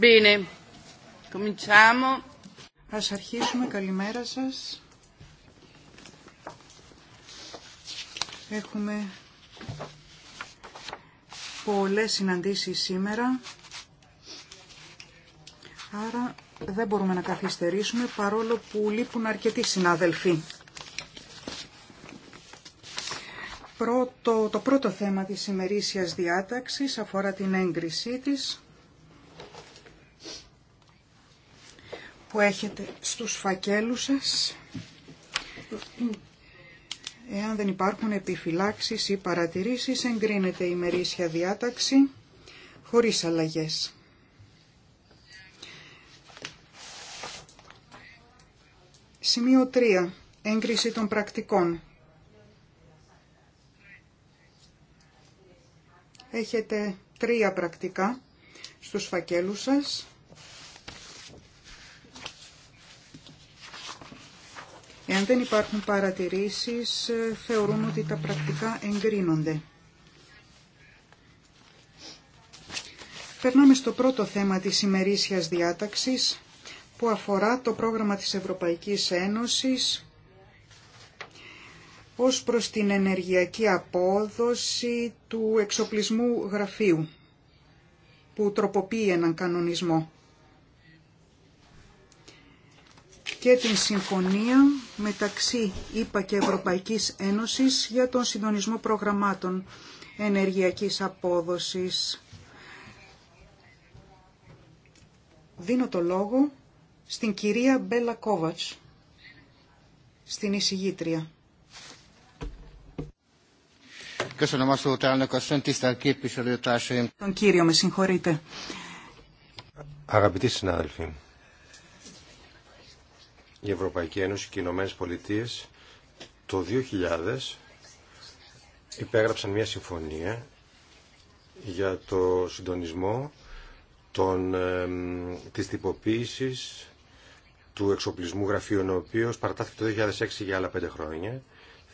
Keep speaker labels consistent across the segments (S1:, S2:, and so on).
S1: Bene. Cominciamo. Ας αρχίσουμε.
S2: Καλημέρα σας. Έχουμε πολλές συναντήσεις σήμερα. Άρα δεν μπορούμε να καθυστερήσουμε παρόλο που λείπουν αρκετοί συνάδελφοι. Πρώτο, το πρώτο θέμα της ημερήσιας διάταξης αφορά την έγκρισή της. που έχετε στους φακέλους σας. Εάν δεν υπάρχουν επιφυλάξεις ή παρατηρήσεις, εγκρίνεται η μερίσια διάταξη χωρίς αλλαγές. Σημείο 3. Έγκριση των πρακτικών. Έχετε τρία πρακτικά στους φακέλους σας. Εάν δεν υπάρχουν παρατηρήσεις, θεωρούμε ότι τα πρακτικά εγκρίνονται. Περνάμε στο πρώτο θέμα της ημερήσιας διάταξης που αφορά το πρόγραμμα της Ευρωπαϊκής Ένωσης ως προς την ενεργειακή απόδοση του εξοπλισμού γραφείου που τροποποιεί έναν κανονισμό. και την συμφωνία μεταξύ ΙΠΑ και Ευρωπαϊκής Ένωσης για τον συντονισμό προγραμμάτων ενεργειακής απόδοσης. Δίνω το λόγο στην κυρία Μπέλα Κόβατς, στην εισηγήτρια. Τον κύριο, με συγχωρείτε.
S3: Αγαπητοί συνάδελφοι, η Ευρωπαϊκή Ένωση και οι Ηνωμένε Πολιτείε το 2000 υπέγραψαν μια συμφωνία για το συντονισμό των, ε, της τυποποίησης του εξοπλισμού γραφείων, ο οποίος παρατάθηκε το 2006 για άλλα πέντε χρόνια.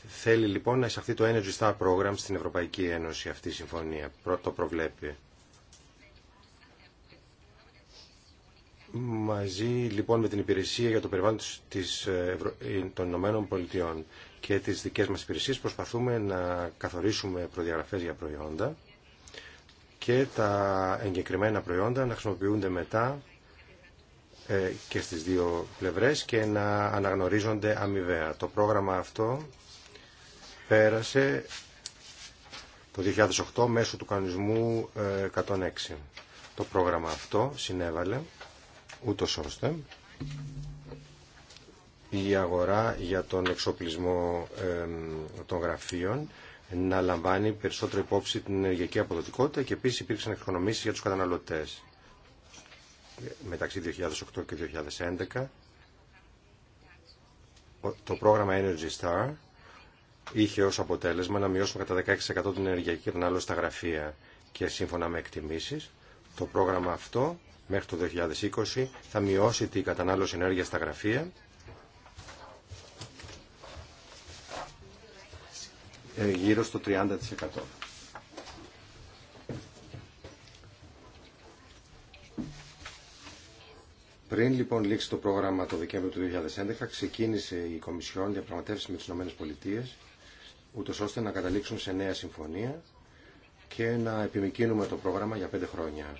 S3: Θέλει λοιπόν να εισαχθεί το Energy Star Program στην Ευρωπαϊκή Ένωση αυτή η συμφωνία. Το προβλέπει. Μαζί λοιπόν με την υπηρεσία για το περιβάλλον της, ε, ε, των Ηνωμένων Πολιτειών και τις δικές μας υπηρεσίες προσπαθούμε να καθορίσουμε προδιαγραφές για προϊόντα και τα εγκεκριμένα προϊόντα να χρησιμοποιούνται μετά ε, και στις δύο πλευρές και να αναγνωρίζονται αμοιβαία. Το πρόγραμμα αυτό πέρασε το 2008 μέσω του κανονισμού 106. Το πρόγραμμα αυτό συνέβαλε ούτως ώστε η αγορά για τον εξοπλισμό των γραφείων να λαμβάνει περισσότερο υπόψη την ενεργειακή αποδοτικότητα και επίσης υπήρξαν εξοικονομήσεις για τους καταναλωτές μεταξύ 2008 και 2011 το πρόγραμμα Energy Star είχε ως αποτέλεσμα να μειώσουμε κατά 16% την ενεργειακή κατανάλωση στα γραφεία και σύμφωνα με εκτιμήσεις το πρόγραμμα αυτό μέχρι το 2020, θα μειώσει την κατανάλωση ενέργειας στα γραφεία ε, γύρω στο 30%. Πριν λοιπόν λήξει το πρόγραμμα το Δεκέμβριο του 2011, ξεκίνησε η Κομισιόν διαπραγματεύσει με τι ΗΠΑ, ούτω ώστε να καταλήξουν σε νέα συμφωνία και να επιμηκύνουμε το πρόγραμμα για πέντε χρόνια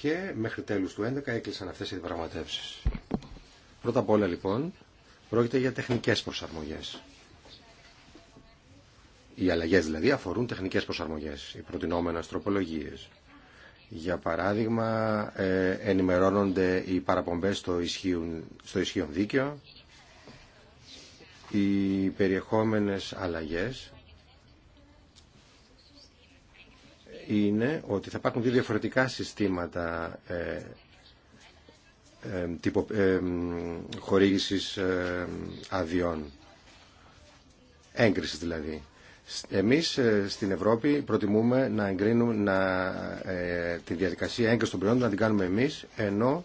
S3: και μέχρι τέλους του 2011 έκλεισαν αυτές οι διαπραγματεύσεις. Πρώτα απ' όλα λοιπόν πρόκειται για τεχνικές προσαρμογές. Οι αλλαγές δηλαδή αφορούν τεχνικές προσαρμογές, οι προτινόμενες τροπολογίες. Για παράδειγμα, ε, ενημερώνονται οι παραπομπές στο, στο ισχύον δίκαιο, οι περιεχόμενες αλλαγές είναι ότι θα υπάρχουν δύο διαφορετικά συστήματα ε, ε, τυπο, ε, χορήγησης ε, αδειών. Έγκριση δηλαδή. Εμείς ε, στην Ευρώπη προτιμούμε να εγκρίνουμε να, τη διαδικασία έγκρισης των προϊόντων να την κάνουμε εμείς, ενώ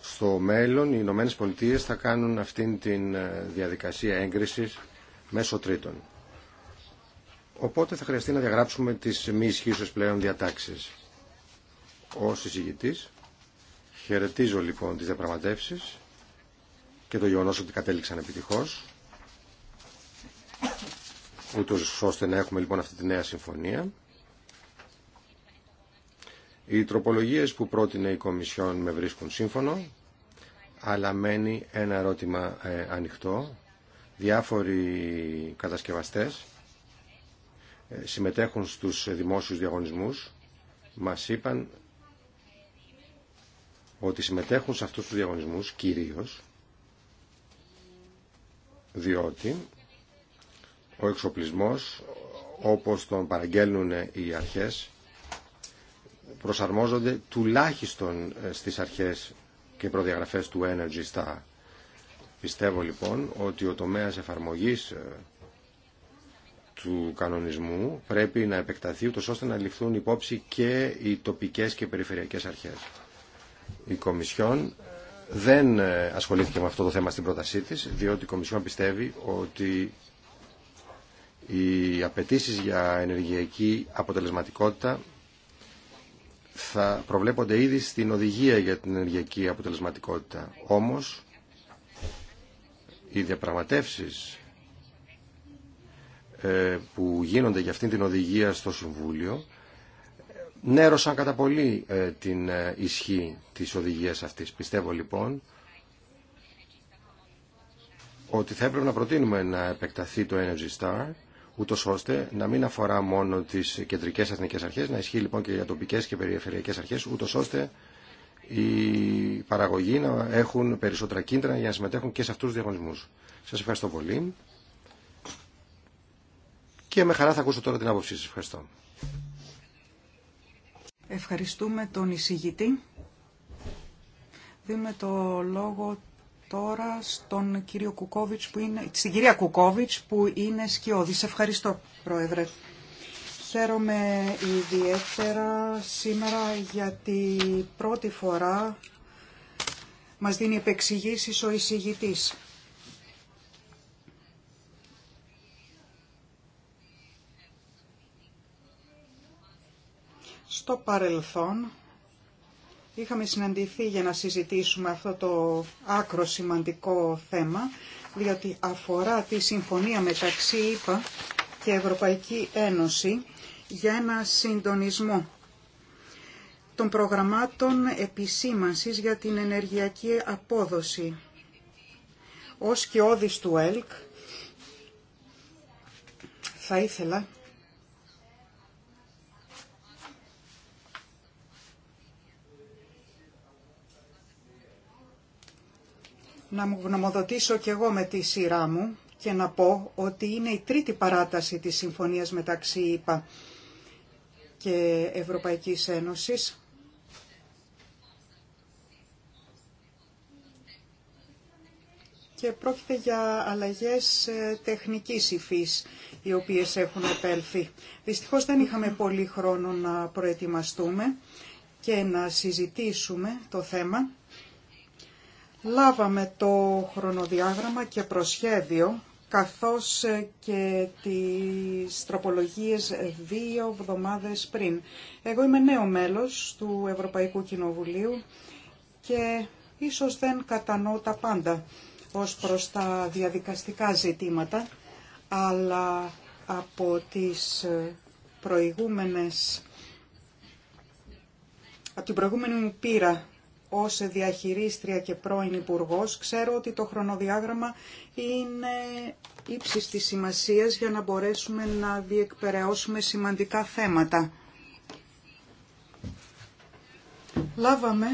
S3: στο μέλλον οι Ηνωμένε Πολιτείε θα κάνουν αυτήν την διαδικασία έγκρισης μέσω τρίτων. Οπότε θα χρειαστεί να διαγράψουμε τις μη ισχύσεις πλέον διατάξεις. Ω συζητητής, χαιρετίζω λοιπόν τις διαπραγματεύσεις και το γεγονός ότι κατέληξαν επιτυχώς ούτως ώστε να έχουμε λοιπόν αυτή τη νέα συμφωνία. Οι τροπολογίες που πρότεινε η Κομισιόν με βρίσκουν σύμφωνο, αλλά μένει ένα ερώτημα ε, ανοιχτό. Διάφοροι κατασκευαστές συμμετέχουν στους δημόσιους διαγωνισμούς μας είπαν ότι συμμετέχουν σε αυτούς τους διαγωνισμούς κυρίως διότι ο εξοπλισμός όπως τον παραγγέλνουν οι αρχές προσαρμόζονται τουλάχιστον ε, στις αρχές και προδιαγραφές του Energy Star. Πιστεύω λοιπόν ότι ο τομέας εφαρμογής ε, του κανονισμού πρέπει να επεκταθεί ούτως ώστε να ληφθούν υπόψη και οι τοπικές και περιφερειακές αρχές. Η Κομισιόν δεν ε, ασχολήθηκε με αυτό το θέμα στην πρότασή της, διότι η Κομισιόν πιστεύει ότι οι απαιτήσει για ενεργειακή αποτελεσματικότητα θα προβλέπονται ήδη στην οδηγία για την ενεργειακή αποτελεσματικότητα. Όμως, οι διαπραγματεύσεις ε, που γίνονται για αυτήν την οδηγία στο Συμβούλιο νέρωσαν κατά πολύ ε, την ε, ισχύ της οδηγίας αυτής. Πιστεύω λοιπόν ότι θα έπρεπε να προτείνουμε να επεκταθεί το Energy Star ούτω ώστε να μην αφορά μόνο τι κεντρικέ εθνικέ αρχέ, να ισχύει λοιπόν και για τοπικέ και περιφερειακές αρχέ, ούτω ώστε οι παραγωγοί να έχουν περισσότερα κίνδυνα για να συμμετέχουν και σε αυτού του διαγωνισμού. Σα ευχαριστώ πολύ και με χαρά θα ακούσω τώρα την άποψή σας. Ευχαριστώ.
S2: Ευχαριστούμε τον εισηγητή. Δίνουμε το λόγο τώρα στον κύριο Κουκόβιτς που είναι, στην κυρία Κουκόβιτς που είναι Σε Ευχαριστώ, Πρόεδρε. Χαίρομαι ιδιαίτερα σήμερα γιατί πρώτη φορά μας δίνει επεξηγήσεις ο εισηγητής. Στο παρελθόν είχαμε συναντηθεί για να συζητήσουμε αυτό το άκρο σημαντικό θέμα, διότι αφορά τη συμφωνία μεταξύ ΕΠΑ και Ευρωπαϊκή Ένωση για ένα συντονισμό των προγραμμάτων επισήμανσης για την ενεργειακή απόδοση. Ως και όδης του ΕΛΚ θα ήθελα να μου γνωμοδοτήσω κι εγώ με τη σειρά μου και να πω ότι είναι η τρίτη παράταση της συμφωνίας μεταξύ ΙΠΑ και Ευρωπαϊκής Ένωσης. Και πρόκειται για αλλαγές ε, τεχνικής υφής, οι οποίες έχουν επέλθει. Δυστυχώς δεν είχαμε πολύ χρόνο να προετοιμαστούμε και να συζητήσουμε το θέμα. Λάβαμε το χρονοδιάγραμμα και προσχέδιο καθώς ε, και τις τροπολογίες δύο εβδομάδες πριν. Εγώ είμαι νέο μέλος του Ευρωπαϊκού Κοινοβουλίου και ίσως δεν κατανοώ τα πάντα ως προς τα διαδικαστικά ζητήματα, αλλά από τις ε, προηγούμενες από την προηγούμενη μου πείρα ως διαχειρίστρια και πρώην υπουργό, ξέρω ότι το χρονοδιάγραμμα είναι ύψης της σημασίας για να μπορέσουμε να διεκπαιρεώσουμε σημαντικά θέματα. Λάβαμε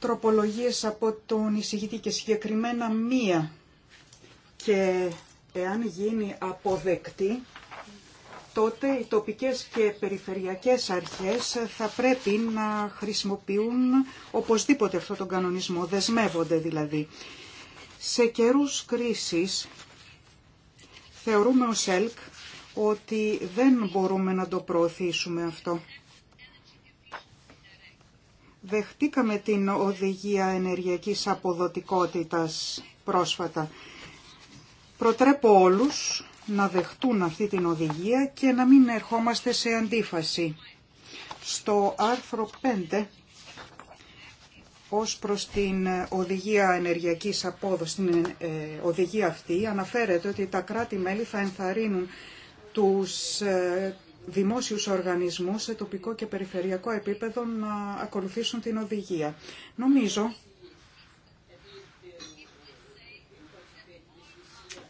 S2: τροπολογίες από τον εισηγητή και συγκεκριμένα μία και εάν γίνει αποδεκτή τότε οι τοπικές και περιφερειακές αρχές θα πρέπει να χρησιμοποιούν οπωσδήποτε αυτόν τον κανονισμό, δεσμεύονται δηλαδή. Σε καιρούς κρίσης θεωρούμε ως ΕΛΚ ότι δεν μπορούμε να το προωθήσουμε αυτό. Δεχτήκαμε την οδηγία ενεργειακής αποδοτικότητας πρόσφατα. Προτρέπω όλους να δεχτούν αυτή την οδηγία και να μην ερχόμαστε σε αντίφαση. Στο άρθρο 5 ως προς την οδηγία ενεργειακής απόδοσης, την ε, οδηγία αυτή, αναφέρεται ότι τα κράτη-μέλη θα ενθαρρύνουν τους ε, δημόσιους οργανισμούς σε τοπικό και περιφερειακό επίπεδο να ακολουθήσουν την οδηγία. Νομίζω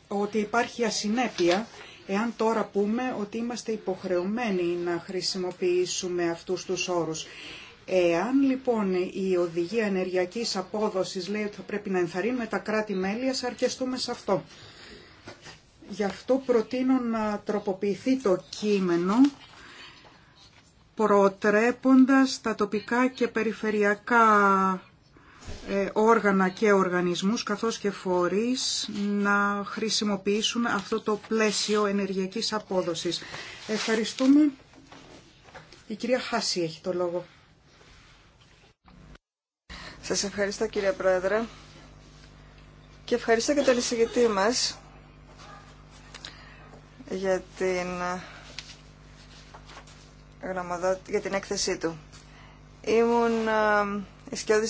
S2: ότι υπάρχει ασυνέπεια εάν τώρα πούμε ότι είμαστε υποχρεωμένοι να χρησιμοποιήσουμε αυτούς τους όρους. Εάν λοιπόν η οδηγία ενεργειακής απόδοσης λέει ότι θα πρέπει να ενθαρρύνουμε τα κράτη-μέλη, ας αρκεστούμε σε αυτό. Γι' αυτό προτείνω να τροποποιηθεί το κείμενο προτρέποντας τα τοπικά και περιφερειακά ε, όργανα και οργανισμούς καθώς και φορείς να χρησιμοποιήσουν αυτό το πλαίσιο ενεργειακής απόδοσης. Ευχαριστούμε. Η κυρία Χάση έχει το λόγο. Σας ευχαριστώ κύριε Πρόεδρε
S4: και ευχαριστώ και τον εισηγητή μας για την, ε, για την έκθεσή του. Ήμουν ε, η σκιώδη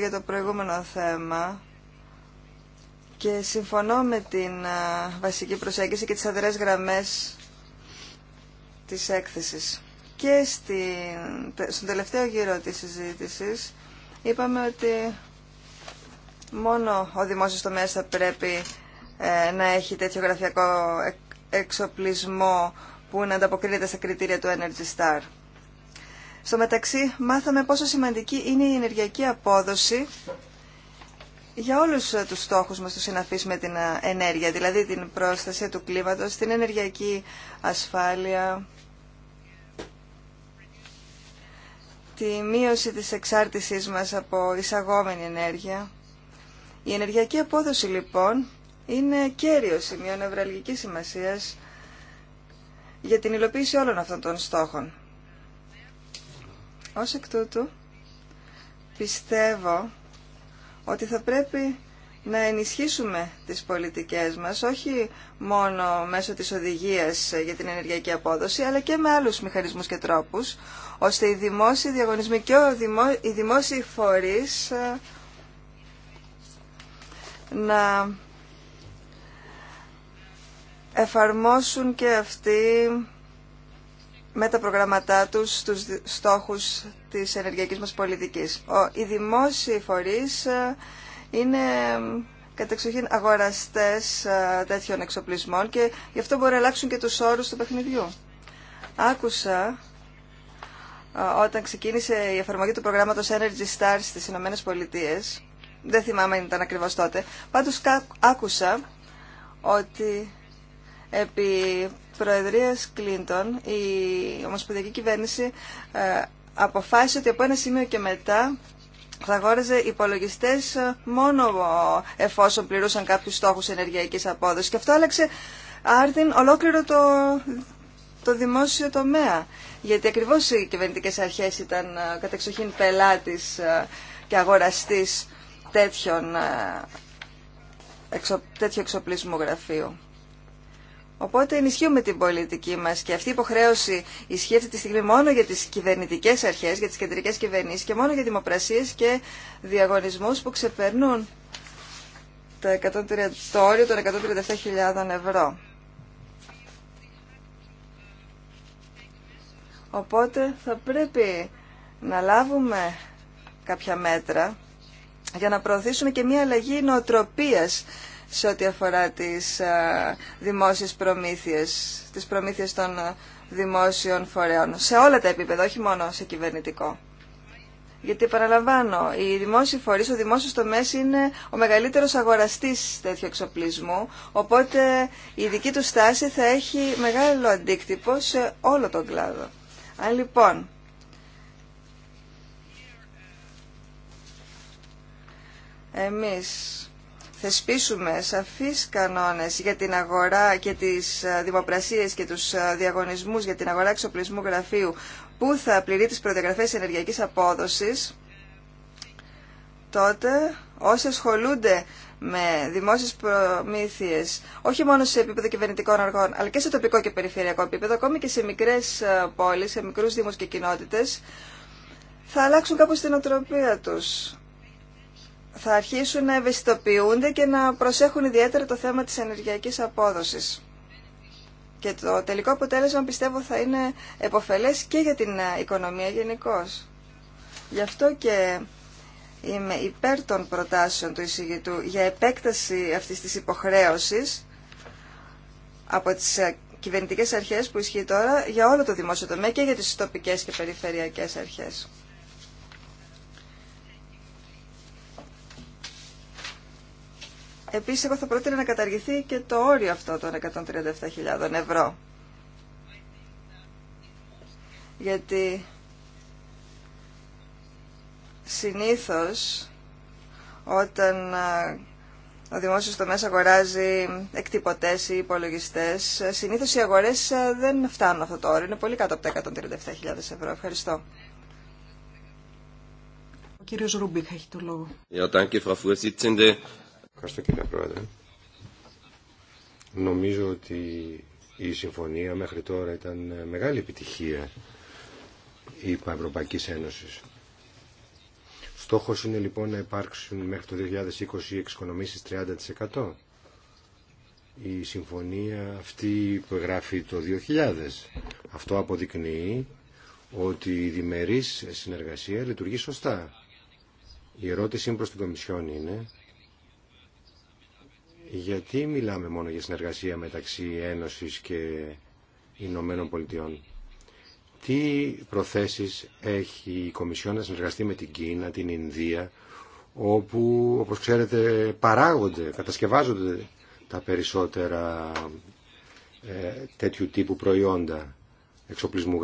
S4: για το προηγούμενο θέμα και συμφωνώ με την βασική προσέγγιση και τις αδερές γραμμές της έκθεσης. Και στην, στον τελευταίο γύρο της συζήτησης είπαμε ότι μόνο ο δημόσιος τομέας θα πρέπει ε, να έχει τέτοιο γραφειακό ε, εξοπλισμό που να ανταποκρίνεται στα κριτήρια του Energy Star. Στο μεταξύ μάθαμε πόσο σημαντική είναι η ενεργειακή απόδοση για όλους ε, τους στόχους μας του συναφείς με την ε, ενέργεια, δηλαδή την πρόσταση του κλίματος, την ενεργειακή ασφάλεια, τη μείωση της εξάρτησής μας από εισαγόμενη ενέργεια. Η ενεργειακή απόδοση λοιπόν είναι κέριο σημείο νευραλγικής σημασίας για την υλοποίηση όλων αυτών των στόχων. Ως εκ τούτου, πιστεύω ότι θα πρέπει να ενισχύσουμε τις πολιτικές μας, όχι μόνο μέσω της οδηγίας για την ενεργειακή απόδοση, αλλά και με άλλους μηχανισμούς και τρόπους, ώστε οι δημόσιοι διαγωνισμοί και οι δημόσιοι φορείς ε, να εφαρμόσουν και αυτοί με τα προγραμματά τους στους στόχους της ενεργειακής μας πολιτικής. Οι δημόσιοι φορείς ε, είναι κατεξοχήν αγοραστές ε, τέτοιων εξοπλισμών και γι' αυτό μπορεί να αλλάξουν και τους όρους του παιχνιδιού. Άκουσα ε, όταν ξεκίνησε η εφαρμογή του προγράμματος Energy Stars στις Ηνωμένες Πολιτείες, δεν θυμάμαι αν ήταν ακριβώς τότε, πάντως άκουσα ότι επί Προεδρίας Κλίντον η Ομοσπονδιακή Κυβέρνηση ε, αποφάσισε ότι από ένα σημείο και μετά θα αγόραζε υπολογιστές ε, μόνο εφόσον πληρούσαν κάποιου στόχου ενεργειακή απόδοση. Και αυτό άλλαξε άρτην ολόκληρο το, το δημόσιο τομέα. Γιατί ακριβώς οι κυβερνητικέ αρχές ήταν ε, κατεξοχήν πελάτης και αγοραστής τέτοιων, τέτοιου εξοπλισμού γραφείου. Οπότε ενισχύουμε την πολιτική μα και αυτή η υποχρέωση ισχύει αυτή τη στιγμή μόνο για τι κυβερνητικέ αρχέ, για τι κεντρικέ κυβερνήσει και μόνο για δημοπρασίε και διαγωνισμού που ξεπερνούν το όριο των 137.000 ευρώ. Οπότε θα πρέπει να λάβουμε κάποια μέτρα για να προωθήσουμε και μια αλλαγή νοοτροπίας σε ό,τι αφορά τις ε, δημόσιες προμήθειες, τις προμήθειες των ε, δημόσιων φορέων, σε όλα τα επίπεδα, όχι μόνο σε κυβερνητικό. Γιατί παραλαμβάνω, οι δημόσιοι φορείς, ο δημόσιος τομέας είναι ο μεγαλύτερος αγοραστής τέτοιου εξοπλισμού, οπότε η δική του στάση θα έχει μεγάλο αντίκτυπο σε όλο τον κλάδο. Αν λοιπόν εμείς θεσπίσουμε σαφείς κανόνες για την αγορά και τις ε, δημοπρασίες και τους ε, διαγωνισμούς για την αγορά εξοπλισμού γραφείου που θα πληρεί τις προδιαγραφές ενεργειακής απόδοσης, τότε όσοι ασχολούνται με δημόσιες προμήθειες, όχι μόνο σε επίπεδο κυβερνητικών αργών, αλλά και σε τοπικό και περιφερειακό επίπεδο, ακόμη και σε μικρές ε, πόλεις, σε μικρούς δήμους και κοινότητες, θα αλλάξουν κάπως την οτροπία τους θα αρχίσουν να ευαισθητοποιούνται και να προσέχουν ιδιαίτερα το θέμα της ενεργειακής απόδοσης. Και το τελικό αποτέλεσμα πιστεύω θα είναι επωφελές και για την ε, οικονομία γενικώ. Γι' αυτό και είμαι υπέρ των προτάσεων του εισηγητού για επέκταση αυτής της υποχρέωσης από τις ε, κυβερνητικές αρχές που ισχύει τώρα για όλο το δημόσιο τομέα και για τις τοπικές και περιφερειακές αρχές. Επίσης, εγώ θα πρότεινα να καταργηθεί και το όριο αυτό των 137.000 ευρώ. Γιατί συνήθως όταν ο δημόσιος τομέας αγοράζει εκτυπωτές ή υπολογιστές, συνήθως οι αγορές δεν φτάνουν αυτό το όριο, είναι πολύ κάτω από τα 137.000 ευρώ. Ευχαριστώ.
S2: Ο κύριος Ρουμπίκ έχει το λόγο.
S3: Ευχαριστώ κύριε Πρόεδρε. Νομίζω ότι η συμφωνία μέχρι τώρα ήταν μεγάλη επιτυχία η Ευρωπαϊκή Ένωση. Στόχος είναι λοιπόν να υπάρξουν μέχρι το 2020 εξοικονομήσεις 30%. Η συμφωνία αυτή που εγγράφει το 2000. Αυτό αποδεικνύει ότι η διμερής συνεργασία λειτουργεί σωστά. Η ερώτηση προς την Κομισιόν είναι γιατί μιλάμε μόνο για συνεργασία μεταξύ Ένωσης και Ηνωμένων Πολιτειών. Τι προθέσεις έχει η Κομισιόν να συνεργαστεί με την Κίνα, την Ινδία, όπου, όπως ξέρετε, παράγονται, κατασκευάζονται τα περισσότερα ε, τέτοιου τύπου προϊόντα εξοπλισμού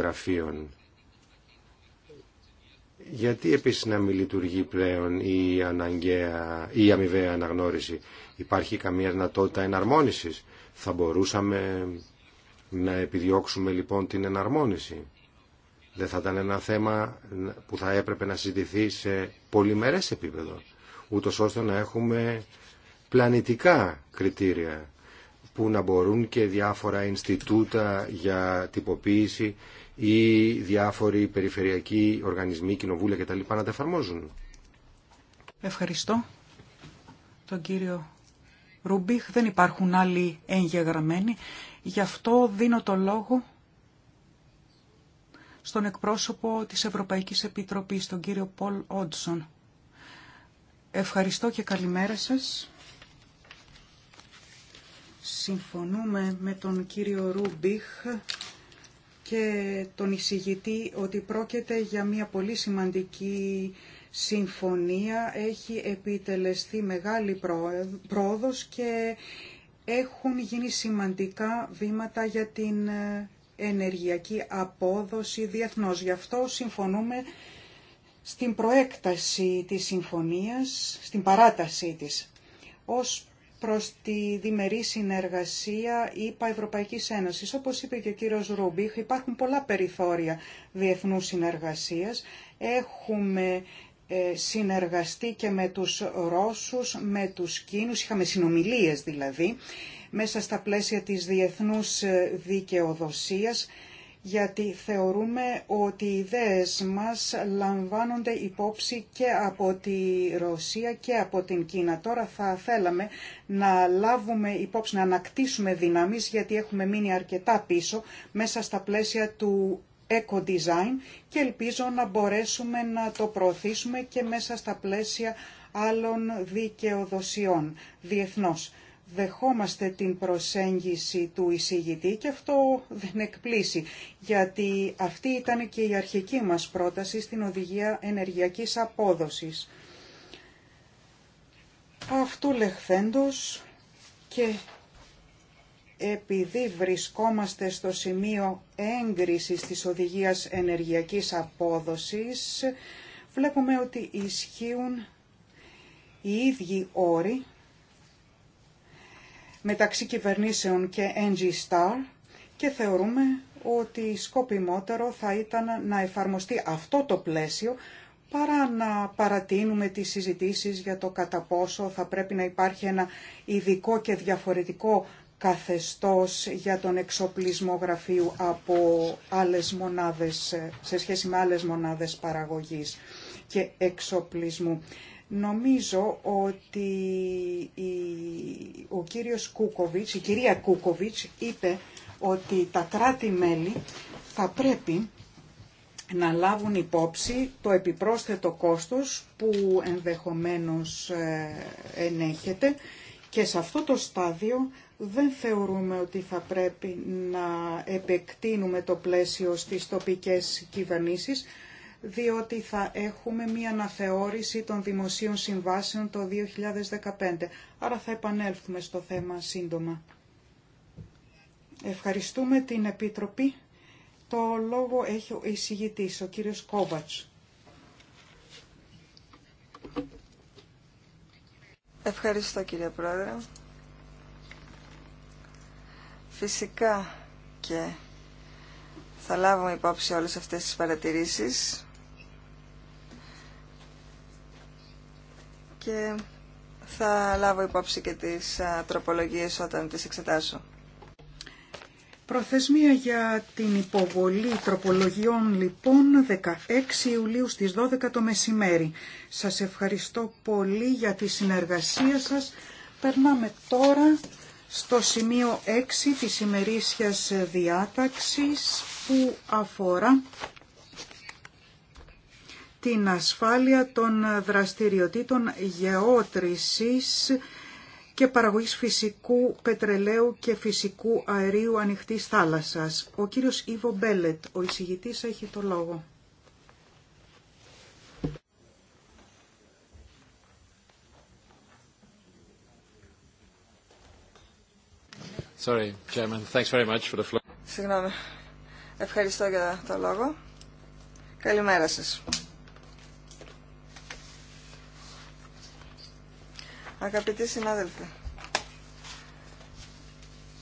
S3: Γιατί επίσης να μην λειτουργεί πλέον η, αναγκαία, η αμοιβαία αναγνώριση Υπάρχει καμία δυνατότητα εναρμόνισης. Θα μπορούσαμε να επιδιώξουμε λοιπόν την εναρμόνιση. Δεν θα ήταν ένα θέμα που θα έπρεπε να συζητηθεί σε πολυμερές επίπεδο, ούτω ώστε να έχουμε πλανητικά κριτήρια που να μπορούν και διάφορα Ινστιτούτα για τυποποίηση ή διάφοροι περιφερειακοί οργανισμοί, κοινοβούλια κτλ. να τα εφαρμόζουν.
S2: Ευχαριστώ τον κύριο Ρουμπίχ, δεν υπάρχουν άλλοι εγγεγραμμένοι. Γι' αυτό δίνω το λόγο στον εκπρόσωπο της Ευρωπαϊκής Επιτροπής, τον κύριο Πολ Όντσον. Ευχαριστώ και καλημέρα σας. Συμφωνούμε με τον κύριο Ρουμπίχ και τον εισηγητή ότι πρόκειται για μια πολύ σημαντική συμφωνία έχει επιτελεστεί μεγάλη πρόοδος και έχουν γίνει σημαντικά βήματα για την ε, ενεργειακή απόδοση διεθνώς. Γι' αυτό συμφωνούμε στην προέκταση της συμφωνίας, στην παράτασή της. Ως προς τη διμερή συνεργασία ΙΠΑ Ευρωπαϊκής Ένωσης, όπως είπε και ο κύριος Ρούμπιχ, υπάρχουν πολλά περιθώρια διεθνούς συνεργασίας. Έχουμε ε, συνεργαστεί και με τους Ρώσους, με τους Κίνους, είχαμε συνομιλίες δηλαδή, μέσα στα πλαίσια της διεθνούς ε, δικαιοδοσίας, γιατί θεωρούμε ότι οι ιδέες μας λαμβάνονται υπόψη και από τη Ρωσία και από την Κίνα. Τώρα θα θέλαμε να λάβουμε υπόψη, να ανακτήσουμε δυνάμεις, γιατί έχουμε μείνει αρκετά πίσω μέσα στα πλαίσια του eco-design και ελπίζω να μπορέσουμε να το προωθήσουμε και μέσα στα πλαίσια άλλων δικαιοδοσιών διεθνώς. Δεχόμαστε την προσέγγιση του εισηγητή και αυτό δεν εκπλήσει, γιατί αυτή ήταν και η αρχική μας πρόταση στην Οδηγία Ενεργειακής Απόδοσης. Αυτού λεχθέντος και επειδή βρισκόμαστε στο σημείο έγκρισης της οδηγίας ενεργειακής απόδοσης, βλέπουμε ότι ισχύουν οι ίδιοι όροι μεταξύ κυβερνήσεων και NG Star και θεωρούμε ότι σκοπιμότερο θα ήταν να εφαρμοστεί αυτό το πλαίσιο παρά να παρατείνουμε τις συζητήσεις για το κατά πόσο θα πρέπει να υπάρχει ένα ειδικό και διαφορετικό καθεστώς για τον εξοπλισμό γραφείου από άλλες μονάδες, σε σχέση με άλλες μονάδες παραγωγής και εξοπλισμού. Νομίζω ότι η, ο κύριος Κούκοβιτς, η κυρία Κούκοβιτς είπε ότι τα κράτη-μέλη θα πρέπει να λάβουν υπόψη το επιπρόσθετο κόστος που ενδεχομένως ε, ενέχεται και σε αυτό το στάδιο δεν θεωρούμε ότι θα πρέπει να επεκτείνουμε το πλαίσιο στις τοπικές κυβερνήσεις, διότι θα έχουμε μία αναθεώρηση των δημοσίων συμβάσεων το 2015. Άρα θα επανέλθουμε στο θέμα σύντομα. Ευχαριστούμε την Επίτροπη. Το λόγο έχει ο εισηγητής, ο κύριος Κόβατς. Ευχαριστώ κύριε Πρόεδρε.
S4: Φυσικά και θα λάβουμε υπόψη όλες αυτές τις παρατηρήσεις και θα λάβω υπόψη και τις τροπολογίες όταν τις εξετάσω.
S2: Προθεσμία για την υποβολή τροπολογιών λοιπόν 16 Ιουλίου στις 12 το μεσημέρι. Σας ευχαριστώ πολύ για τη συνεργασία σας. Περνάμε τώρα στο σημείο 6 της ημερήσιας διάταξης που αφορά την ασφάλεια των δραστηριοτήτων γεώτρησης και παραγωγής φυσικού πετρελαίου και φυσικού αερίου ανοιχτής θάλασσας. Ο κύριος Ιβο Μπέλετ, ο εισηγητής, έχει το λόγο.
S4: Συγγνώμη. Ευχαριστώ για το λόγο. Καλημέρα σας. Αγαπητοί συνάδελφοι,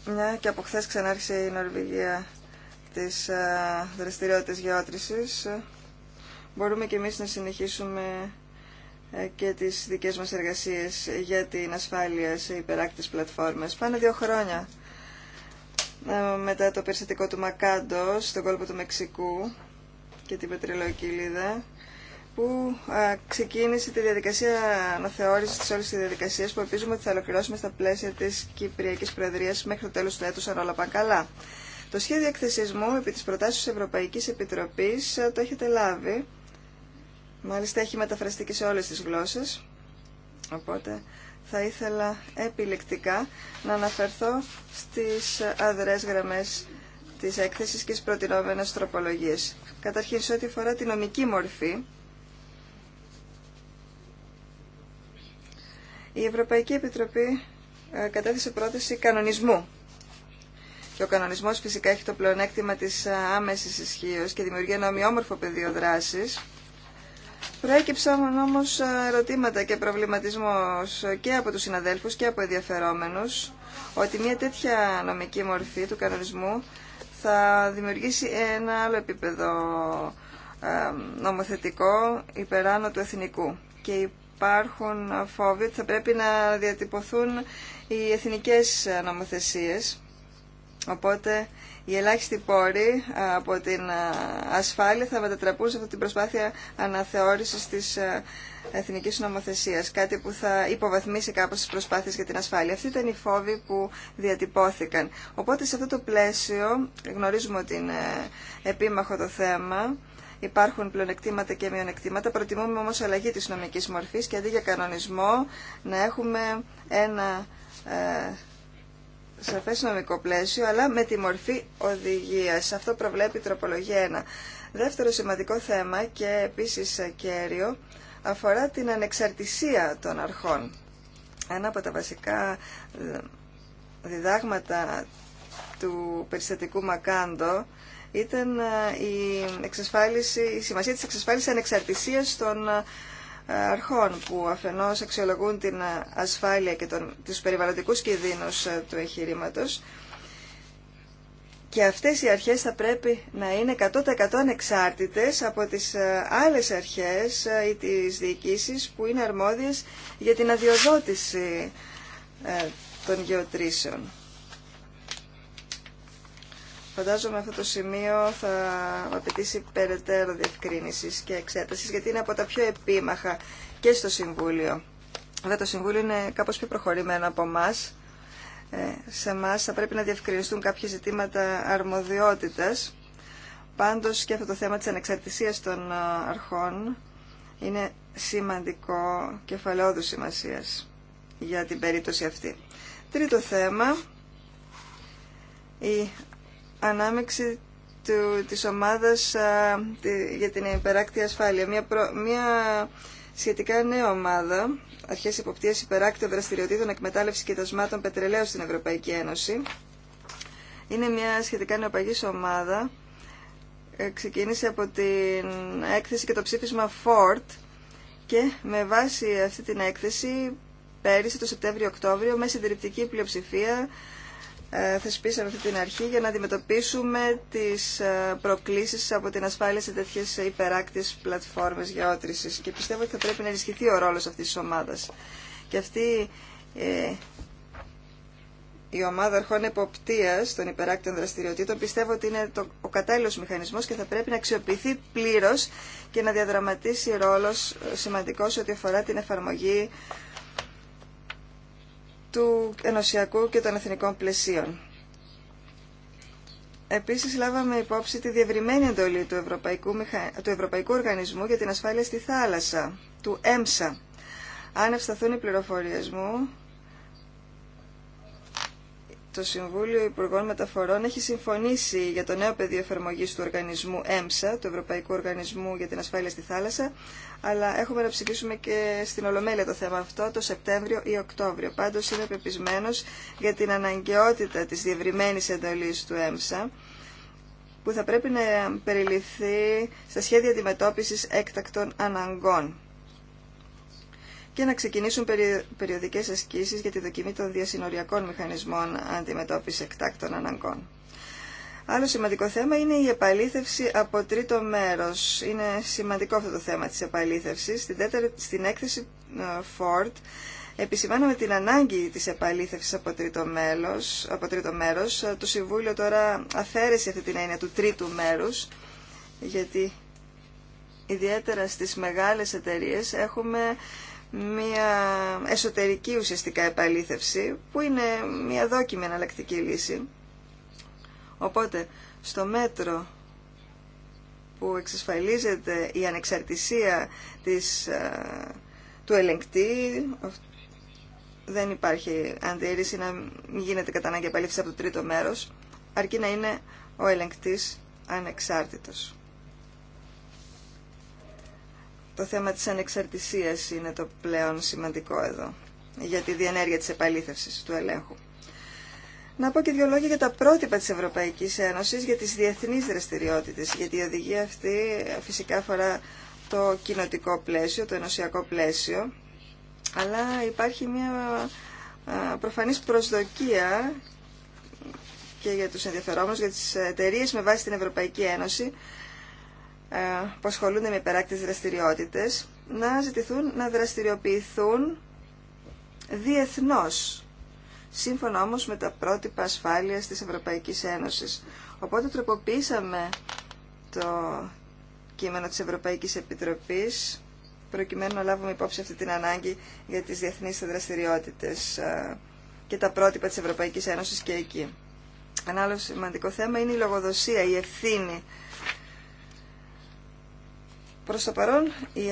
S4: μια και από χθε ξανάρχισε η Νορβηγία της ε, δραστηριότητας γεώτρησης, μπορούμε και εμείς να συνεχίσουμε ε, και τις δικές μας εργασίες για την ασφάλεια σε υπεράκτης πλατφόρμες. Πάνε δύο χρόνια ε, μετά το περιστατικό του Μακάντο στον κόλπο του Μεξικού και την πετρελαιοκυλίδα που ε, ξεκίνησε τη διαδικασία αναθεώρησης της όλης της διαδικασίας που ελπίζουμε ότι θα ολοκληρώσουμε στα πλαίσια της Κυπριακής Προεδρίας μέχρι το τέλος του έτους αν όλα πάνε καλά. Το σχέδιο εκθεσισμού επί της προτάσεως Ευρωπαϊκής Επιτροπής ε, το έχετε λάβει. Μάλιστα έχει μεταφραστεί και σε όλες τις γλώσσες. Οπότε θα ήθελα επιλεκτικά να αναφερθώ στις αδρές γραμμές της έκθεσης και στις προτινόμενες τροπολογίες. Καταρχήν, σε ό,τι αφορά τη νομική μορφή, η Ευρωπαϊκή Επιτροπή ε, κατέθεσε πρόταση κανονισμού. Και ο κανονισμός φυσικά έχει το πλεονέκτημα της ε, άμεσης ισχύω και δημιουργεί ένα ομοιόμορφο πεδίο δράσης Προέκυψαν όμως ε, ερωτήματα και προβληματισμό και από τους συναδέλφους και από ενδιαφερόμενου ότι μια τέτοια νομική μορφή του κανονισμού θα δημιουργήσει ένα άλλο επίπεδο ε, νομοθετικό υπεράνω του εθνικού και υπάρχουν φόβοι ότι θα πρέπει να διατυπωθούν οι εθνικές νομοθεσίες οπότε οι ελάχιστοι πόροι ε, από την ε, ασφάλεια θα μετατραπούν σε αυτή την προσπάθεια αναθεώρησης της ε, εθνικής νομοθεσίας, κάτι που θα υποβαθμίσει κάπως τις προσπάθειες για την ασφάλεια. Αυτή ήταν οι φόβοι που διατυπώθηκαν. Οπότε σε αυτό το πλαίσιο γνωρίζουμε ότι είναι επίμαχο το θέμα. Υπάρχουν πλεονεκτήματα και μειονεκτήματα. Προτιμούμε όμως αλλαγή της νομικής μορφής και αντί για κανονισμό να έχουμε ένα σαφέ νομικό πλαίσιο, αλλά με τη μορφή οδηγίας. Αυτό προβλέπει η τροπολογία 1. Δεύτερο σημαντικό θέμα και επίσης κέριο αφορά την ανεξαρτησία των αρχών. Ένα από τα βασικά ε, διδάγματα του περιστατικού Μακάντο ήταν ε, η, εξασφάλιση, η σημασία της εξασφάλισης ανεξαρτησίας των ε, αρχών που αφενός αξιολογούν την ασφάλεια και τον, τους περιβαλλοντικούς κινδύνους ε, του εγχειρήματο. Και αυτές οι αρχές θα πρέπει να είναι 100% ανεξάρτητες από τις ε, άλλες αρχές ε, ή τις διοικήσεις που είναι αρμόδιες για την αδειοδότηση των γεωτρήσεων. Φαντάζομαι αυτό το σημείο θα απαιτήσει περαιτέρω διευκρίνηση και εξέταση, γιατί είναι από τα πιο επίμαχα και στο Συμβούλιο. Βέβαια, το Συμβούλιο είναι κάπω πιο προχωρημένο από εμά. Ε, σε εμά θα πρέπει να διευκρινιστούν κάποια ζητήματα αρμοδιότητα. Πάντω και αυτό το θέμα τη ανεξαρτησία των ε, αρχών είναι σημαντικό κεφαλαιόδου σημασία για την περίπτωση αυτή. Τρίτο θέμα, η ανάμεξη του, της ομάδας για την υπεράκτη ασφάλεια. Μια, μια σχετικά νέα ομάδα, αρχές υποπτίας υπεράκτη δραστηριοτήτων εκμετάλλευσης και τασμάτων πετρελαίου στην Ευρωπαϊκή Ένωση. Είναι μια σχετικά νεοπαγής ομάδα. Ε, ξεκίνησε από την έκθεση και το ψήφισμα Ford και με βάση αυτή την έκθεση πέρυσι το Σεπτέμβριο-Οκτώβριο με συντηρητική πλειοψηφία ε, θεσπίσαμε αυτή την αρχή για να αντιμετωπίσουμε τις ε, προκλήσεις από την ασφάλεια σε τέτοιες υπεράκτης πλατφόρμες γεώτρησης και πιστεύω ότι θα πρέπει να ενισχυθεί ο ρόλος αυτής της ομάδας. Και αυτή ε, η ομάδα αρχών εποπτείας των υπεράκτων δραστηριοτήτων πιστεύω ότι είναι το, ο κατάλληλο μηχανισμός και θα πρέπει να αξιοποιηθεί πλήρως και να διαδραματίσει ρόλος σημαντικός ό,τι αφορά την εφαρμογή του ενωσιακού και των εθνικών πλαισίων. Επίσης λάβαμε υπόψη τη διευρυμένη εντολή του Ευρωπαϊκού, του Ευρωπαϊκού Οργανισμού για την Ασφάλεια στη Θάλασσα, του ΕΜΣΑ. Αν ευσταθούν οι πληροφορίες μου, το Συμβούλιο Υπουργών Μεταφορών έχει συμφωνήσει για το νέο πεδίο εφαρμογή του οργανισμού ΕΜΣΑ, του Ευρωπαϊκού Οργανισμού για την Ασφάλεια στη Θάλασσα, αλλά έχουμε να ψηφίσουμε και στην Ολομέλεια το θέμα αυτό το Σεπτέμβριο ή Οκτώβριο. Πάντως είμαι πεπισμένο για την αναγκαιότητα της διευρυμένη εντολή του ΕΜΣΑ, που θα πρέπει να περιληφθεί στα σχέδια αντιμετώπισης έκτακτων αναγκών και να ξεκινήσουν περιοδικές ασκήσεις για τη δοκιμή των διασυνοριακών μηχανισμών αντιμετώπιση εκτάκτων αναγκών. Άλλο σημαντικό θέμα είναι η επαλήθευση από τρίτο μέρος. Είναι σημαντικό αυτό το θέμα της επαλήθευσης. Στην, στην έκθεση ε, Ford επισημάναμε την ανάγκη της επαλήθευσης από τρίτο, μέρο. από τρίτο μέρος. Ε, το Συμβούλιο τώρα αφαίρεσε αυτή την έννοια του τρίτου μέρους, γιατί ιδιαίτερα στις μεγάλες εταιρείες έχουμε μια εσωτερική ουσιαστικά επαλήθευση που είναι μια δόκιμη εναλλακτική λύση. Οπότε, στο μέτρο που εξασφαλίζεται η ανεξαρτησία της, του ελεγκτή, δεν υπάρχει αντίρρηση να γίνεται κατά ανάγκη επαλήθευση από το τρίτο μέρος, αρκεί να είναι ο ελεγκτής ανεξάρτητος το θέμα της ανεξαρτησίας είναι το πλέον σημαντικό εδώ για τη διενέργεια της επαλήθευσης του ελέγχου. Να πω και δύο λόγια για τα πρότυπα της Ευρωπαϊκής Ένωσης για τις διεθνείς δραστηριότητες, γιατί η οδηγία αυτή φυσικά αφορά το κοινοτικό πλαίσιο, το ενωσιακό πλαίσιο, αλλά υπάρχει μια προφανής προσδοκία και για τους ενδιαφερόμενους, για τις εταιρείε με βάση την Ευρωπαϊκή Ένωση, ε, που ασχολούνται με υπεράκτες δραστηριότητες να ζητηθούν να δραστηριοποιηθούν διεθνώς, σύμφωνα όμως με τα πρότυπα ασφάλειας της Ευρωπαϊκής Ένωσης. Οπότε τροποποίησαμε το κείμενο της Ευρωπαϊκής Επιτροπής προκειμένου να λάβουμε υπόψη αυτή την ανάγκη για τις διεθνείς δραστηριότητες ε, και τα πρότυπα της Ευρωπαϊκής Ένωσης και εκεί. Ένα άλλο σημαντικό θέμα είναι η λογοδοσία, η ευθύνη Προς το παρόν, η,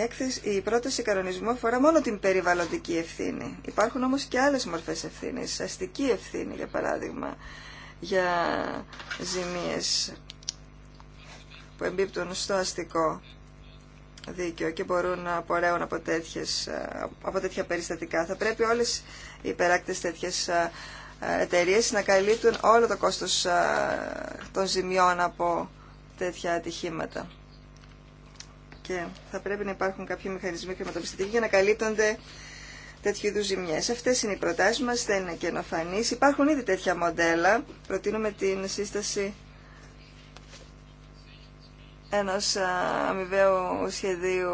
S4: η πρόταση κανονισμού αφορά μόνο την περιβαλλοντική ευθύνη. Υπάρχουν όμως και άλλες μορφές ευθύνης, αστική ευθύνη για παράδειγμα, για ζημίες που εμπίπτουν στο αστικό δίκαιο και μπορούν να απορρέουν από, τέτοιες, τέτοια περιστατικά. Θα πρέπει όλες οι υπεράκτε τέτοιε εταιρείε να καλύπτουν όλο το κόστο των ζημιών από τέτοια ατυχήματα και θα πρέπει να υπάρχουν κάποιοι μηχανισμοί χρηματοπιστωτικοί για να καλύπτονται τέτοιου είδου ζημιέ. Αυτέ είναι οι προτάσει μα, δεν είναι καινοφανεί. Υπάρχουν ήδη τέτοια μοντέλα. Προτείνουμε την σύσταση ενό αμοιβαίου σχεδίου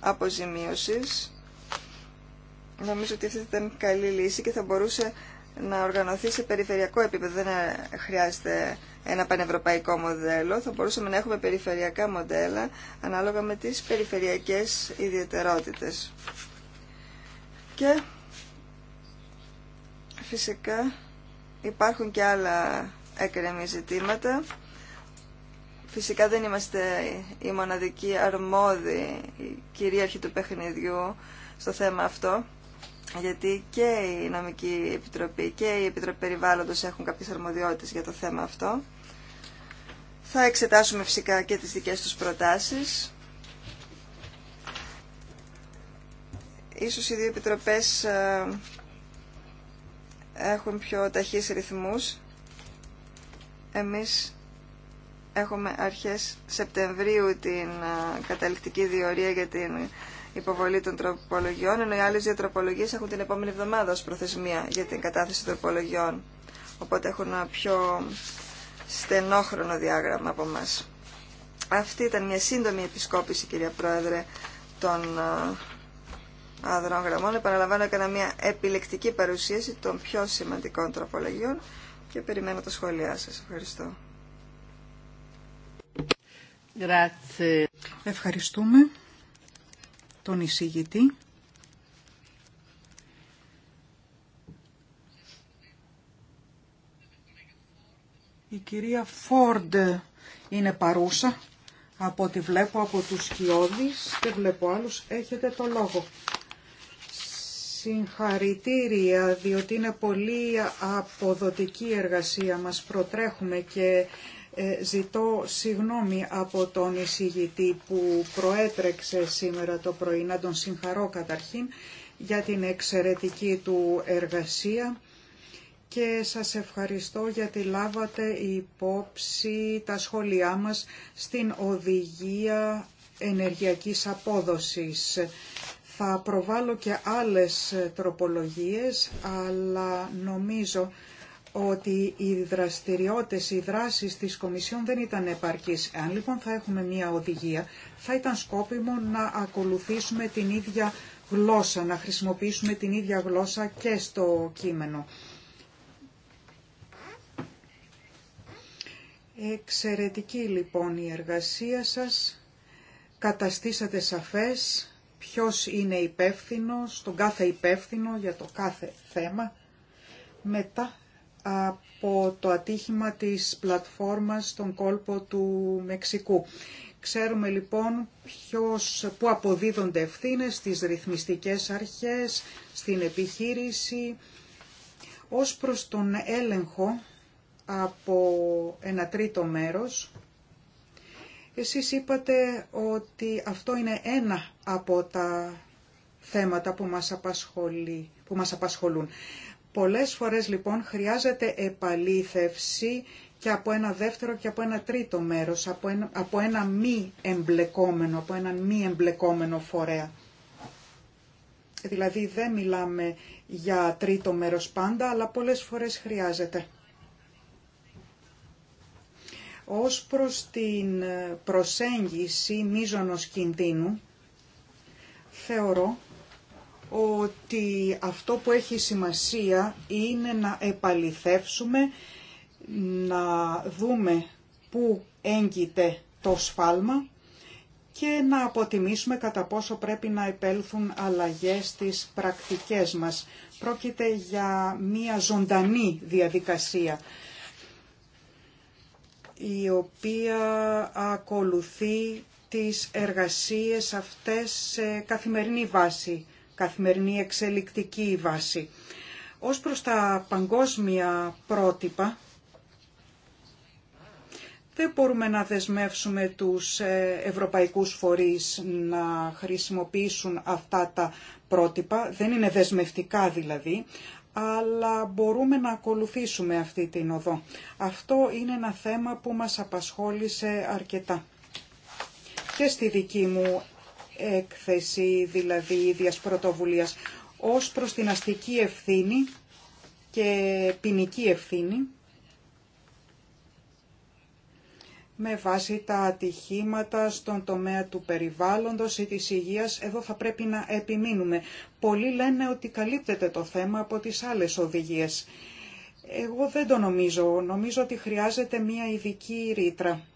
S4: αποζημίωση. Νομίζω ότι αυτή ήταν καλή λύση και θα μπορούσε να οργανωθεί σε περιφερειακό επίπεδο. Δεν χρειάζεται ένα πανευρωπαϊκό μοντέλο. Θα μπορούσαμε να έχουμε περιφερειακά μοντέλα ανάλογα με τις περιφερειακές ιδιαιτερότητες. Και φυσικά υπάρχουν και άλλα έκρεμη ζητήματα. Φυσικά δεν είμαστε η μοναδική αρμόδιοι κυρίαρχοι του παιχνιδιού στο θέμα αυτό γιατί και η Νομική Επιτροπή και η Επιτροπή Περιβάλλοντος έχουν κάποιες αρμοδιότητες για το θέμα αυτό. Θα εξετάσουμε φυσικά και τις δικές τους προτάσεις. Ίσως οι δύο επιτροπές ε, έχουν πιο ταχύς ρυθμούς. Εμείς έχουμε αρχές Σεπτεμβρίου την ε, καταληκτική διορία για την υποβολή των τροπολογιών, ενώ οι άλλε δύο τροπολογίε έχουν την επόμενη εβδομάδα ω προθεσμία για την κατάθεση τροπολογιών. Οπότε έχουν ένα πιο στενόχρονο διάγραμμα από εμά. Αυτή ήταν μια σύντομη επισκόπηση, κυρία Πρόεδρε, των αδρών γραμμών. Επαναλαμβάνω, έκανα μια επιλεκτική παρουσίαση των πιο σημαντικών τροπολογιών και περιμένω τα σχόλιά σας. Ευχαριστώ.
S2: Ευχαριστούμε τον εισηγητή. Η κυρία Φόρντ είναι παρούσα. Από ό,τι βλέπω από τους σκιώδεις, και βλέπω άλλους, έχετε το λόγο. Συγχαρητήρια, διότι είναι πολύ αποδοτική εργασία μας. Προτρέχουμε και ε, ζητώ συγγνώμη από τον εισηγητή που προέτρεξε σήμερα το πρωί, να τον συγχαρώ καταρχήν για την εξαιρετική του εργασία και σας ευχαριστώ γιατί λάβατε υπόψη τα σχόλιά μας στην οδηγία ενεργειακής απόδοσης. Θα προβάλλω και άλλες τροπολογίες, αλλά νομίζω ότι οι δραστηριότητες, οι δράσεις της Κομισιόν δεν ήταν επαρκείς. Αν λοιπόν θα έχουμε μία οδηγία, θα ήταν σκόπιμο να ακολουθήσουμε την ίδια γλώσσα, να χρησιμοποιήσουμε την ίδια γλώσσα και στο κείμενο. Εξαιρετική λοιπόν η εργασία σας. Καταστήσατε σαφές ποιος είναι υπεύθυνο, τον κάθε υπεύθυνο για το κάθε θέμα. Μετά από το ατύχημα της πλατφόρμας στον κόλπο του Μεξικού. Ξέρουμε λοιπόν ποιος, που αποδίδονται ευθύνε στις ρυθμιστικές αρχές, στην επιχείρηση, ως προς τον έλεγχο από ένα τρίτο μέρος. Εσείς είπατε ότι αυτό είναι ένα από τα θέματα που μας, που μας απασχολούν. Πολλές φορές λοιπόν χρειάζεται επαλήθευση και από ένα δεύτερο και από ένα τρίτο μέρος, από ένα, από ένα μη εμπλεκόμενο, από ένα μη εμπλεκόμενο φορέα. Δηλαδή δεν μιλάμε για τρίτο μέρος πάντα, αλλά πολλές φορές χρειάζεται. Ως προς την προσέγγιση μίζωνος κινδύνου, θεωρώ ότι αυτό που έχει σημασία είναι να επαληθεύσουμε, να δούμε πού έγκυται το σφάλμα και να αποτιμήσουμε κατά πόσο πρέπει να επέλθουν αλλαγές στις πρακτικές μας. Πρόκειται για μία ζωντανή διαδικασία η οποία ακολουθεί τις εργασίες αυτές σε καθημερινή βάση καθημερινή εξελικτική βάση. Ως προς τα παγκόσμια πρότυπα, δεν μπορούμε να δεσμεύσουμε τους ε, ευρωπαϊκούς φορείς να χρησιμοποιήσουν αυτά τα πρότυπα, δεν είναι δεσμευτικά δηλαδή, αλλά μπορούμε να ακολουθήσουμε αυτή την οδό. Αυτό είναι ένα θέμα που μας απασχόλησε αρκετά. Και στη δική μου έκθεση δηλαδή ίδιας πρωτοβουλίας ως προς την αστική ευθύνη και ποινική ευθύνη με βάση τα ατυχήματα στον τομέα του περιβάλλοντος ή της υγείας. Εδώ θα πρέπει να επιμείνουμε. Πολλοί λένε ότι καλύπτεται το θέμα από τις άλλες οδηγίες. Εγώ δεν το νομίζω. Νομίζω ότι χρειάζεται μία ειδική ρήτρα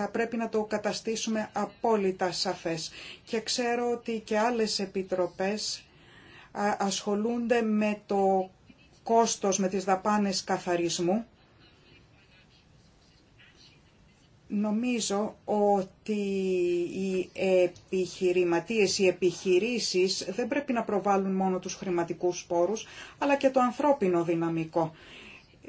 S2: θα πρέπει να το καταστήσουμε απόλυτα σαφές. Και ξέρω ότι και άλλες επιτροπές ασχολούνται με το κόστος, με τις δαπάνες καθαρισμού. Νομίζω ότι οι επιχειρηματίες, οι επιχειρήσεις δεν πρέπει να προβάλλουν μόνο τους χρηματικούς πόρους, αλλά και το ανθρώπινο δυναμικό.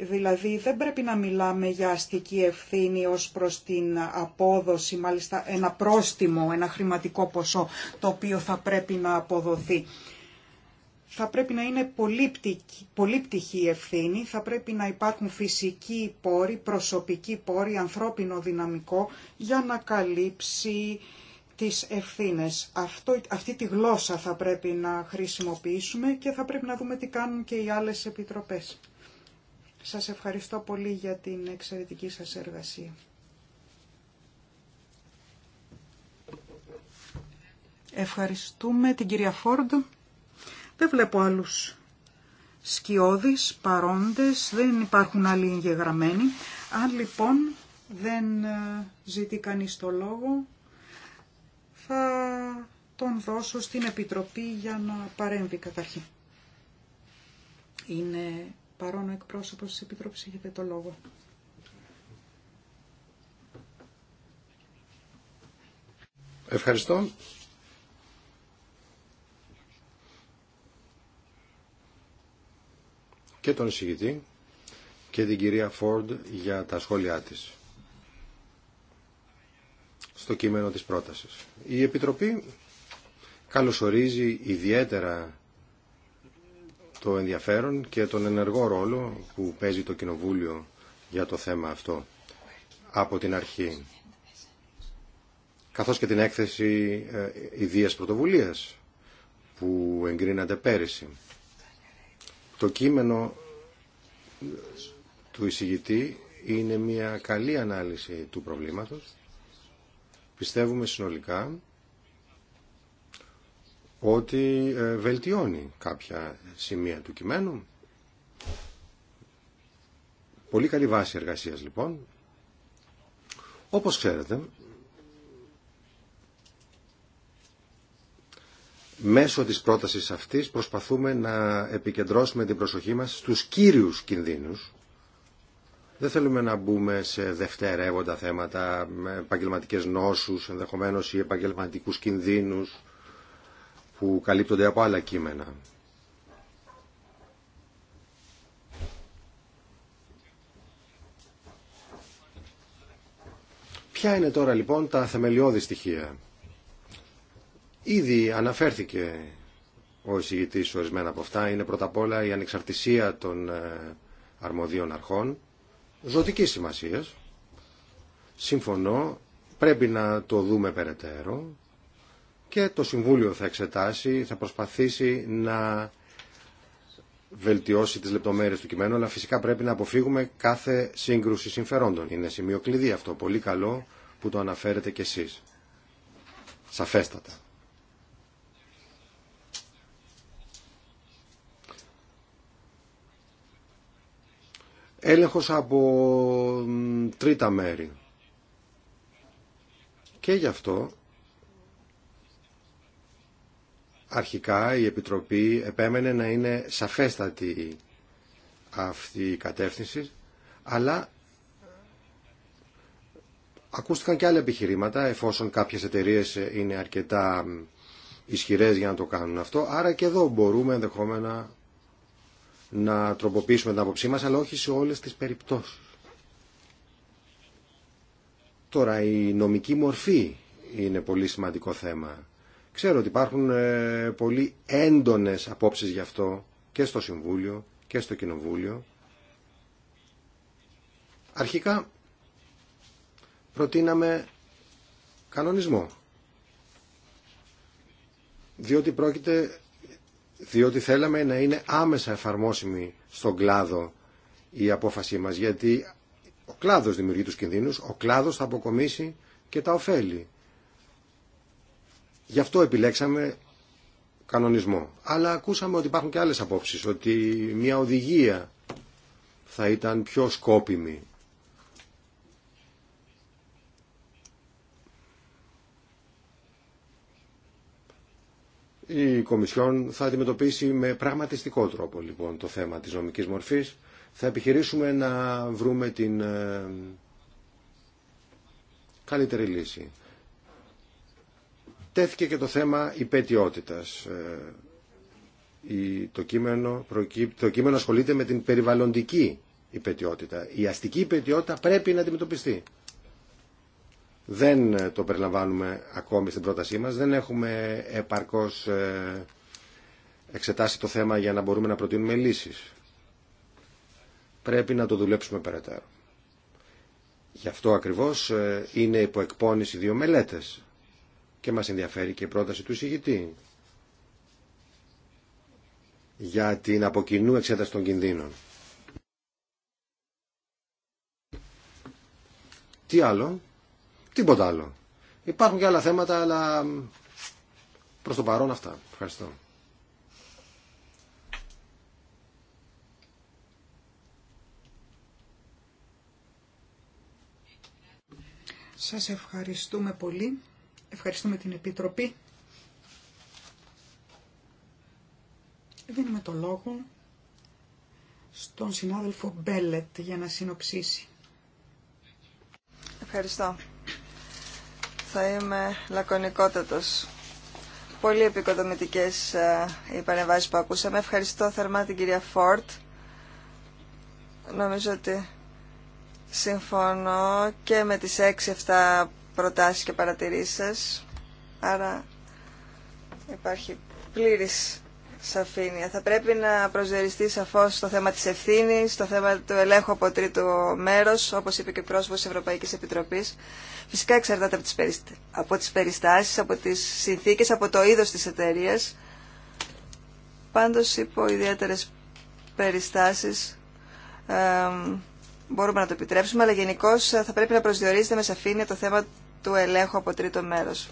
S2: Δηλαδή δεν πρέπει να μιλάμε για αστική ευθύνη ως προς την απόδοση, μάλιστα ένα πρόστιμο, ένα χρηματικό ποσό το οποίο θα πρέπει να αποδοθεί. Θα πρέπει να είναι πολύπτυχη η ευθύνη, θα πρέπει να υπάρχουν φυσικοί πόροι, προσωπικοί πόροι, ανθρώπινο δυναμικό για να καλύψει τις ευθύνες. Αυτό, αυτή τη γλώσσα θα πρέπει να χρησιμοποιήσουμε και θα πρέπει να δούμε τι κάνουν και οι άλλες επιτροπές. Σας ευχαριστώ πολύ για την εξαιρετική σας εργασία. Ευχαριστούμε την κυρία Φόρντ. Δεν βλέπω άλλους σκιώδεις, παρόντες, δεν υπάρχουν άλλοι εγγεγραμμένοι. Αν λοιπόν δεν ε, ζητεί κανείς το λόγο, θα τον δώσω στην Επιτροπή για να παρέμβει καταρχήν. Είναι παρόν ο εκπρόσωπος της Επιτροπής έχετε το λόγο.
S3: Ευχαριστώ. Και τον εισηγητή και την κυρία Φόρντ για τα σχόλιά της στο κείμενο της πρότασης. Η Επιτροπή καλωσορίζει ιδιαίτερα το ενδιαφέρον και τον ενεργό ρόλο που παίζει το Κοινοβούλιο για το θέμα αυτό από την αρχή. Καθώς και την έκθεση ε, ιδίας πρωτοβουλίας που εγκρίνατε πέρυσι. Το κείμενο ε, του εισηγητή είναι μια καλή ανάλυση του προβλήματος. Πιστεύουμε συνολικά ότι ε, βελτιώνει κάποια σημεία του κειμένου. Πολύ καλή βάση εργασίας λοιπόν. Όπως ξέρετε, μέσω της πρότασης αυτής προσπαθούμε να επικεντρώσουμε την προσοχή μας στους κύριους κινδύνους. Δεν θέλουμε να μπούμε σε δευτερεύοντα θέματα, με επαγγελματικές νόσους ενδεχομένως ή επαγγελματικούς κινδύνους που καλύπτονται από άλλα κείμενα. Ποια είναι τώρα λοιπόν τα θεμελιώδη στοιχεία. Ήδη αναφέρθηκε ο εισηγητής ορισμένα από αυτά. Είναι πρώτα απ' όλα η ανεξαρτησία των ε, αρμοδίων αρχών, ζωτική σημασίας. Συμφωνώ, πρέπει να το δούμε περαιτέρω και το Συμβούλιο θα εξετάσει, θα προσπαθήσει να βελτιώσει τις λεπτομέρειες του κειμένου, αλλά φυσικά πρέπει να αποφύγουμε κάθε σύγκρουση συμφερόντων. Είναι σημείο κλειδί αυτό, πολύ καλό που το αναφέρετε κι εσείς. Σαφέστατα. Έλεγχος από τρίτα μέρη. Και γι' αυτό Αρχικά η Επιτροπή επέμενε να είναι σαφέστατη αυτή η κατεύθυνση, αλλά ακούστηκαν και άλλα επιχειρήματα, εφόσον κάποιες εταιρείες είναι αρκετά ισχυρές για να το κάνουν αυτό, άρα και εδώ μπορούμε ενδεχόμενα να τροποποιήσουμε την άποψή μας, αλλά όχι σε όλες τις περιπτώσεις. Τώρα η νομική μορφή είναι πολύ σημαντικό θέμα. Ξέρω ότι υπάρχουν ε, πολύ έντονες απόψεις γι' αυτό και στο Συμβούλιο και στο Κοινοβούλιο. Αρχικά προτείναμε κανονισμό. Διότι πρόκειται, διότι θέλαμε να είναι άμεσα εφαρμόσιμη στον κλάδο η απόφασή μας, γιατί ο κλάδος δημιουργεί τους κινδύνους, ο κλάδος θα αποκομίσει και τα ωφέλη. Γι' αυτό επιλέξαμε κανονισμό. Αλλά ακούσαμε ότι υπάρχουν και άλλες απόψεις, ότι μια οδηγία θα ήταν πιο σκόπιμη. Η Κομισιόν θα αντιμετωπίσει με πραγματιστικό τρόπο λοιπόν το θέμα της νομικής μορφής. Θα επιχειρήσουμε να βρούμε την ε, καλύτερη λύση. Τέθηκε και το θέμα υπέτειότητας. Ε, το κείμενο, το κείμενο ασχολείται με την περιβαλλοντική υπετιότητα. Η αστική υπετιότητα πρέπει να αντιμετωπιστεί. Δεν ε, το περιλαμβάνουμε ακόμη στην πρότασή μας. Δεν έχουμε επαρκώς ε, εξετάσει το θέμα για να μπορούμε να προτείνουμε λύσεις. Πρέπει να το δουλέψουμε περαιτέρω. Γι' αυτό ακριβώς είναι υποεκπώνηση δύο μελέτες και μας ενδιαφέρει και η πρόταση του εισηγητή για την αποκοινού εξέταση των κινδύνων. Τι άλλο, τίποτα άλλο. Υπάρχουν και άλλα θέματα, αλλά προς το παρόν αυτά. Ευχαριστώ.
S2: Σας ευχαριστούμε πολύ. Ευχαριστούμε την Επιτροπή. Δίνουμε το λόγο στον συνάδελφο Μπέλετ για να συνοψίσει.
S4: Ευχαριστώ. Θα είμαι
S2: λακωνικότατος.
S4: Πολύ επικοδομητικές ε, οι παρεμβάσεις που ακούσαμε. Ευχαριστώ θερμά την κυρία Φόρτ. Νομίζω ότι συμφωνώ και με τις 6-7 προτάσεις και παρατηρήσεις σας. Άρα υπάρχει πλήρης σαφήνεια. Θα πρέπει να προσδιοριστεί σαφώς στο θέμα της ευθύνης, στο θέμα του ελέγχου από τρίτο μέρος, όπως είπε και πρόσωπος της Ευρωπαϊκής Επιτροπής. Φυσικά εξαρτάται από τις, περιστα... από τις περιστάσεις, από τις συνθήκες, από το είδος της εταιρεία. Πάντως υπό ιδιαίτερε περιστάσεις ε, μπορούμε να το επιτρέψουμε, αλλά γενικώ θα πρέπει να προσδιορίζεται με σαφήνεια το θέμα του ελέγχου από τρίτο μέρος.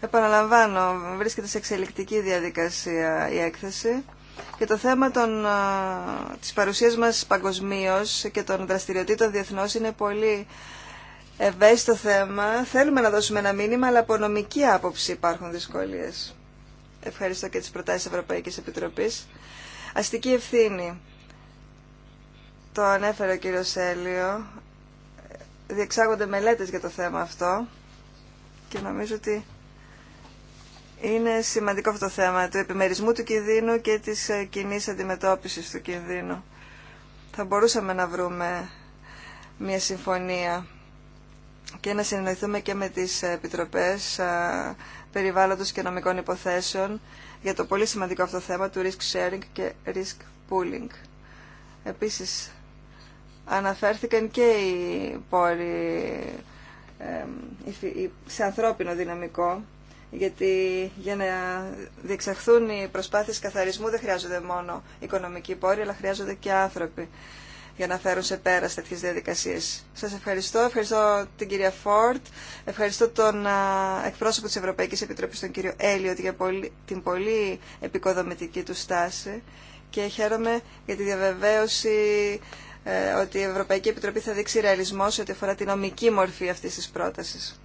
S4: Επαναλαμβάνω, βρίσκεται σε εξελικτική διαδικασία η έκθεση και το θέμα των, της παρουσίας μας παγκοσμίω και των δραστηριοτήτων διεθνώς είναι πολύ ευαίσθητο θέμα. Θέλουμε να δώσουμε ένα μήνυμα, αλλά από νομική άποψη υπάρχουν δυσκολίες. Ευχαριστώ και τις προτάσεις Ευρωπαϊκής Επιτροπής. Αστική ευθύνη. Το ανέφερε ο κύριος Έλιο διεξάγονται μελέτες για το θέμα αυτό και νομίζω ότι είναι σημαντικό αυτό το θέμα του επιμερισμού του κινδύνου και της ε, κοινή αντιμετώπισης του κινδύνου. Θα μπορούσαμε να βρούμε μια συμφωνία και να συνεννοηθούμε και με τις επιτροπές ε, περιβάλλοντος και νομικών υποθέσεων για το πολύ σημαντικό αυτό θέμα του risk sharing και risk pooling. Επίσης, αναφέρθηκαν και οι πόροι σε ανθρώπινο δυναμικό γιατί για να διεξαχθούν οι προσπάθειες καθαρισμού δεν χρειάζονται μόνο οικονομικοί πόροι αλλά χρειάζονται και άνθρωποι για να φέρουν σε πέρα τέτοιες διαδικασίες. Σας ευχαριστώ. Ευχαριστώ την κυρία Φόρτ. Ευχαριστώ τον εκπρόσωπο της Ευρωπαϊκής Επιτροπής, τον κύριο Έλιο για την πολύ επικοδομητική του στάση. Και χαίρομαι για τη διαβεβαίωση ε, ότι η Ευρωπαϊκή Επιτροπή θα δείξει ρεαλισμό σε ό,τι αφορά τη νομική μορφή αυτής της πρότασης.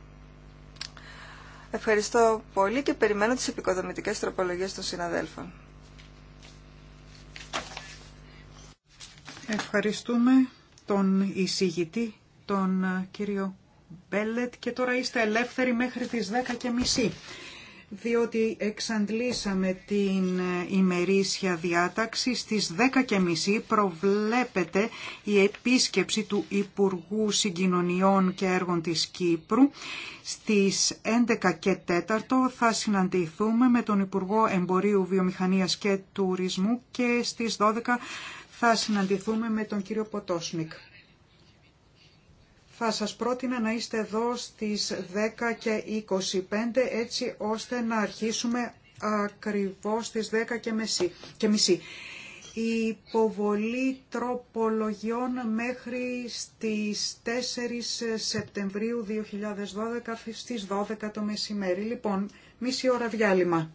S4: Ευχαριστώ πολύ και περιμένω τις επικοδομητικές τροπολογίες των συναδέλφων.
S2: Ευχαριστούμε τον εισηγητή, τον ε, κύριο Μπέλετ και τώρα είστε ελεύθεροι μέχρι τις 10.30 διότι εξαντλήσαμε την ημερήσια διάταξη. Στις 10.30 προβλέπεται η επίσκεψη του Υπουργού Συγκοινωνιών και Έργων της Κύπρου. Στις 11 θα συναντηθούμε με τον Υπουργό Εμπορίου Βιομηχανίας και Τουρισμού και στις 12 θα συναντηθούμε με τον κύριο Ποτόσνικ θα σας πρότεινα να είστε εδώ στις 10 και 25 έτσι ώστε να αρχίσουμε ακριβώς στις 10 και μισή. Και Η υποβολή τροπολογιών μέχρι στις 4 Σεπτεμβρίου 2012 στις 12 το μεσημέρι. Λοιπόν, μισή ώρα διάλειμμα.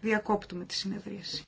S2: Διακόπτουμε τη συνεδρίαση.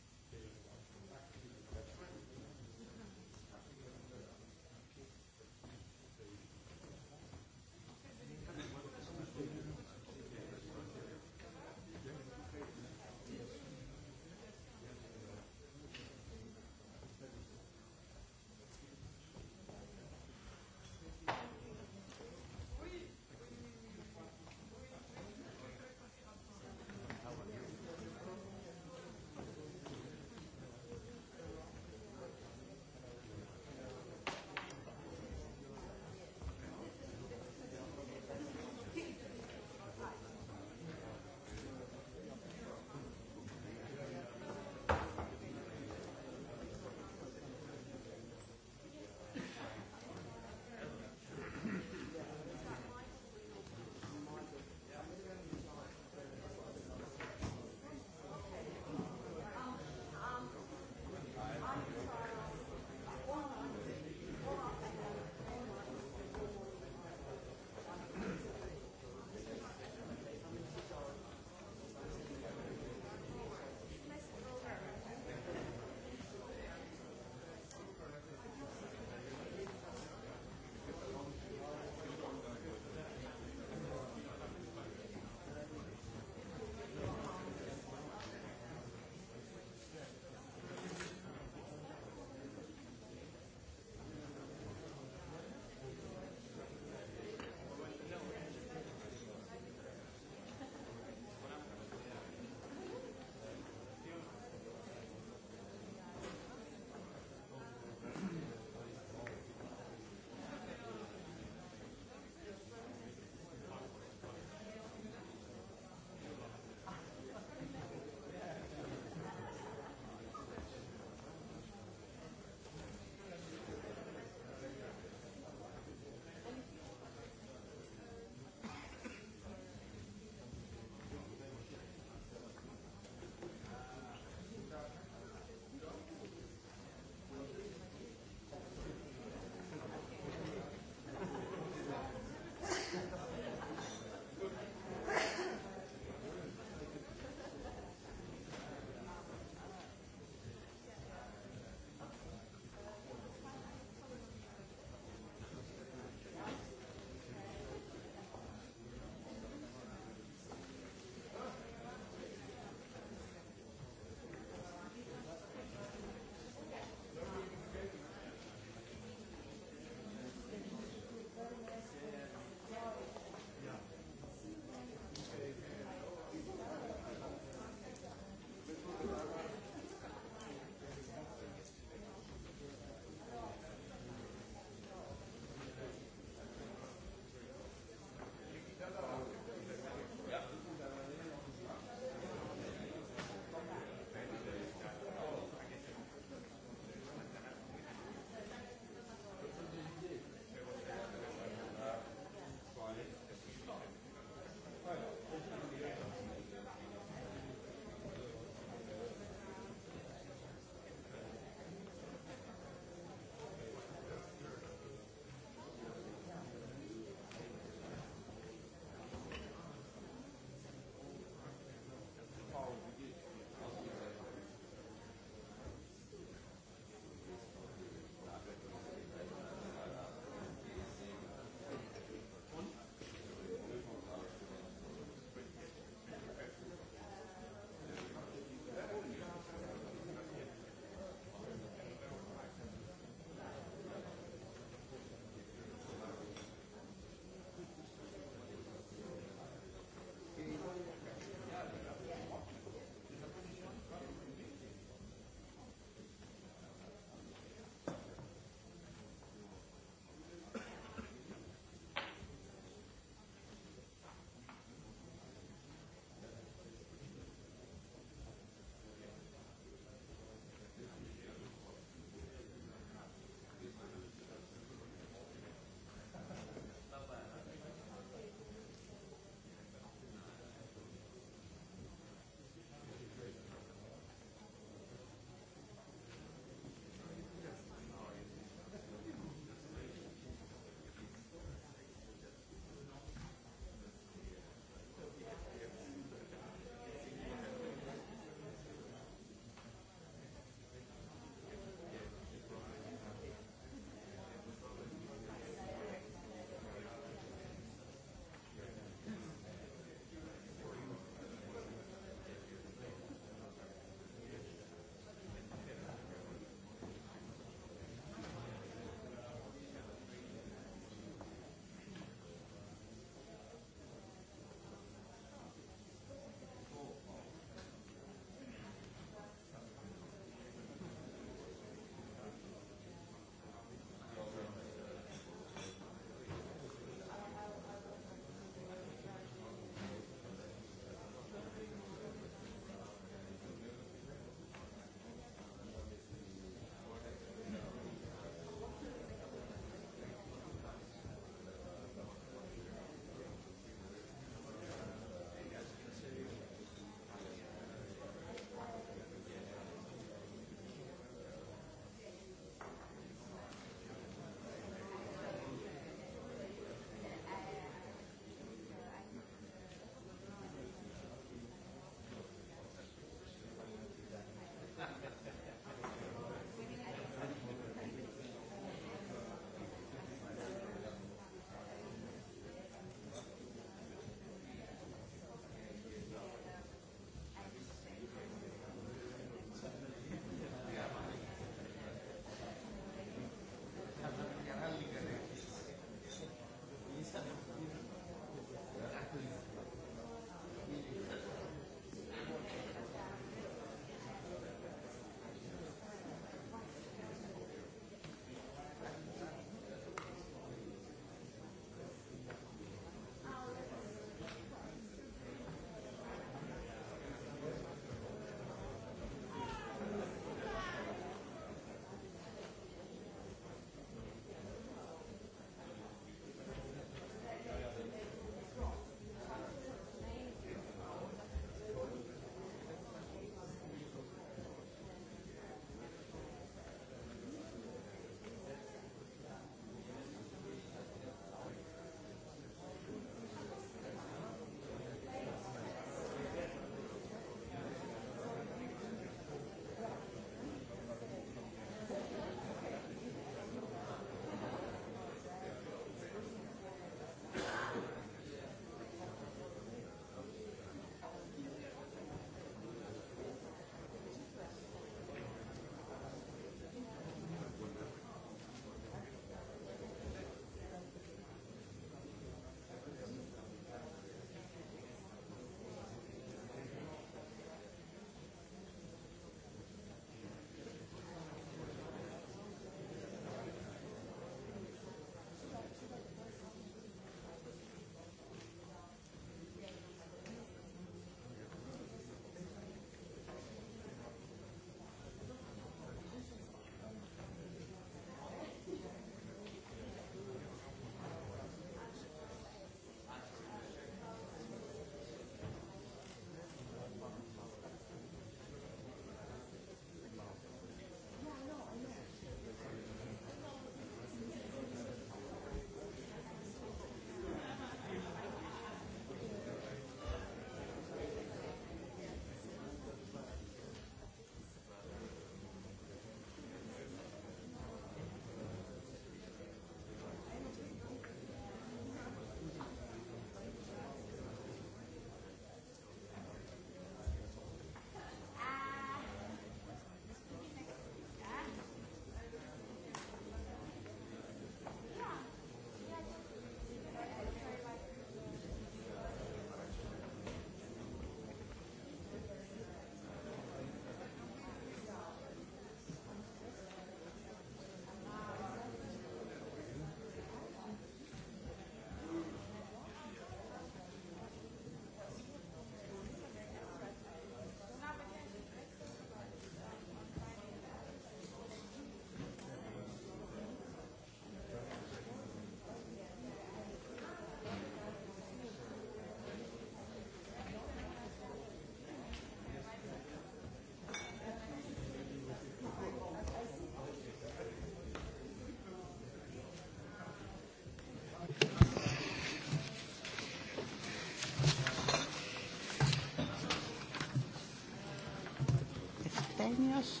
S2: Bologna's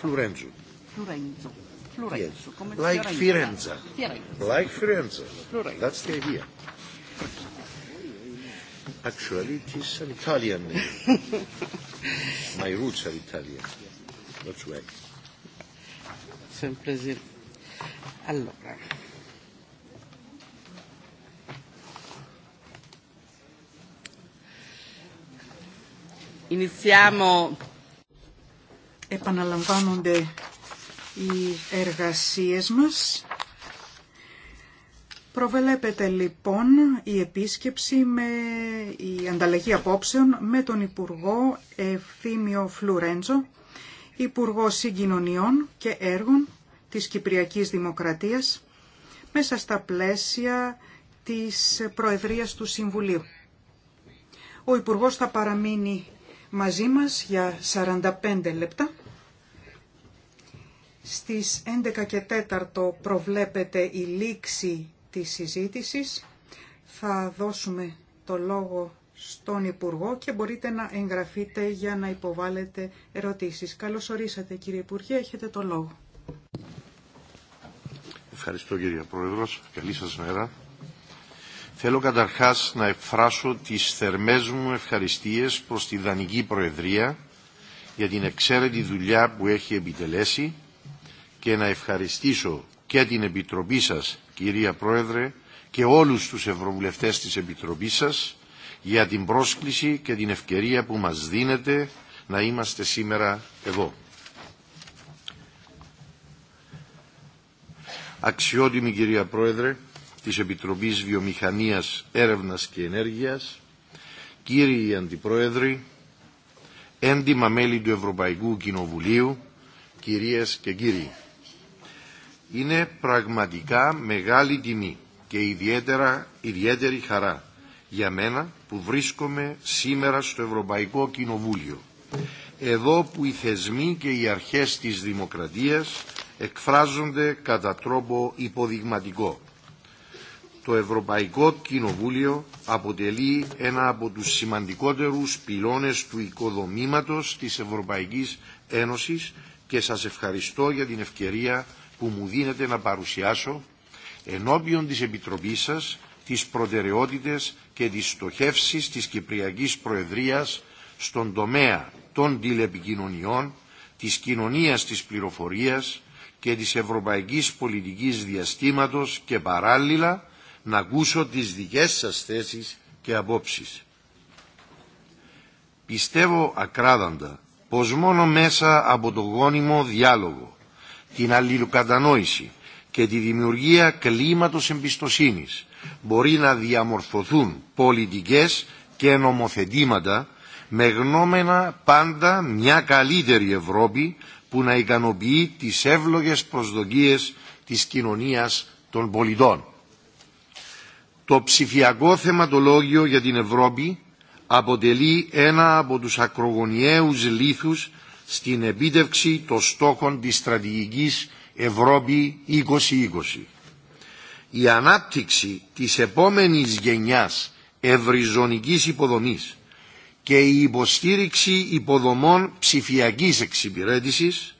S2: Florenzo. Florenzo. Florenzo. like Firenze.
S5: Like Firenze. That's the idea. Actually, it is an Italian
S6: name.
S5: My roots are Italian. That's why.
S1: It's a pleasure. Allora. Iniziamo
S2: Αναλαμβάνονται οι εργασίες μας. Προβελέπεται λοιπόν η επίσκεψη με η ανταλλαγή απόψεων με τον Υπουργό Ευθύμιο Φλουρέντζο, Υπουργό Συγκοινωνιών και Έργων της Κυπριακής Δημοκρατίας, μέσα στα πλαίσια της Προεδρίας του Συμβουλίου. Ο Υπουργός θα παραμείνει μαζί μας για 45 λεπτά στις 11 και 4 προβλέπεται η λήξη της συζήτησης. Θα δώσουμε το λόγο στον Υπουργό και μπορείτε να εγγραφείτε για να υποβάλλετε ερωτήσεις. Καλώς ορίσατε κύριε Υπουργέ, έχετε το λόγο.
S5: Ευχαριστώ κύριε Πρόεδρος, καλή σας μέρα. Θέλω καταρχάς να εκφράσω τις θερμές μου ευχαριστίες προς τη Δανική Προεδρία για την εξαίρετη δουλειά που έχει επιτελέσει και να ευχαριστήσω και την Επιτροπή σας, κυρία Πρόεδρε, και όλους τους Ευρωβουλευτές της Επιτροπής σας για την πρόσκληση και την ευκαιρία που μας δίνετε να είμαστε σήμερα εδώ. Αξιότιμη κυρία Πρόεδρε της Επιτροπής Βιομηχανίας, Έρευνας και Ενέργειας, κύριοι Αντιπρόεδροι, έντιμα μέλη του Ευρωπαϊκού Κοινοβουλίου, κυρίες και κύριοι. Είναι πραγματικά μεγάλη τιμή και ιδιαίτερα, ιδιαίτερη χαρά για μένα που βρίσκομαι σήμερα στο Ευρωπαϊκό Κοινοβούλιο. Εδώ που οι θεσμοί και οι αρχές της δημοκρατίας εκφράζονται κατά τρόπο υποδειγματικό. Το Ευρωπαϊκό Κοινοβούλιο αποτελεί ένα από τους σημαντικότερους πυλώνες του οικοδομήματος της Ευρωπαϊκής Ένωσης και σας ευχαριστώ για την ευκαιρία που μου δίνεται να παρουσιάσω ενώπιον της Επιτροπής σας τις προτεραιότητες και τις στοχεύσεις της Κυπριακής Προεδρίας στον τομέα των τηλεπικοινωνιών, της κοινωνίας της πληροφορίας και της ευρωπαϊκής πολιτικής διαστήματος και παράλληλα να ακούσω τις δικές σας θέσεις και απόψεις. Πιστεύω ακράδαντα πως μόνο μέσα από το γόνιμο διάλογο την αλληλοκατανόηση και τη δημιουργία κλίματος εμπιστοσύνης μπορεί να διαμορφωθούν πολιτικές και νομοθετήματα με γνώμενα πάντα μια καλύτερη Ευρώπη που να ικανοποιεί τις εύλογες προσδοκίες της κοινωνίας των πολιτών. Το ψηφιακό θεματολόγιο για την Ευρώπη αποτελεί ένα από τους ακρογωνιαίους λίθους στην επίτευξη των στόχων της στρατηγικής Ευρώπη 2020. Η ανάπτυξη της επόμενης γενιάς ευρυζωνικής υποδομής και η υποστήριξη υποδομών ψηφιακής εξυπηρέτησης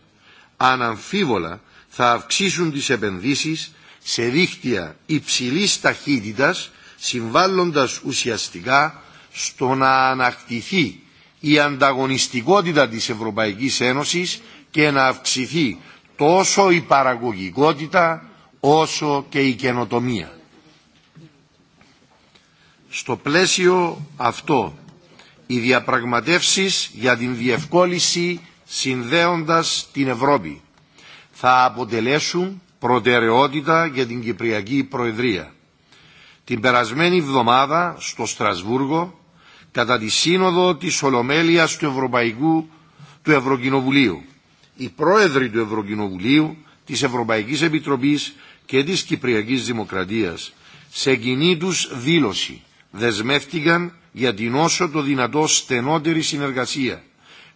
S5: αναμφίβολα θα αυξήσουν τις επενδύσεις σε δίχτυα υψηλής ταχύτητας συμβάλλοντας ουσιαστικά στο να ανακτηθεί η ανταγωνιστικότητα της Ευρωπαϊκής Ένωσης και να αυξηθεί τόσο η παραγωγικότητα όσο και η καινοτομία. Στο πλαίσιο αυτό, οι διαπραγματεύσεις για την διευκόλυση συνδέοντας την Ευρώπη θα αποτελέσουν προτεραιότητα για την Κυπριακή Προεδρία. Την περασμένη εβδομάδα στο Στρασβούργο κατά τη Σύνοδο της Ολομέλειας του Ευρωπαϊκού του Ευρωκοινοβουλίου. Οι πρόεδροι του Ευρωκοινοβουλίου, της Ευρωπαϊκής Επιτροπής και της Κυπριακής Δημοκρατίας σε κοινή τους δήλωση δεσμεύτηκαν για την όσο το δυνατό στενότερη συνεργασία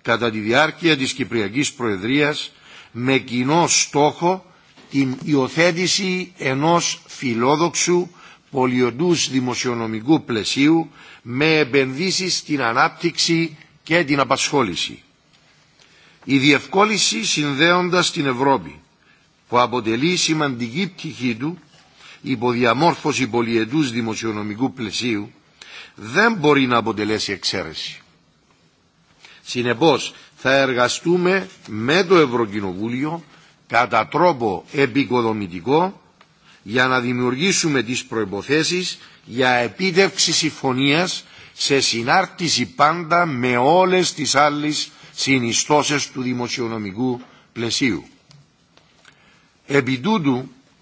S5: κατά τη διάρκεια της Κυπριακής Προεδρίας με κοινό στόχο την υιοθέτηση ενός φιλόδοξου πολιοντούς δημοσιονομικού πλαισίου με επενδύσεις στην ανάπτυξη και την απασχόληση. Η διευκόλυση συνδέοντας την Ευρώπη που αποτελεί σημαντική πτυχή του υποδιαμόρφωση πολιετούς δημοσιονομικού πλαισίου δεν μπορεί να αποτελέσει εξαίρεση. Συνεπώς θα εργαστούμε με το Ευρωκοινοβούλιο κατά τρόπο επικοδομητικό για να δημιουργήσουμε τις προϋποθέσεις για επίτευξη συμφωνίας σε συνάρτηση πάντα με όλες τις άλλες συνιστώσεις του δημοσιονομικού πλαισίου. Επί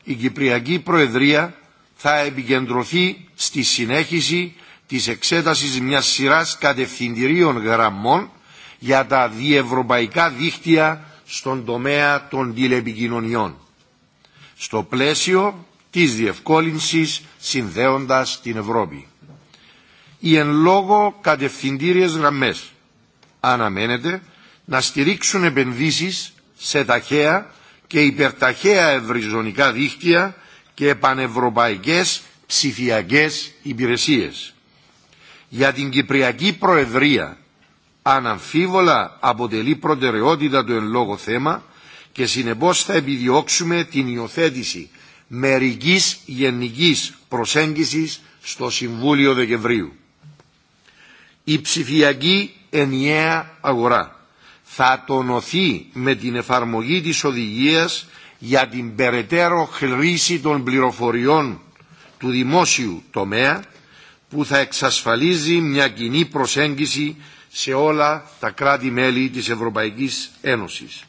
S5: η Κυπριακή Προεδρία θα επικεντρωθεί στη συνέχιση της εξέτασης μιας σειράς κατευθυντηρίων γραμμών για τα διευρωπαϊκά δίκτυα στον τομέα των τηλεπικοινωνιών. Στο πλαίσιο της διευκόλυνσης συνδέοντας την Ευρώπη. Οι εν λόγω κατευθυντήριες γραμμές αναμένεται να στηρίξουν επενδύσεις σε ταχαία και υπερταχαία ευρυζωνικά δίκτυα και πανευρωπαϊκές ψηφιακές υπηρεσίες. Για την Κυπριακή Προεδρία αναμφίβολα αποτελεί προτεραιότητα το εν λόγω θέμα και συνεπώς θα επιδιώξουμε την υιοθέτηση μερικής γενικής προσέγγισης στο Συμβούλιο Δεκεμβρίου. Η ψηφιακή ενιαία αγορά θα τονωθεί με την εφαρμογή της οδηγίας για την περαιτέρω χρήση των πληροφοριών του δημόσιου τομέα που θα εξασφαλίζει μια κοινή προσέγγιση σε όλα τα κράτη-μέλη της Ευρωπαϊκής Ένωσης.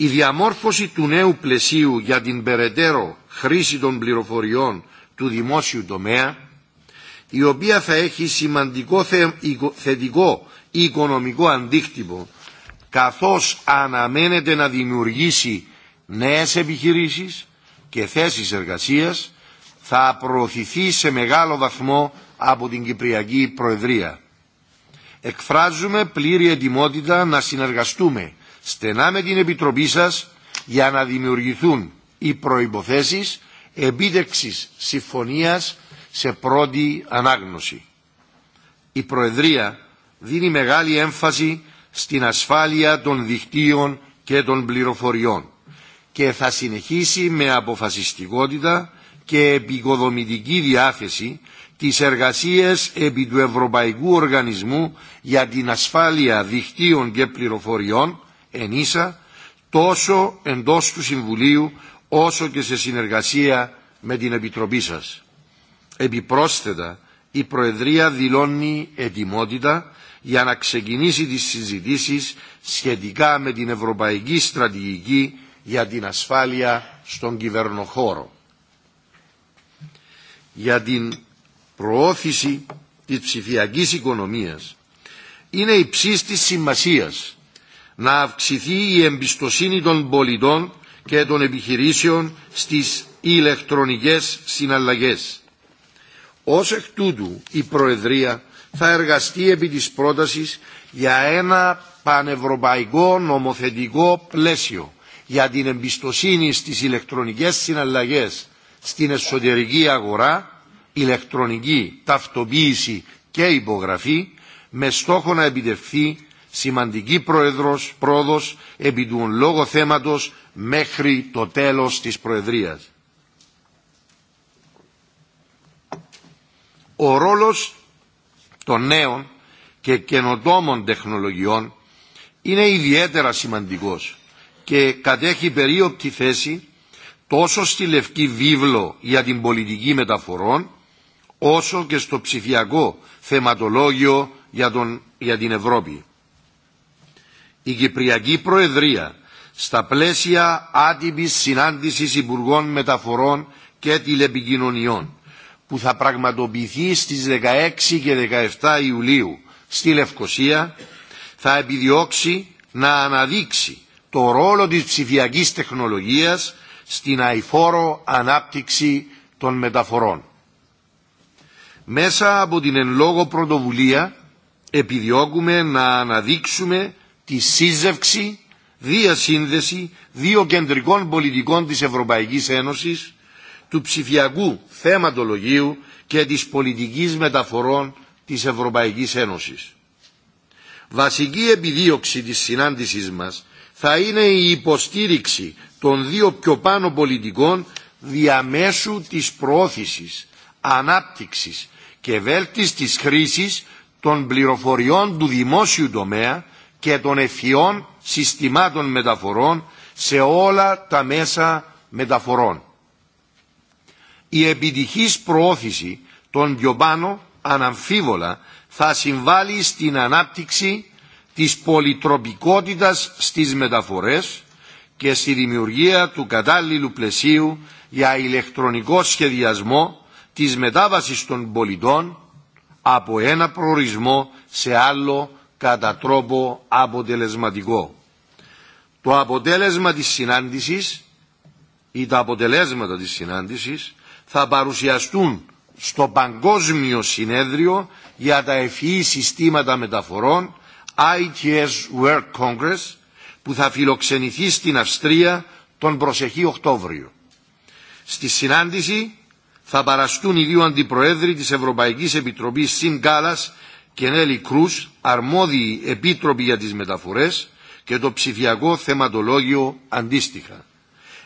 S5: Η διαμόρφωση του νέου πλαισίου για την περαιτέρω χρήση των πληροφοριών του δημόσιου τομέα, η οποία θα έχει σημαντικό θετικό οικονομικό αντίκτυπο, καθώς αναμένεται να δημιουργήσει νέες επιχειρήσεις και θέσεις εργασίας, θα προωθηθεί σε μεγάλο βαθμό από την Κυπριακή Προεδρία. Εκφράζουμε πλήρη ετοιμότητα να συνεργαστούμε στενά με την Επιτροπή σας για να δημιουργηθούν οι προϋποθέσεις επίτευξης συμφωνίας σε πρώτη ανάγνωση. Η Προεδρία δίνει μεγάλη έμφαση στην ασφάλεια των δικτύων και των πληροφοριών και θα συνεχίσει με αποφασιστικότητα και επικοδομητική διάθεση τις εργασίες επί του Ευρωπαϊκού Οργανισμού για την Ασφάλεια Δικτύων και Πληροφοριών ίσα τόσο εντός του Συμβουλίου όσο και σε συνεργασία με την Επιτροπή σας. Επιπρόσθετα, η Προεδρία δηλώνει ετοιμότητα για να ξεκινήσει τις συζητήσεις σχετικά με την Ευρωπαϊκή Στρατηγική για την Ασφάλεια στον Κυβερνοχώρο. Για την προώθηση της ψηφιακής οικονομίας είναι υψής της σημασίας να αυξηθεί η εμπιστοσύνη των πολιτών και των επιχειρήσεων στις ηλεκτρονικές συναλλαγές. Ως εκ τούτου η Προεδρία θα εργαστεί επί της πρότασης για ένα πανευρωπαϊκό νομοθετικό πλαίσιο για την εμπιστοσύνη στις ηλεκτρονικές συναλλαγές στην εσωτερική αγορά, ηλεκτρονική ταυτοποίηση και υπογραφή με στόχο να επιτευχθεί σημαντική πρόεδρος, πρόοδος επί του λόγω θέματος μέχρι το τέλος της Προεδρίας. Ο ρόλος των νέων και καινοτόμων τεχνολογιών είναι ιδιαίτερα σημαντικός και κατέχει περίοπτη θέση τόσο στη Λευκή Βίβλο για την πολιτική μεταφορών όσο και στο ψηφιακό θεματολόγιο για, τον, για την Ευρώπη η Κυπριακή Προεδρία στα πλαίσια άτυπης συνάντησης Υπουργών Μεταφορών και Τηλεπικοινωνιών που θα πραγματοποιηθεί στις 16 και 17 Ιουλίου στη Λευκοσία θα επιδιώξει να αναδείξει το ρόλο της ψηφιακής τεχνολογίας στην αηφόρο ανάπτυξη των μεταφορών. Μέσα από την εν λόγω πρωτοβουλία επιδιώκουμε να αναδείξουμε τη σύζευξη, διασύνδεση δύο κεντρικών πολιτικών της Ευρωπαϊκής Ένωσης, του ψηφιακού θέματολογίου και της πολιτικής μεταφορών της Ευρωπαϊκής Ένωσης. Βασική επιδίωξη της συνάντησης μας θα είναι η υποστήριξη των δύο πιο πάνω πολιτικών διαμέσου της προώθησης, ανάπτυξης και βέλτιστης χρήσης των πληροφοριών του δημόσιου τομέα και των ευφυών συστημάτων μεταφορών σε όλα τα μέσα μεταφορών. Η επιτυχής προώθηση των πάνω αναμφίβολα θα συμβάλλει στην ανάπτυξη της πολυτροπικότητας στις μεταφορές και στη δημιουργία του κατάλληλου πλαισίου για ηλεκτρονικό σχεδιασμό της μετάβασης των πολιτών από ένα προορισμό σε άλλο κατά τρόπο αποτελεσματικό. Το αποτέλεσμα της συνάντησης ή τα αποτελέσματα της συνάντησης θα παρουσιαστούν στο Παγκόσμιο Συνέδριο για τα Ευφυή Συστήματα Μεταφορών ITS World Congress που θα φιλοξενηθεί στην Αυστρία τον προσεχή Οκτώβριο. Στη συνάντηση θα παραστούν οι δύο αντιπροέδροι της Ευρωπαϊκής Επιτροπής Συν και Νέλη Κρούς, αρμόδιοι επίτροποι για τις μεταφορές και το ψηφιακό θεματολόγιο αντίστοιχα.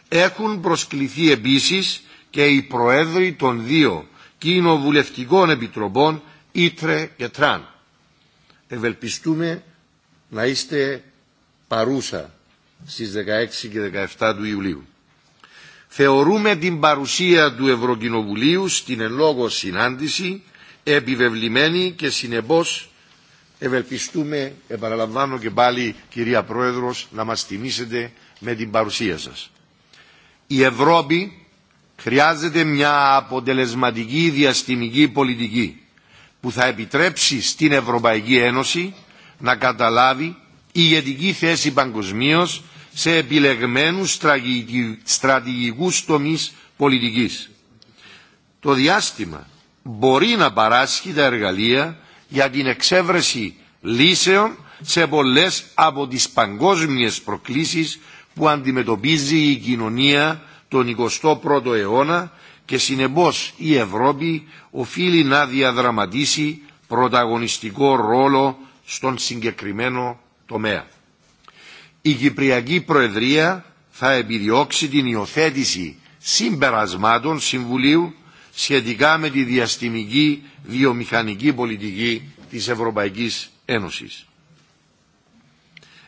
S5: Έχουν προσκληθεί επίσης και οι προέδροι των δύο κοινοβουλευτικών επιτροπών Ήτρε και Τραν. Ευελπιστούμε να είστε παρούσα στις 16 και 17 του Ιουλίου. Θεωρούμε την παρουσία του Ευρωκοινοβουλίου στην ελόγω συνάντηση επιβεβλημένη και συνεπώς ευελπιστούμε, επαναλαμβάνω και πάλι κυρία Πρόεδρος, να μας τιμήσετε με την παρουσία σας. Η Ευρώπη χρειάζεται μια αποτελεσματική διαστημική πολιτική που θα επιτρέψει στην Ευρωπαϊκή Ένωση να καταλάβει ηγετική θέση παγκοσμίω σε επιλεγμένους στρατηγικούς τομείς πολιτικής. Το διάστημα μπορεί να παράσχει τα εργαλεία για την εξέβρεση λύσεων σε πολλές από τις παγκόσμιες προκλήσεις που αντιμετωπίζει η κοινωνία τον 21ο αιώνα και συνεπώς η Ευρώπη οφείλει να διαδραματίσει πρωταγωνιστικό ρόλο στον συγκεκριμένο τομέα. Η Κυπριακή Προεδρία θα επιδιώξει την υιοθέτηση συμπερασμάτων Συμβουλίου σχετικά με τη διαστημική βιομηχανική πολιτική της Ευρωπαϊκής Ένωσης.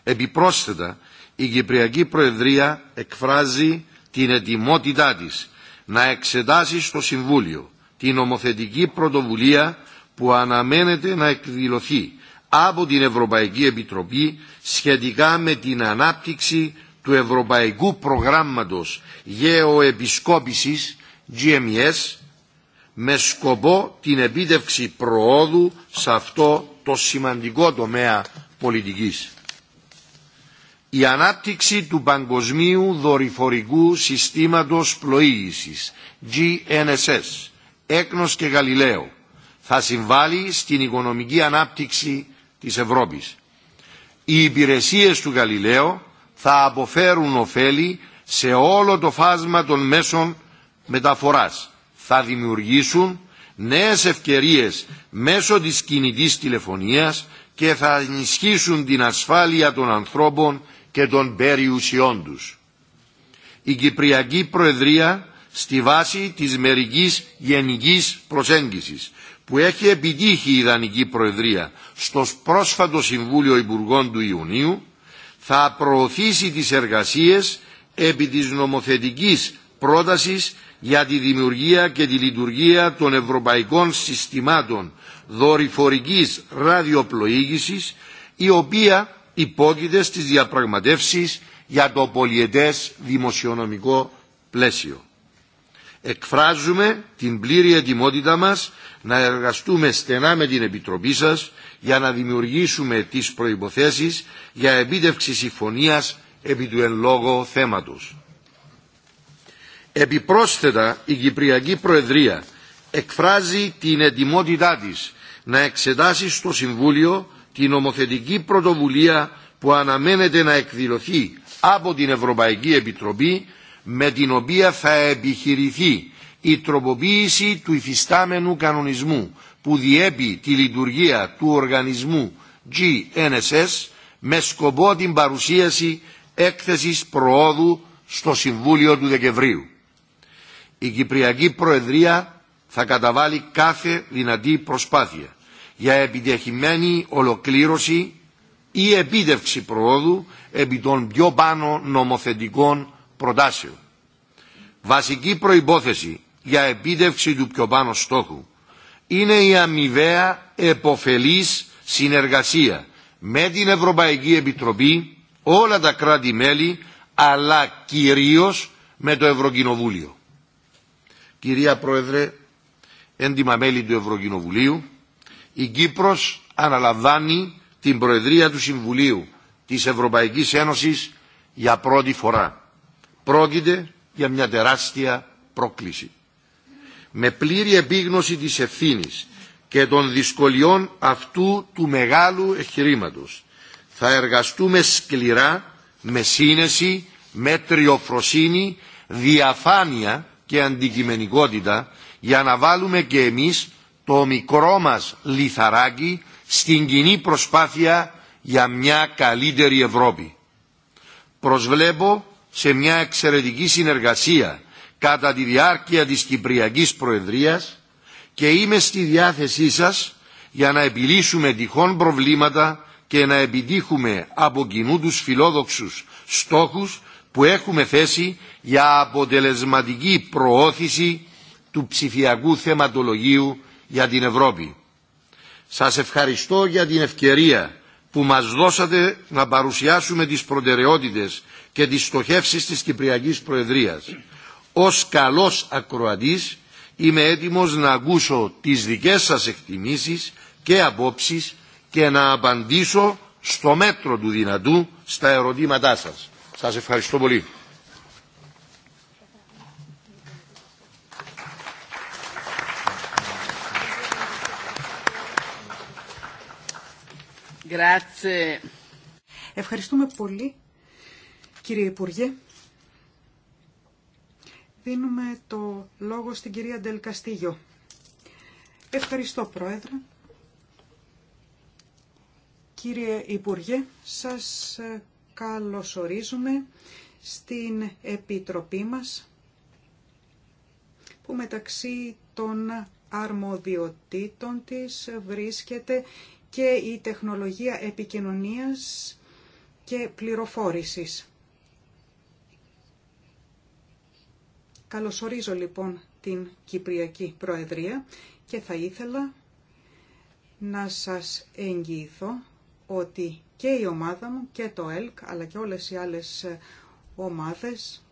S5: Επιπρόσθετα, η Κυπριακή Προεδρία εκφράζει την ετοιμότητά της να εξετάσει στο Συμβούλιο την νομοθετική πρωτοβουλία που αναμένεται να εκδηλωθεί από την Ευρωπαϊκή Επιτροπή σχετικά με την ανάπτυξη του Ευρωπαϊκού Προγράμματος Γεωεπισκόπησης GMS e με σκοπό την επίτευξη προόδου σε αυτό το σημαντικό τομέα πολιτικής. Η ανάπτυξη του παγκοσμίου δορυφορικού συστήματος πλοήγησης GNSS, Έκνος και Γαλιλαίο θα συμβάλλει στην οικονομική ανάπτυξη της Ευρώπης. Οι υπηρεσίες του Γαλιλαίου θα αποφέρουν ωφέλη σε όλο το φάσμα των μέσων μεταφοράς θα δημιουργήσουν νέες ευκαιρίες μέσω της κινητής τηλεφωνίας και θα ενισχύσουν την ασφάλεια των ανθρώπων και των περιουσιών τους. Η Κυπριακή Προεδρία στη βάση της μερικής γενικής προσέγγισης που έχει επιτύχει η Ιδανική Προεδρία στο πρόσφατο Συμβούλιο Υπουργών του Ιουνίου θα προωθήσει τις εργασίες επί της νομοθετικής πρότασης για τη δημιουργία και τη λειτουργία των ευρωπαϊκών συστημάτων δορυφορικής ραδιοπλοήγησης η οποία υπόκειται στις διαπραγματεύσεις για το πολιετές δημοσιονομικό πλαίσιο. Εκφράζουμε την πλήρη ετοιμότητα μας να εργαστούμε στενά με την Επιτροπή σας για να δημιουργήσουμε τις προϋποθέσεις για επίτευξη συμφωνίας επί του εν λόγω θέματος. Επιπρόσθετα, η Κυπριακή Προεδρία εκφράζει την ετοιμότητά της να εξετάσει στο Συμβούλιο την νομοθετική πρωτοβουλία που αναμένεται να εκδηλωθεί από την Ευρωπαϊκή Επιτροπή με την οποία θα επιχειρηθεί η τροποποίηση του υφιστάμενου κανονισμού που διέπει τη λειτουργία του οργανισμού GNSS με σκοπό την παρουσίαση έκθεσης προόδου στο Συμβούλιο του Δεκεμβρίου η Κυπριακή Προεδρία θα καταβάλει κάθε δυνατή προσπάθεια για επιτυχημένη ολοκλήρωση ή επίτευξη προόδου επί των πιο πάνω νομοθετικών προτάσεων. Βασική προϋπόθεση για επίτευξη του πιο πάνω στόχου είναι η αμοιβαία εποφελής συνεργασία με την Ευρωπαϊκή Επιτροπή, όλα τα κράτη-μέλη, αλλά κυρίως με το Ευρωκοινοβούλιο κυρία Πρόεδρε, έντιμα μέλη του Ευρωκοινοβουλίου, η Κύπρος αναλαμβάνει την Προεδρία του Συμβουλίου της Ευρωπαϊκής Ένωσης για πρώτη φορά. Πρόκειται για μια τεράστια πρόκληση. Με πλήρη επίγνωση της ευθύνη και των δυσκολιών αυτού του μεγάλου εγχειρήματο. θα εργαστούμε σκληρά, με σύνεση, με τριοφροσύνη, διαφάνεια και αντικειμενικότητα για να βάλουμε και εμείς το μικρό μας λιθαράκι στην κοινή προσπάθεια για μια καλύτερη Ευρώπη. Προσβλέπω σε μια εξαιρετική συνεργασία κατά τη διάρκεια της Κυπριακής Προεδρίας και είμαι στη διάθεσή σας για να επιλύσουμε τυχόν προβλήματα και να επιτύχουμε από κοινού τους φιλόδοξους στόχους που έχουμε θέσει για αποτελεσματική προώθηση του ψηφιακού θεματολογίου για την Ευρώπη. Σας ευχαριστώ για την ευκαιρία που μας δώσατε να παρουσιάσουμε τις προτεραιότητες και τις στοχεύσεις της Κυπριακής Προεδρίας. Ως καλός ακροατής είμαι έτοιμος να ακούσω τις δικές σας εκτιμήσεις και απόψεις και να απαντήσω στο μέτρο του δυνατού στα ερωτήματά σας. Σας ευχαριστώ πολύ.
S2: Ευχαριστούμε πολύ, κύριε Υπουργέ. Δίνουμε το λόγο στην κυρία Ντελκαστίγιο. Ευχαριστώ, Πρόεδρε. Κύριε Υπουργέ, σας ε, καλωσορίζουμε στην Επιτροπή μας που μεταξύ των αρμοδιοτήτων της βρίσκεται και η τεχνολογία επικοινωνίας και πληροφόρησης. Καλωσορίζω λοιπόν την Κυπριακή Προεδρία και θα ήθελα να σας εγγυηθώ ότι και η ομάδα μου και το ΕΛΚ αλλά και όλες οι άλλες ε, ομάδες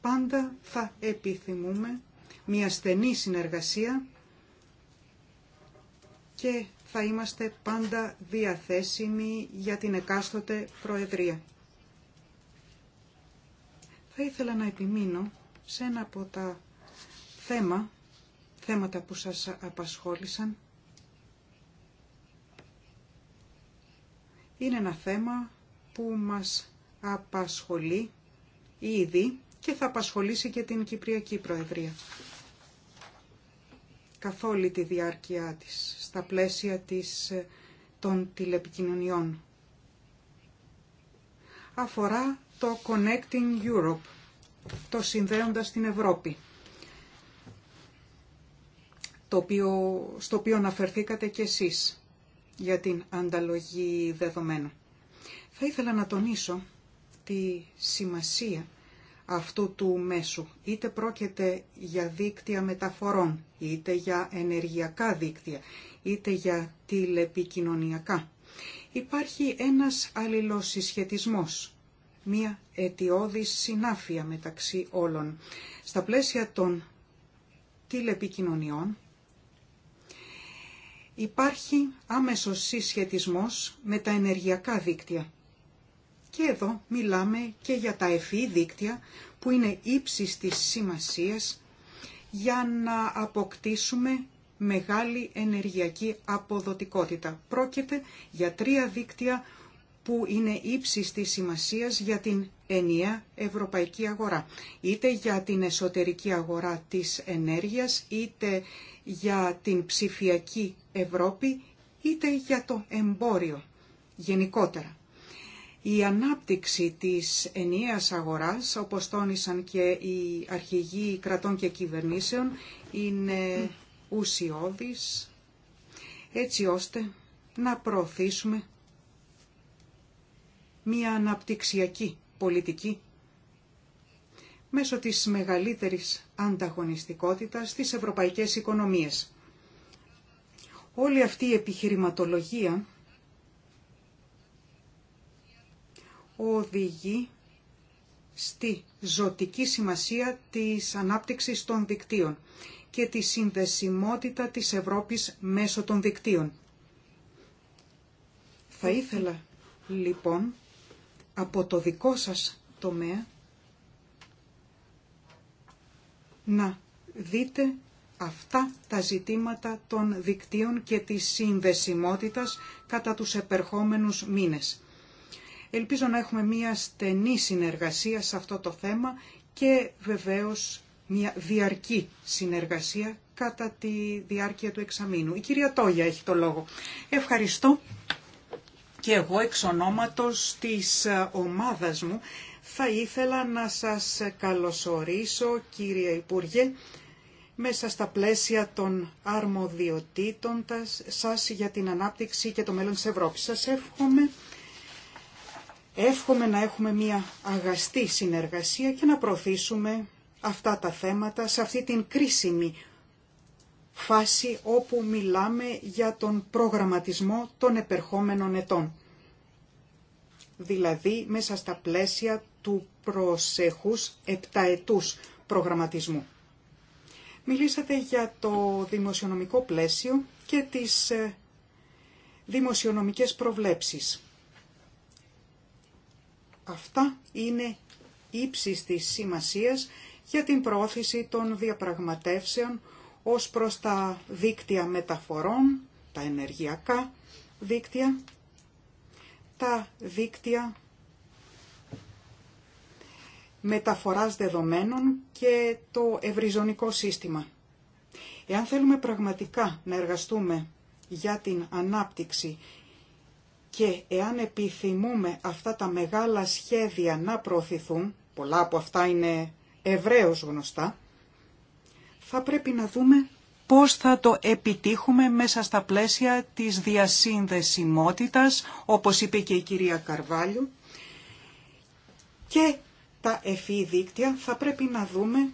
S2: πάντα θα επιθυμούμε μια στενή συνεργασία και θα είμαστε πάντα διαθέσιμοι για την εκάστοτε Προεδρία. Θα ήθελα να επιμείνω σε ένα από τα θέμα, θέματα που σας απασχόλησαν είναι ένα θέμα που μας απασχολεί ήδη και θα απασχολήσει και την Κυπριακή Προεδρία καθ' όλη τη διάρκεια της, στα πλαίσια της, ε, των τηλεπικοινωνιών. Αφορά το Connecting Europe, το συνδέοντας την Ευρώπη, το οποίο, στο οποίο αναφερθήκατε και εσείς για την ανταλογή δεδομένων. Θα ήθελα να τονίσω τη σημασία αυτού του μέσου. Είτε πρόκειται για δίκτυα μεταφορών, είτε για ενεργειακά δίκτυα, είτε για τηλεπικοινωνιακά. Υπάρχει ένας αλληλοσυσχετισμός, μία αιτιώδης συνάφεια μεταξύ όλων. Στα πλαίσια των τηλεπικοινωνιών Υπάρχει άμεσος συσχετισμός με τα ενεργειακά δίκτυα. Και εδώ μιλάμε και για τα ευφύ δίκτυα που είναι ύψης της σημασίας για να αποκτήσουμε μεγάλη ενεργειακή αποδοτικότητα. Πρόκειται για τρία δίκτυα που είναι ύψης της σημασίας για την ενιαία ευρωπαϊκή αγορά. Είτε για την εσωτερική αγορά της ενέργειας, είτε για την ψηφιακή Ευρώπη, είτε για το εμπόριο γενικότερα. Η ανάπτυξη της ενιαίας αγοράς, όπως τόνισαν και οι αρχηγοί κρατών και κυβερνήσεων, είναι ουσιώδης, έτσι ώστε να προωθήσουμε μια αναπτυξιακή πολιτική μέσω της μεγαλύτερης ανταγωνιστικότητας στις ευρωπαϊκές οικονομίες. Όλη αυτή η επιχειρηματολογία οδηγεί στη ζωτική σημασία της ανάπτυξης των δικτύων και τη συνδεσιμότητα της Ευρώπης μέσω των δικτύων.
S6: Θα ήθελα
S2: λοιπόν από το δικό σας τομέα να δείτε αυτά τα ζητήματα των δικτύων και της συνδεσιμότητας κατά τους επερχόμενους μήνες. Ελπίζω να έχουμε μία στενή συνεργασία σε αυτό το θέμα και βεβαίως μία διαρκή συνεργασία κατά τη διάρκεια του εξαμήνου. Η κυρία Τόγια έχει το λόγο. Ευχαριστώ και εγώ εξ ονόματος της ε, ομάδας μου θα ήθελα να σας καλωσορίσω κύριε Υπουργέ μέσα στα πλαίσια των αρμοδιοτήτων σας για την ανάπτυξη και το μέλλον της Ευρώπης. Σας εύχομαι, εύχομαι να έχουμε μια αγαστή συνεργασία και να προωθήσουμε αυτά τα θέματα σε αυτή την κρίσιμη φάση όπου μιλάμε για τον προγραμματισμό των επερχόμενων ετών. Δηλαδή μέσα στα πλαίσια του προσεχούς επταετούς προγραμματισμού. Μιλήσατε για το δημοσιονομικό πλαίσιο και τις ε, δημοσιονομικές προβλέψεις. Αυτά είναι ύψης της σημασίας για την προώθηση των διαπραγματεύσεων ως προς τα δίκτυα μεταφορών, τα ενεργειακά δίκτυα, τα δίκτυα μεταφοράς δεδομένων και το ευρυζωνικό σύστημα. Εάν θέλουμε πραγματικά να εργαστούμε για την ανάπτυξη και εάν επιθυμούμε αυτά τα μεγάλα σχέδια να προωθηθούν, πολλά από αυτά είναι ευρέως γνωστά, θα πρέπει να δούμε πώς θα το επιτύχουμε μέσα στα πλαίσια της διασύνδεσιμότητας, όπως είπε και η κυρία Καρβάλιου, και τα εφή δίκτυα θα πρέπει να δούμε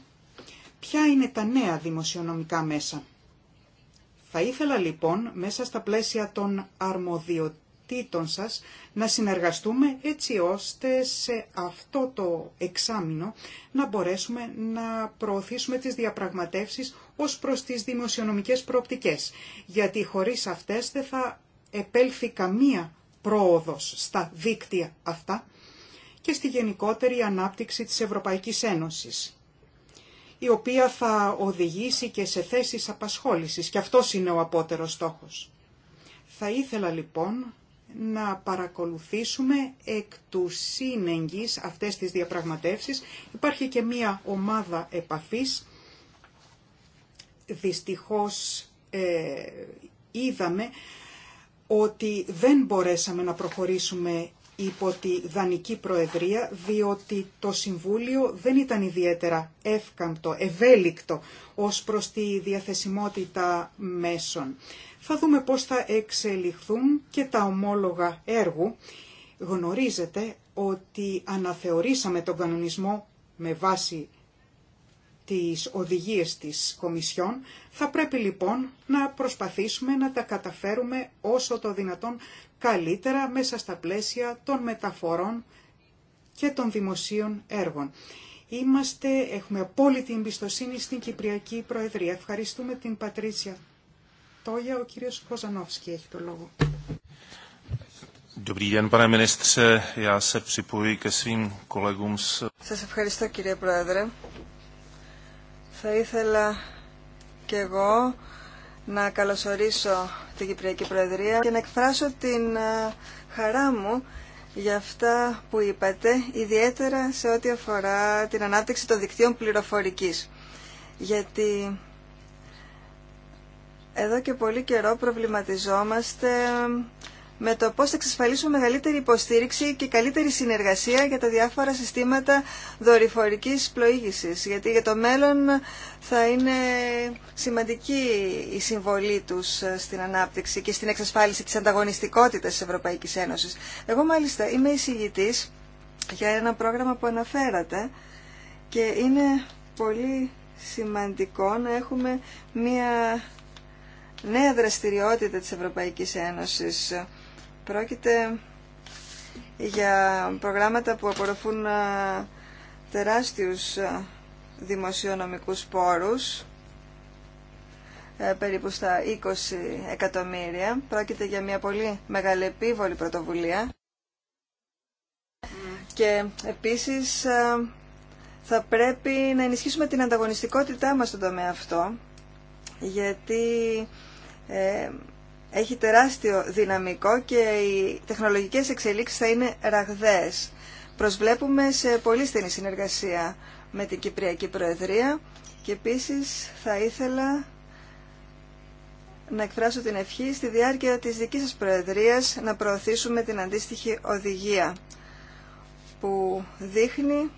S2: ποια είναι τα νέα δημοσιονομικά μέσα. Θα ήθελα λοιπόν μέσα στα πλαίσια των αρμοδιοτήτων σας να συνεργαστούμε έτσι ώστε σε αυτό το εξάμεινο να μπορέσουμε να προωθήσουμε τις διαπραγματεύσεις ως προς τις δημοσιονομικές προοπτικές. Γιατί χωρίς αυτές δεν θα επέλθει καμία πρόοδος στα δίκτυα αυτά και στη γενικότερη ανάπτυξη της Ευρωπαϊκής Ένωσης η οποία θα οδηγήσει και σε θέσεις απασχόλησης και αυτό είναι ο απότερος στόχος. Θα ήθελα λοιπόν να παρακολουθήσουμε εκ του σύνεγγυς αυτές τις διαπραγματεύσεις. Υπάρχει και μία ομάδα επαφής. Δυστυχώς ε, είδαμε ότι δεν μπορέσαμε να προχωρήσουμε υπό τη Δανική Προεδρία, διότι το Συμβούλιο δεν ήταν ιδιαίτερα εύκαμπτο, ευέλικτο ως προς τη διαθεσιμότητα μέσων. Θα δούμε πώς θα εξελιχθούν και τα ομόλογα έργου. Γνωρίζετε ότι αναθεωρήσαμε τον κανονισμό με βάση τις οδηγίες της Κομισιόν. Θα πρέπει λοιπόν να προσπαθήσουμε να τα καταφέρουμε όσο το δυνατόν καλύτερα μέσα στα πλαίσια των μεταφορών και των δημοσίων έργων. Είμαστε, έχουμε απόλυτη εμπιστοσύνη στην Κυπριακή Προεδρία. Ευχαριστούμε την Πατρίτσια Τόγια. Ο κύριος Κοζανόφσκι έχει το λόγο.
S4: se ευχαριστώ κύριε Πρόεδρε. Θα ήθελα και εγώ να καλωσορίσω την Κυπριακή Προεδρία και να εκφράσω την ε, χαρά μου για αυτά που είπατε, ιδιαίτερα σε ό,τι αφορά την ανάπτυξη των δικτύων πληροφορικής. Γιατί εδώ και πολύ καιρό προβληματιζόμαστε με το πώς θα εξασφαλίσουμε μεγαλύτερη υποστήριξη και καλύτερη συνεργασία για τα διάφορα συστήματα δορυφορικής πλοήγησης. Γιατί για το μέλλον θα είναι σημαντική η συμβολή τους στην ανάπτυξη και στην εξασφάλιση της ανταγωνιστικότητας της Ευρωπαϊκής Ένωσης. Εγώ μάλιστα είμαι εισηγητής για ένα πρόγραμμα που αναφέρατε και είναι πολύ σημαντικό να έχουμε μία νέα δραστηριότητα της Ευρωπαϊκής Ένωσης. Πρόκειται για προγράμματα που απορροφούν τεράστιους δημοσιονομικούς πόρους, ε, περίπου στα 20 εκατομμύρια. Πρόκειται για μια πολύ μεγάλη επίβολη πρωτοβουλία. Και επίσης θα πρέπει να ενισχύσουμε την ανταγωνιστικότητά μας στον τομέα αυτό, γιατί ε, έχει τεράστιο δυναμικό και οι τεχνολογικές εξελίξεις θα είναι ραγδαίες. Προσβλέπουμε σε πολύ στενή συνεργασία με την Κυπριακή Προεδρία και επίσης θα ήθελα να εκφράσω την ευχή στη διάρκεια της δικής σας Προεδρίας να προωθήσουμε την αντίστοιχη οδηγία που δείχνει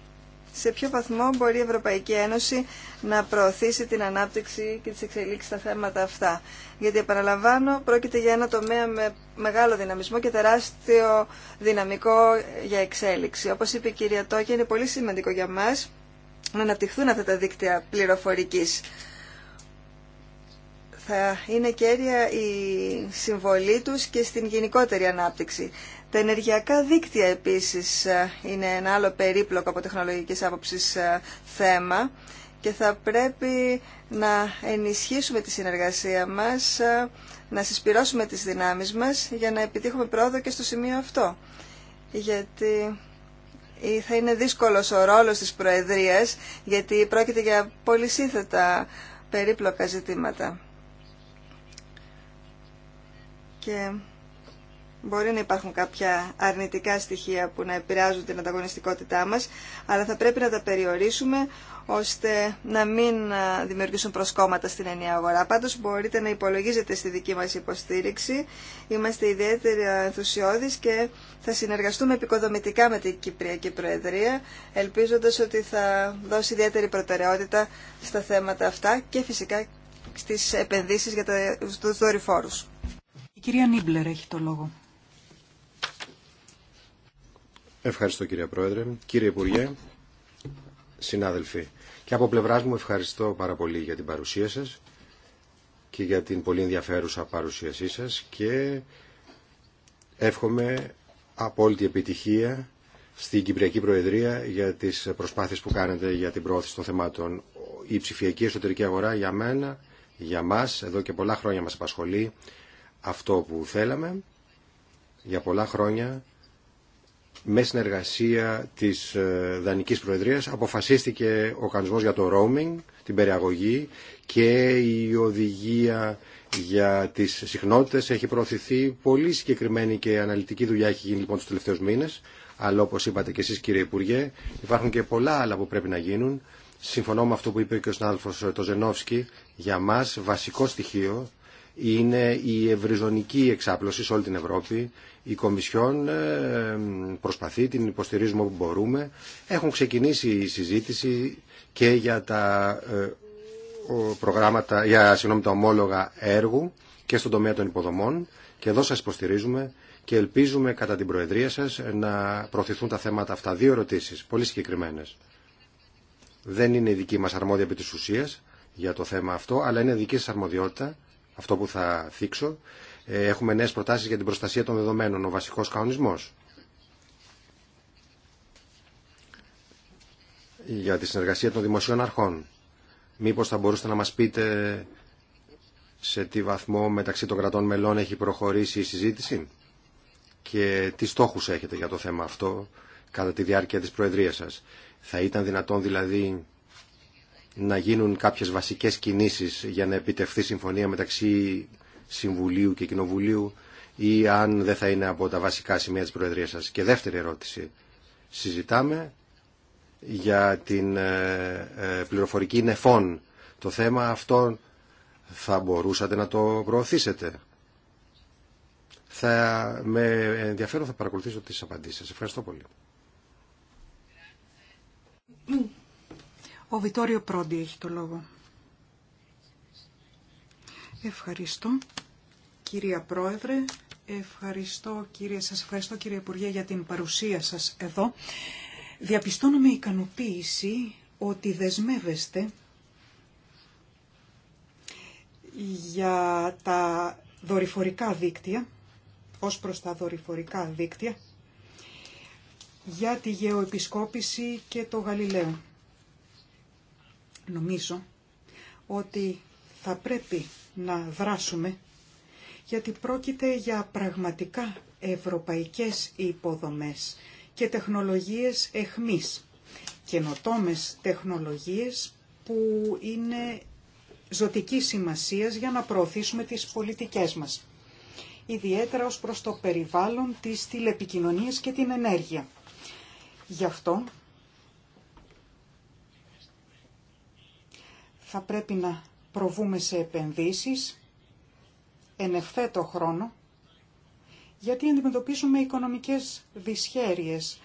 S4: σε ποιο βαθμό μπορεί η Ευρωπαϊκή Ένωση να προωθήσει την ανάπτυξη και τις εξελίξεις στα θέματα αυτά. Γιατί, επαναλαμβάνω, πρόκειται για ένα τομέα με μεγάλο δυναμισμό και τεράστιο δυναμικό για εξέλιξη. Όπως είπε η κυρία Τόκια, είναι πολύ σημαντικό για μας να αναπτυχθούν αυτά τα δίκτυα πληροφορικής. Θα είναι κέρια η συμβολή τους και στην γενικότερη ανάπτυξη. Τα ενεργειακά δίκτυα επίσης ε, είναι ένα άλλο περίπλοκο από τεχνολογικής άποψης ε, θέμα και θα πρέπει να ενισχύσουμε τη συνεργασία μας, ε, να συσπυρώσουμε τις δυνάμεις μας για να επιτύχουμε πρόοδο και στο σημείο αυτό. Γιατί θα είναι δύσκολος ο ρόλος της Προεδρίας, γιατί πρόκειται για πολυσύνθετα περίπλοκα ζητήματα. Μπορεί να υπάρχουν κάποια αρνητικά στοιχεία που να επηρεάζουν την ανταγωνιστικότητά μας, αλλά θα πρέπει να τα περιορίσουμε ώστε να μην δημιουργήσουν προσκόμματα στην ενιαία αγορά. Πάντως μπορείτε να υπολογίζετε στη δική μας υποστήριξη. Είμαστε ιδιαίτερα ενθουσιώδεις και θα συνεργαστούμε επικοδομητικά με την Κυπριακή Προεδρία, ελπίζοντας ότι θα δώσει ιδιαίτερη προτεραιότητα στα θέματα αυτά και φυσικά στις επενδύσεις για τους δορυφόρους.
S2: Η κυρία Νίμπλερ έχει το λόγο.
S3: Ευχαριστώ κύριε Πρόεδρε. Κύριε Υπουργέ, συνάδελφοι, και από πλευρά μου ευχαριστώ πάρα πολύ για την παρουσία σας και για την πολύ ενδιαφέρουσα παρουσίασή σας και εύχομαι απόλυτη επιτυχία στην Κυπριακή Προεδρία για τις προσπάθειες που κάνετε για την προώθηση των θεμάτων. Η ψηφιακή εσωτερική αγορά για μένα, για μα. εδώ και πολλά χρόνια μα απασχολεί αυτό που θέλαμε. Για πολλά χρόνια με συνεργασία της ε, Δανικής Προεδρίας αποφασίστηκε ο κανονισμός για το roaming, την περιαγωγή και η οδηγία για τις συχνότητες έχει προωθηθεί πολύ συγκεκριμένη και αναλυτική δουλειά έχει γίνει λοιπόν τους τελευταίους μήνες αλλά όπως είπατε και εσείς κύριε Υπουργέ υπάρχουν και πολλά άλλα που πρέπει να γίνουν συμφωνώ με αυτό που είπε και ο συνάδελφος το Ζενόφσκι για μας βασικό στοιχείο είναι η ευρυζωνική εξάπλωση σε όλη την Ευρώπη η Κομισιόν ε, προσπαθεί, την υποστηρίζουμε όπου μπορούμε. Έχουν ξεκινήσει η συζήτηση και για τα ε, προγράμματα, για τα ομόλογα έργου και στον τομέα των υποδομών και εδώ σας υποστηρίζουμε και ελπίζουμε κατά την Προεδρία σας να προωθηθούν τα θέματα αυτά. Δύο ερωτήσεις, πολύ συγκεκριμένες. Δεν είναι η δική μας αρμόδια επί της ουσίας για το θέμα αυτό, αλλά είναι δική σας αρμοδιότητα, αυτό που θα θίξω, ε, έχουμε νέες προτάσεις για την προστασία των δεδομένων, ο βασικός κανονισμός. Για τη συνεργασία των δημοσίων αρχών. Μήπως θα μπορούσατε να μας πείτε σε τι βαθμό μεταξύ των κρατών μελών έχει προχωρήσει η συζήτηση και τι στόχους έχετε για το θέμα αυτό κατά τη διάρκεια της Προεδρίας σας. Θα ήταν δυνατόν δηλαδή να γίνουν κάποιες βασικές κινήσεις για να επιτευχθεί συμφωνία μεταξύ Συμβουλίου και Κοινοβουλίου ή αν δεν θα είναι από τα βασικά σημεία της Προεδρίας σας. Και δεύτερη ερώτηση. Συζητάμε για την ε, ε, πληροφορική νεφών. Το θέμα αυτό θα μπορούσατε να το προωθήσετε. Θα, με ενδιαφέρον θα παρακολουθήσω τις απαντήσεις. Ευχαριστώ πολύ.
S2: Ο Βιτόριο Πρόντι έχει το λόγο. Ευχαριστώ κυρία Πρόεδρε. Ευχαριστώ, κύριε, σας ευχαριστώ κύριε Υπουργέ για την παρουσία σας εδώ. Διαπιστώνω με ικανοποίηση ότι δεσμεύεστε για τα δορυφορικά δίκτυα, ως προς τα δορυφορικά δίκτυα, για τη γεωεπισκόπηση και το Γαλιλαίο. Νομίζω ότι θα πρέπει να δράσουμε γιατί πρόκειται για πραγματικά ευρωπαϊκές υποδομές και τεχνολογίες εχμής, καινοτόμες τεχνολογίες που είναι ζωτική σημασίας για να προωθήσουμε τις πολιτικές μας, ιδιαίτερα ως προς το περιβάλλον, τις τηλεπικοινωνίες και την ενέργεια. Γι' αυτό θα πρέπει να προβούμε σε επενδύσεις εν ευθέτω χρόνο, γιατί αντιμετωπίζουμε οικονομικές δυσχέρειες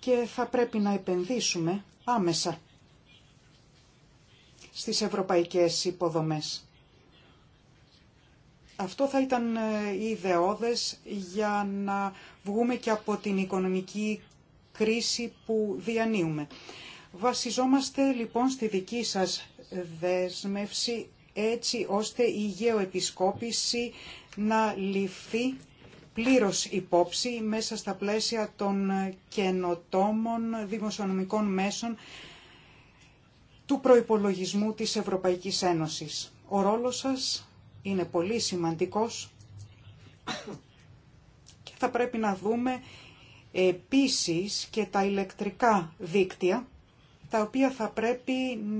S2: και θα πρέπει να επενδύσουμε άμεσα στις ευρωπαϊκές υποδομές. Αυτό θα ήταν οι ε, ιδεώδες για να βγούμε και από την οικονομική κρίση που διανύουμε. Βασιζόμαστε λοιπόν στη δική σας δέσμευση έτσι ώστε η γεωεπισκόπηση να ληφθεί πλήρως υπόψη μέσα στα πλαίσια των καινοτόμων δημοσιονομικών μέσων του προϋπολογισμού της Ευρωπαϊκής Ένωσης. Ο ρόλος σας είναι πολύ σημαντικός και θα πρέπει να δούμε επίσης και τα ηλεκτρικά δίκτυα τα οποία θα πρέπει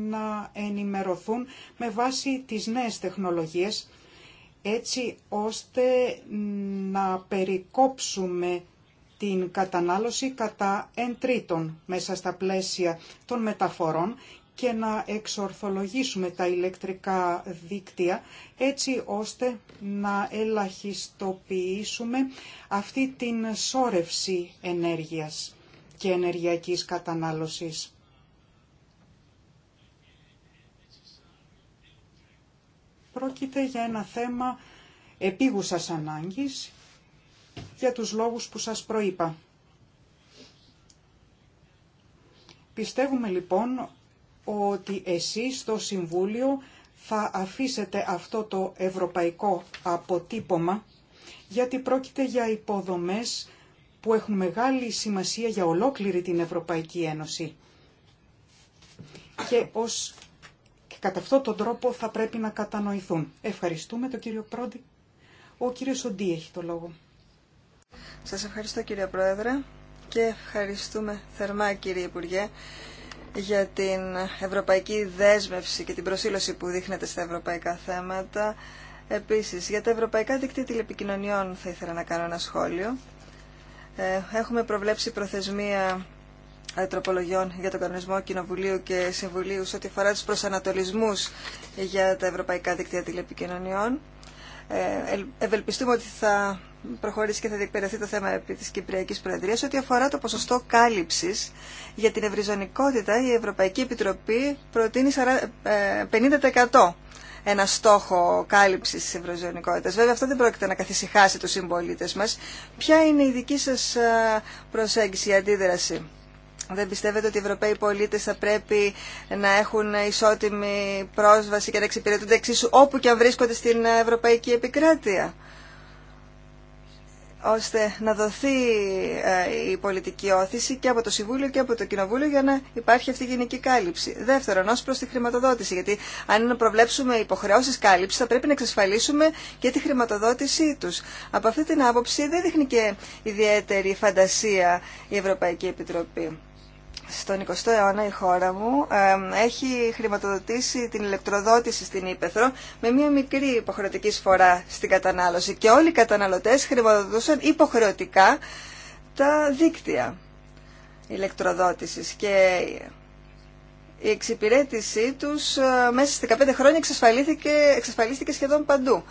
S2: να ενημερωθούν με βάση τις νέες τεχνολογίες, έτσι ώστε να περικόψουμε την κατανάλωση κατά εν τρίτων μέσα στα πλαίσια των μεταφορών και να εξορθολογήσουμε τα ηλεκτρικά δίκτυα έτσι ώστε να ελαχιστοποιήσουμε αυτή την σόρευση ενέργειας και ενεργειακής κατανάλωσης. Πρόκειται για ένα θέμα επίγουσας ανάγκης για τους λόγους που σας προείπα. Πιστεύουμε λοιπόν ότι εσείς στο Συμβούλιο θα αφήσετε αυτό το ευρωπαϊκό αποτύπωμα γιατί πρόκειται για υποδομές που έχουν μεγάλη σημασία για ολόκληρη την Ευρωπαϊκή Ένωση. Και ως Κατά αυτόν τον τρόπο θα πρέπει να κατανοηθούν. Ευχαριστούμε τον κύριο Πρόντι. Ο κύριος Σοντή έχει το λόγο. Σας ευχαριστώ κύριε Πρόεδρε και ευχαριστούμε θερμά κύριε
S4: Υπουργέ για την ευρωπαϊκή δέσμευση και την προσήλωση που δείχνετε στα ευρωπαϊκά θέματα. Επίσης, για τα ευρωπαϊκά δικτύα τηλεπικοινωνιών θα ήθελα να κάνω ένα σχόλιο. Ε, έχουμε προβλέψει προθεσμία ε, τροπολογιών για τον κανονισμό Κοινοβουλίου και Συμβουλίου σε ό,τι αφορά τους προσανατολισμούς για τα ευρωπαϊκά δίκτυα τηλεπικοινωνιών. Ε, ευελπιστούμε ότι θα προχωρήσει και θα διεκπαιρεθεί το θέμα επί της Κυπριακής Προεδρίας ό,τι αφορά το ποσοστό κάλυψης για την ευρυζωνικότητα η Ευρωπαϊκή Επιτροπή προτείνει 50% ε, ένα στόχο κάλυψη τη ευρωζωνικότητα. Βέβαια, αυτό δεν πρόκειται να καθησυχάσει του συμπολίτε μα. Ποια είναι η δική σα προσέγγιση, η αντίδραση δεν πιστεύετε ότι οι Ευρωπαίοι πολίτε θα πρέπει να έχουν ισότιμη πρόσβαση και να εξυπηρετούνται εξίσου όπου και αν βρίσκονται στην Ευρωπαϊκή Επικράτεια, ώστε να δοθεί ε, η πολιτική όθηση και από το Συμβούλιο και από το Κοινοβούλιο για να υπάρχει αυτή η γενική κάλυψη. Δεύτερον, ω προ τη χρηματοδότηση, γιατί αν προβλέψουμε υποχρεώσει κάλυψη θα πρέπει να εξασφαλίσουμε και τη χρηματοδότησή του. Από αυτή την άποψη δεν δείχνει και ιδιαίτερη φαντασία η Ευρωπαϊκή Επιτροπή στον 20ο αιώνα η χώρα μου έχει χρηματοδοτήσει την ηλεκτροδότηση στην Ήπεθρο με μια μικρή υποχρεωτική σφορά στην κατανάλωση και όλοι οι καταναλωτές χρηματοδοτούσαν υποχρεωτικά τα δίκτυα ηλεκτροδότησης και η εξυπηρέτησή τους μέσα στις 15 χρόνια εξασφαλίστηκε σχεδόν παντού.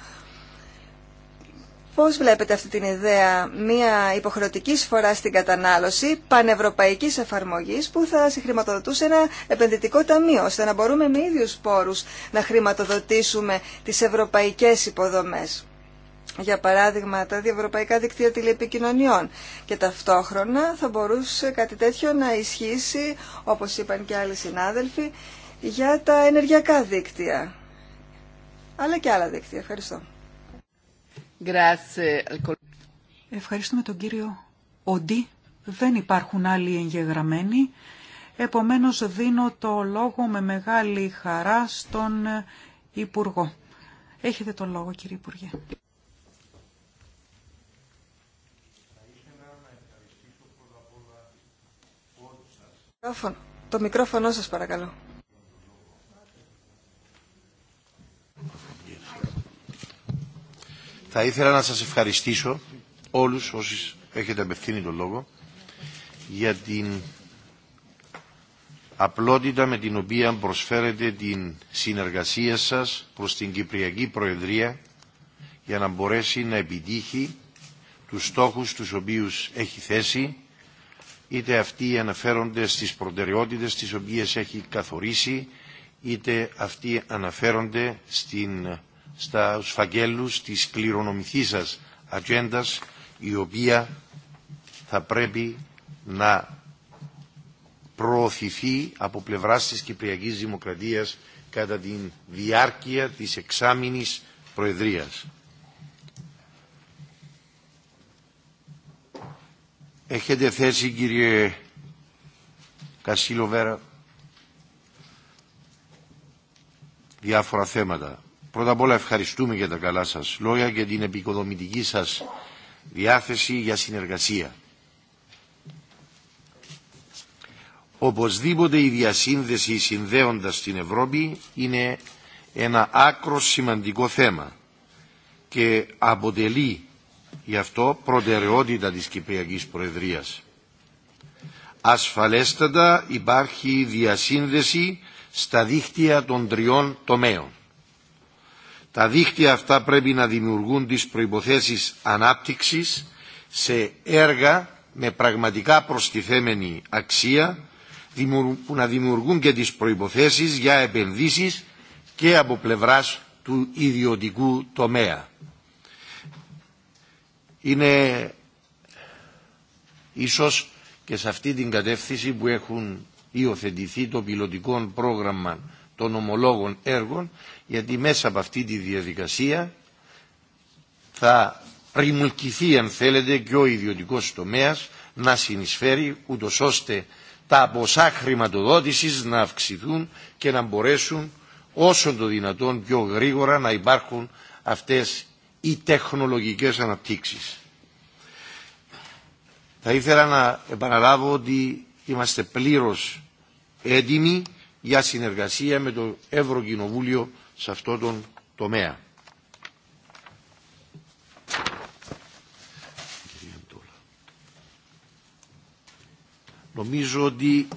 S4: Πώς βλέπετε αυτή την ιδέα μια υποχρεωτική σφορά στην κατανάλωση πανευρωπαϊκής εφαρμογής που θα συγχρηματοδοτούσε ένα επενδυτικό ταμείο ώστε να μπορούμε με ίδιους πόρους να χρηματοδοτήσουμε τις ευρωπαϊκές υποδομές. Για παράδειγμα τα διευρωπαϊκά δικτύα τηλεπικοινωνιών και ταυτόχρονα θα μπορούσε κάτι τέτοιο να ισχύσει όπως είπαν και άλλοι συνάδελφοι για τα ενεργειακά δίκτυα αλλά και άλλα δίκτυα. Ευχαριστώ.
S2: Ευχαριστούμε τον κύριο Οντί. Δεν υπάρχουν άλλοι εγγεγραμμένοι. Επομένως δίνω το λόγο με μεγάλη χαρά στον Υπουργό. Έχετε το λόγο κύριε Υπουργέ.
S4: Το μικρόφωνο σας παρακαλώ.
S5: Θα ήθελα να σας ευχαριστήσω όλους όσοι έχετε απευθύνει τον λόγο για την απλότητα με την οποία προσφέρετε την συνεργασία σας προς την Κυπριακή Προεδρία για να μπορέσει να επιτύχει τους στόχους τους οποίους έχει θέσει είτε αυτοί αναφέρονται στις προτεραιότητες τις οποίες έχει καθορίσει είτε αυτοί αναφέρονται στην στα φαγγέλους της σα ατζέντα η οποία θα πρέπει να προωθηθεί από πλευράς της Κυπριακής Δημοκρατίας κατά τη διάρκεια της εξάμηνης Προεδρίας. Έχετε θέση κύριε Κασίλο Βέρα διάφορα θέματα. Πρώτα απ' όλα ευχαριστούμε για τα καλά σας λόγια και την επικοδομητική σας διάθεση για συνεργασία. Οπωσδήποτε η διασύνδεση συνδέοντας την Ευρώπη είναι ένα άκρο σημαντικό θέμα και αποτελεί γι' αυτό προτεραιότητα της Κυπριακής Προεδρίας. Ασφαλέστατα υπάρχει διασύνδεση στα δίχτυα των τριών τομέων τα δίχτυα αυτά πρέπει να δημιουργούν τις προϋποθέσεις ανάπτυξης σε έργα με πραγματικά προστιθέμενη αξία που να δημιουργούν και τις προϋποθέσεις για επενδύσεις και από πλευράς του ιδιωτικού τομέα. Είναι ίσως και σε αυτή την κατεύθυνση που έχουν υιοθετηθεί το πιλωτικό πρόγραμμα των ομολόγων έργων γιατί μέσα από αυτή τη διαδικασία θα πριμουλκηθεί αν θέλετε και ο ιδιωτικό τομέα να συνεισφέρει ούτω ώστε τα ποσά χρηματοδότηση να αυξηθούν και να μπορέσουν όσο το δυνατόν πιο γρήγορα να υπάρχουν αυτές οι τεχνολογικές αναπτύξεις. Θα ήθελα να επαναλάβω ότι είμαστε πλήρως έτοιμοι για συνεργασία με το Ευρωκοινοβούλιο σε αυτόν τον τομέα. Νομίζω ότι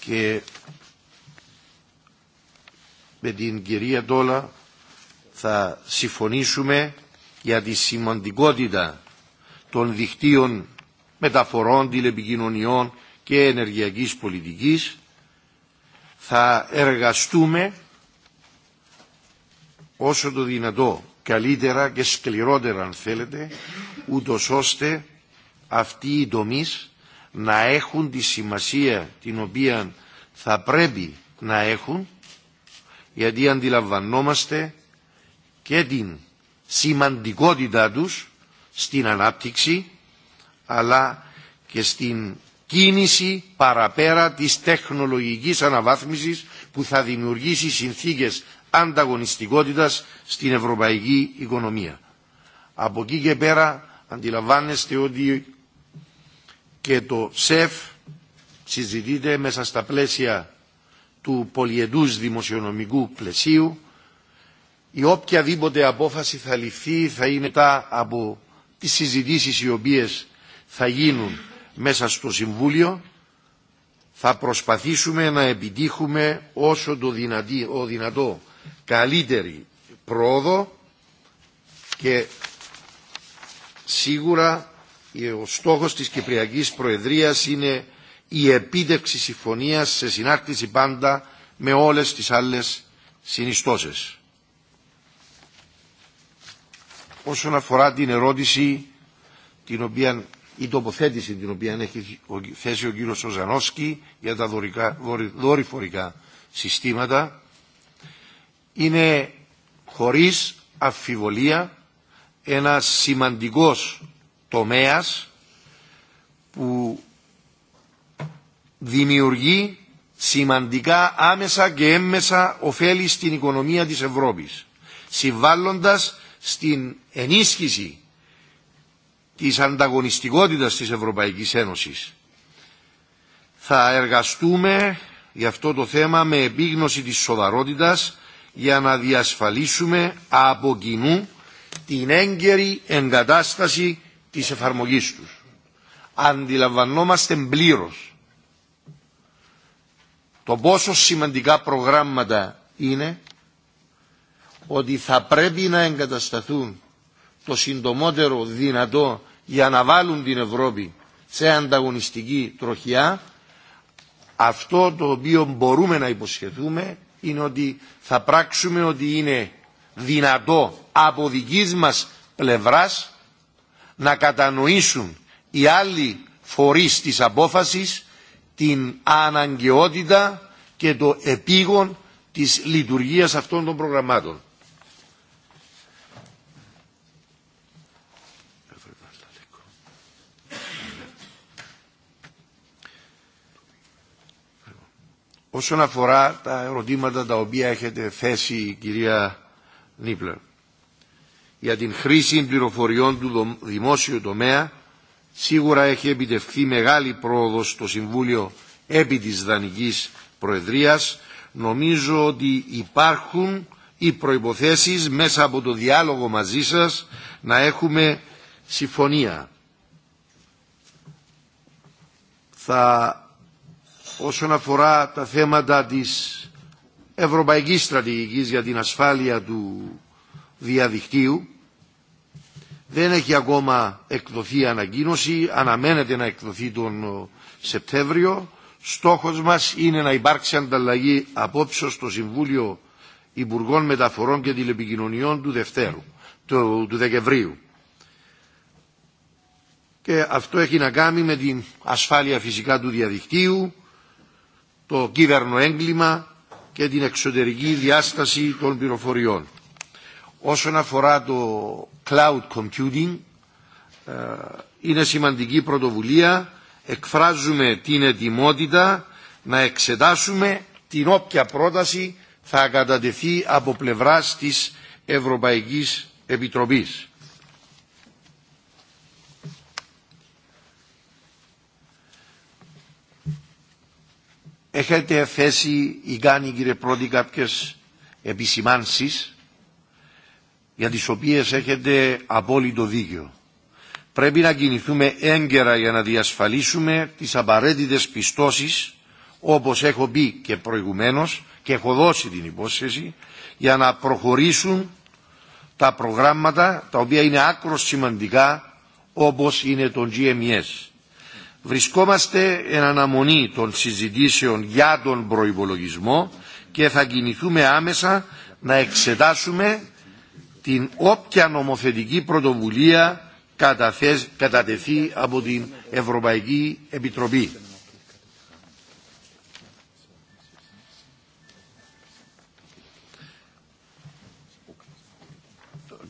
S5: και με την κυρία Τόλα θα συμφωνήσουμε για τη σημαντικότητα των δικτύων μεταφορών, τηλεπικοινωνιών και ενεργειακής πολιτικής. Θα εργαστούμε όσο το δυνατό καλύτερα και σκληρότερα αν θέλετε, ούτω ώστε αυτοί οι τομεί να έχουν τη σημασία την οποία θα πρέπει να έχουν γιατί αντιλαμβανόμαστε και την σημαντικότητά τους στην ανάπτυξη αλλά και στην κίνηση παραπέρα της τεχνολογικής αναβάθμισης που θα δημιουργήσει συνθήκες ανταγωνιστικότητας στην ευρωπαϊκή οικονομία. Από εκεί και πέρα αντιλαμβάνεστε ότι και το ΣΕΦ συζητείται μέσα στα πλαίσια του πολιετούς δημοσιονομικού πλαισίου η οποιαδήποτε απόφαση θα ληφθεί θα είναι μετά από τις συζητήσεις οι οποίες θα γίνουν μέσα στο Συμβούλιο θα προσπαθήσουμε να επιτύχουμε όσο το δυνατό καλύτερη πρόοδο και σίγουρα ο στόχος της Κυπριακής Προεδρίας είναι η επίτευξη συμφωνίας σε συνάρτηση πάντα με όλες τις άλλες συνιστώσεις. Όσον αφορά την ερώτηση την οποία, η τοποθέτηση την οποία έχει θέσει ο κύριος Σοζανόσκι για τα δορυφορικά συστήματα είναι χωρίς αφιβολία ένα σημαντικός τομέας που δημιουργεί σημαντικά άμεσα και έμμεσα ωφέλη στην οικονομία της Ευρώπης, συμβάλλοντας στην ενίσχυση της ανταγωνιστικότητας της Ευρωπαϊκής Ένωσης. Θα εργαστούμε για αυτό το θέμα με επίγνωση της σοβαρότητας για να διασφαλίσουμε από κοινού την έγκαιρη εγκατάσταση της εφαρμογής τους. Αντιλαμβανόμαστε πλήρω το πόσο σημαντικά προγράμματα είναι ότι θα πρέπει να εγκατασταθούν το συντομότερο δυνατό για να βάλουν την Ευρώπη σε ανταγωνιστική τροχιά αυτό το οποίο μπορούμε να υποσχεθούμε είναι ότι θα πράξουμε ότι είναι δυνατό από δικής μας πλευράς να κατανοήσουν οι άλλοι φορείς της απόφασης την αναγκαιότητα και το επίγον της λειτουργίας αυτών των προγραμμάτων. όσον αφορά τα ερωτήματα τα οποία έχετε θέσει η κυρία Νίπλερ για την χρήση πληροφοριών του δημόσιου τομέα σίγουρα έχει επιτευχθεί μεγάλη πρόοδος στο Συμβούλιο επί της Δανικής Προεδρίας νομίζω ότι υπάρχουν οι προϋποθέσεις μέσα από το διάλογο μαζί σας να έχουμε συμφωνία. Θα όσον αφορά τα θέματα της ευρωπαϊκής στρατηγικής για την ασφάλεια του διαδικτύου. Δεν έχει ακόμα εκδοθεί ανακοίνωση, αναμένεται να εκδοθεί τον ε, Σεπτέμβριο. Στόχος μας είναι να υπάρξει ανταλλαγή απόψε στο Συμβούλιο Υπουργών Μεταφορών και Τηλεπικοινωνιών του Δευτέρου, του, του Δεκεμβρίου. Και αυτό έχει να κάνει με την ασφάλεια φυσικά του διαδικτύου, το κύβερνο έγκλημα και την εξωτερική διάσταση των πληροφοριών. Όσον αφορά το cloud computing, ε, είναι σημαντική πρωτοβουλία. Εκφράζουμε την ετοιμότητα να εξετάσουμε την όποια πρόταση θα κατατεθεί από πλευράς της Ευρωπαϊκής Επιτροπής. έχετε θέσει ή κάνει κύριε πρώτη κάποιες επισημάνσεις για τις οποίες έχετε απόλυτο δίκιο. Πρέπει να κινηθούμε έγκαιρα για να διασφαλίσουμε τις απαραίτητες πιστώσεις όπως έχω πει και προηγουμένως και έχω δώσει την υπόσχεση για να προχωρήσουν τα προγράμματα τα οποία είναι άκρο σημαντικά όπως είναι το GMS. E Βρισκόμαστε εν αναμονή των συζητήσεων για τον προϋπολογισμό και θα κινηθούμε άμεσα να εξετάσουμε την όποια νομοθετική πρωτοβουλία κατατεθεί από την Ευρωπαϊκή Επιτροπή.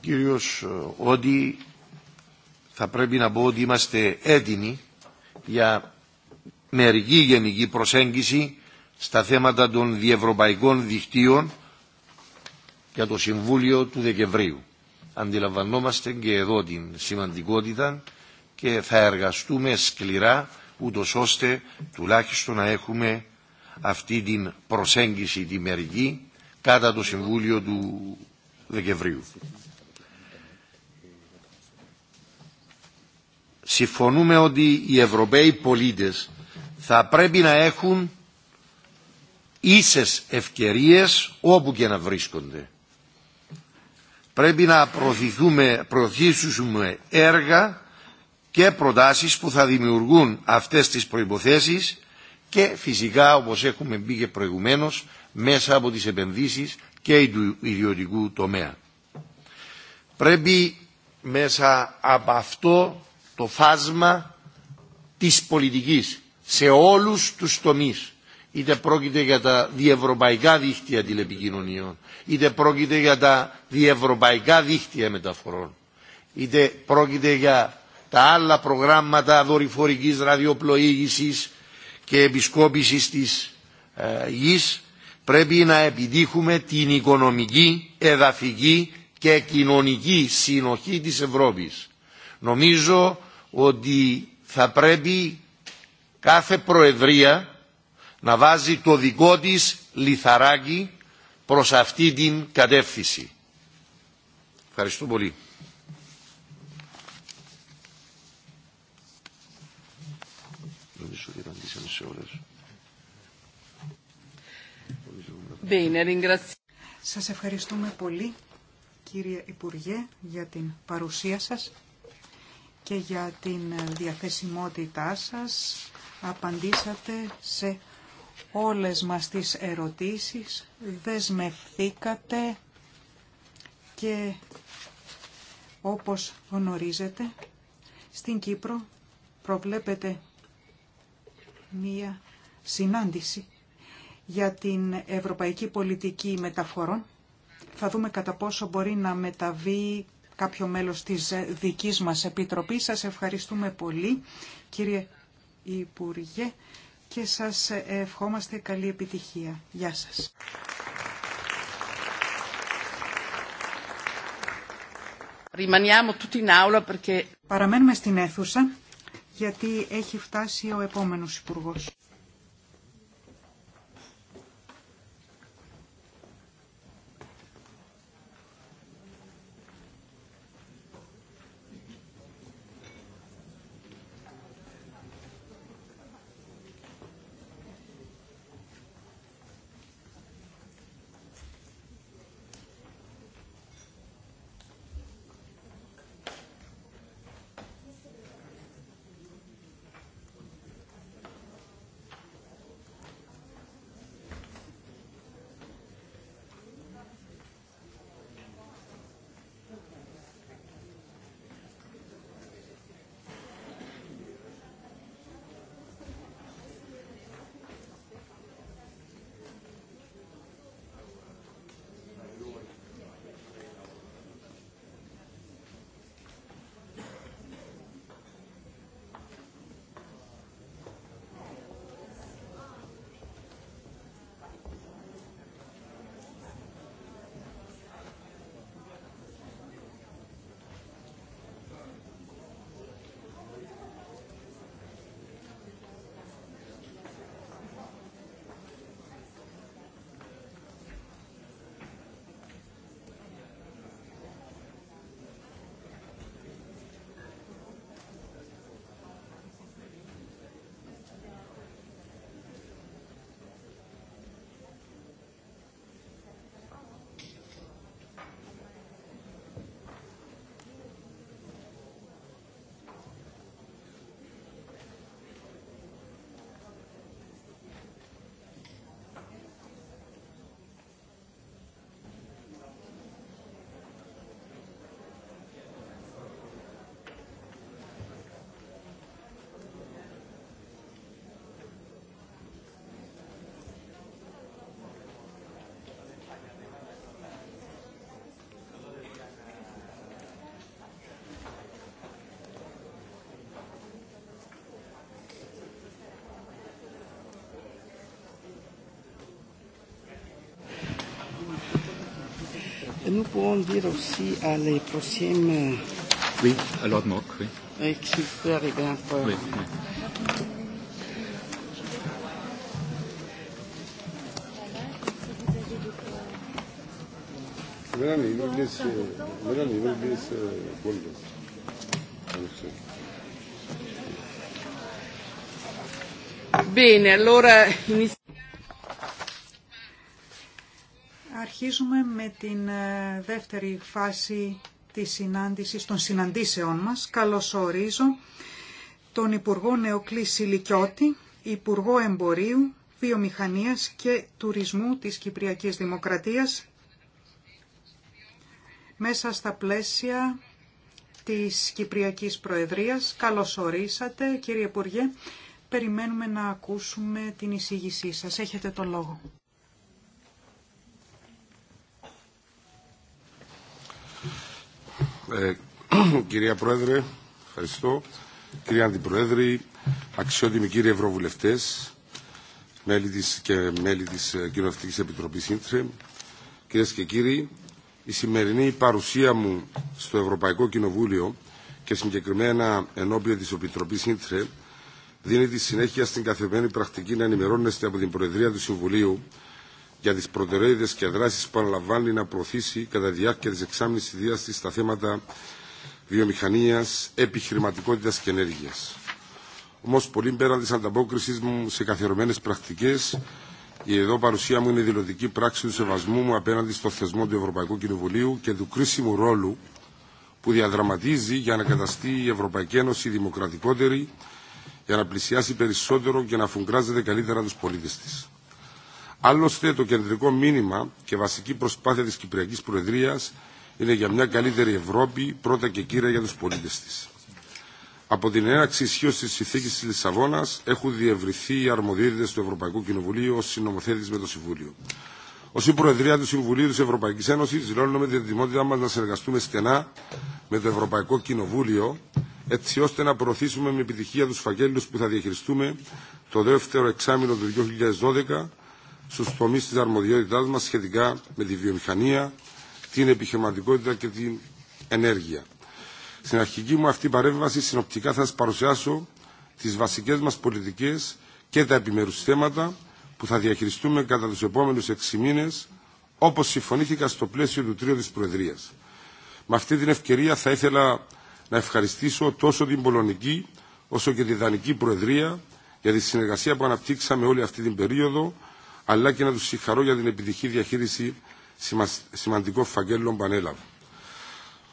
S5: κύριος Όντι θα πρέπει να πω ότι είμαστε έτοιμοι για μερική γενική προσέγγιση στα θέματα των διευρωπαϊκών δικτύων για το Συμβούλιο του Δεκεμβρίου. Αντιλαμβανόμαστε και εδώ την σημαντικότητα και θα εργαστούμε σκληρά ούτω ώστε τουλάχιστον να έχουμε αυτή την προσέγγιση τη μερική κατά το Συμβούλιο του Δεκεμβρίου. συμφωνούμε ότι οι Ευρωπαίοι πολίτες θα πρέπει να έχουν ίσες ευκαιρίες όπου και να βρίσκονται. Πρέπει να προωθήσουμε έργα και προτάσεις που θα δημιουργούν αυτές τις προϋποθέσεις και φυσικά όπως έχουμε μπει και προηγουμένως μέσα από τις επενδύσεις και του ιδιωτικού τομέα. Πρέπει μέσα από αυτό το φάσμα της πολιτικής σε όλους τους τομείς. Είτε πρόκειται για τα διευρωπαϊκά δίχτυα τηλεπικοινωνιών, είτε πρόκειται για τα διευρωπαϊκά δίχτυα μεταφορών, είτε πρόκειται για τα άλλα προγράμματα δορυφορικής ραδιοπλοήγησης και επισκόπησης της ε, γης, πρέπει να επιτύχουμε την οικονομική, εδαφική και κοινωνική συνοχή της Ευρώπης. Νομίζω ότι θα πρέπει κάθε προεδρία να βάζει το δικό της λιθαράκι προς αυτή την κατεύθυνση. Ευχαριστώ πολύ.
S2: Σας ευχαριστούμε πολύ κύριε Υπουργέ για την παρουσία σας και για την διαθεσιμότητά σας. Απαντήσατε σε όλες μας τις ερωτήσεις, δεσμευθήκατε και όπως γνωρίζετε, στην Κύπρο προβλέπεται μία συνάντηση για την ευρωπαϊκή πολιτική μεταφορών. Θα δούμε κατά πόσο μπορεί να μεταβεί κάποιο μέλος της ε, δικής μας Επιτροπής. Σας ευχαριστούμε πολύ κύριε Υπουργέ και σας ε, ευχόμαστε καλή επιτυχία. Γεια σας. Παραμένουμε στην αίθουσα γιατί έχει φτάσει ο επόμενος Υπουργός.
S1: nous pouvons dire aussi à les prochaines. Oui, qui peut arriver un peu. Oui, Bene, allora
S2: Συνεχίζουμε με την ε, δεύτερη φάση της συνάντησης των συναντήσεών μας. ορίζω τον Υπουργό Νεοκλή Σιλικιώτη, Υπουργό Εμπορίου, Βιομηχανίας και Τουρισμού της Κυπριακής Δημοκρατίας μέσα στα πλαίσια της Κυπριακής Προεδρίας. Καλώς ορίσατε, κύριε Υπουργέ. Περιμένουμε να ακούσουμε την εισήγησή σας. Έχετε το λόγο.
S7: Ε, κυρία Πρόεδρε, ευχαριστώ. Κύριε Αντιπρόεδρε, αξιότιμοι κύριοι Ευρωβουλευτές, μέλη της και μέλη της ε, Κοινοβουλευτικής Επιτροπής Ίντρε, κυρίες και κύριοι, η σημερινή παρουσία μου στο Ευρωπαϊκό Κοινοβούλιο και συγκεκριμένα ενώπιον της Επιτροπής Ίντρε δίνει τη συνέχεια στην καθημερινή πρακτική να ενημερώνεστε από την Προεδρία του Συμβουλίου για τι προτεραιότητες και δράσει που αναλαμβάνει να προωθήσει κατά διάρκεια τη εξάμεινη ιδείας στα θέματα βιομηχανία, επιχειρηματικότητα και ενέργεια. Όμω πολύ πέραν τη ανταπόκριση μου σε καθιερωμένες πρακτικέ, η εδώ παρουσία μου είναι δηλωτική πράξη του σεβασμού μου απέναντι στο θεσμό του Ευρωπαϊκού Κοινοβουλίου και του κρίσιμου ρόλου που διαδραματίζει για να καταστεί η Ευρωπαϊκή Ένωση δημοκρατικότερη, για να πλησιάσει περισσότερο και να φουγκράζεται καλύτερα του πολίτε τη. Άλλωστε, το κεντρικό μήνυμα και βασική προσπάθεια της Κυπριακής Προεδρίας είναι για μια καλύτερη Ευρώπη, πρώτα και κύρια για τους πολίτες της. Από την έναρξη ισχύω τη συνθήκη τη Λισαβόνα έχουν διευρυθεί οι αρμοδίδε του Ευρωπαϊκού Κοινοβουλίου ω συνομοθέτη με το Συμβούλιο. Ω η Προεδρία του Συμβουλίου τη Ευρωπαϊκή Ένωση, δηλώνουμε την ετοιμότητά μα να συνεργαστούμε στενά με το Ευρωπαϊκό Κοινοβούλιο, έτσι ώστε να προωθήσουμε με επιτυχία του φακέλου που θα διαχειριστούμε το δεύτερο εξάμεινο του 2012 στους τομείς της αρμοδιότητάς μας σχετικά με τη βιομηχανία, την επιχειρηματικότητα και την ενέργεια. Στην αρχική μου αυτή παρέμβαση συνοπτικά θα σας παρουσιάσω τις βασικές μας πολιτικές και τα επιμερούς θέματα που θα διαχειριστούμε κατά τους επόμενους έξι μήνες όπως συμφωνήθηκα στο πλαίσιο του τρίου της Προεδρίας. Με αυτή την ευκαιρία θα ήθελα να ευχαριστήσω τόσο την Πολωνική όσο και τη Δανική Προεδρία για τη συνεργασία που αναπτύξαμε όλη αυτή την περίοδο αλλά και να του συγχαρώ για την επιτυχή διαχείριση σημαντικών φαγγέλων που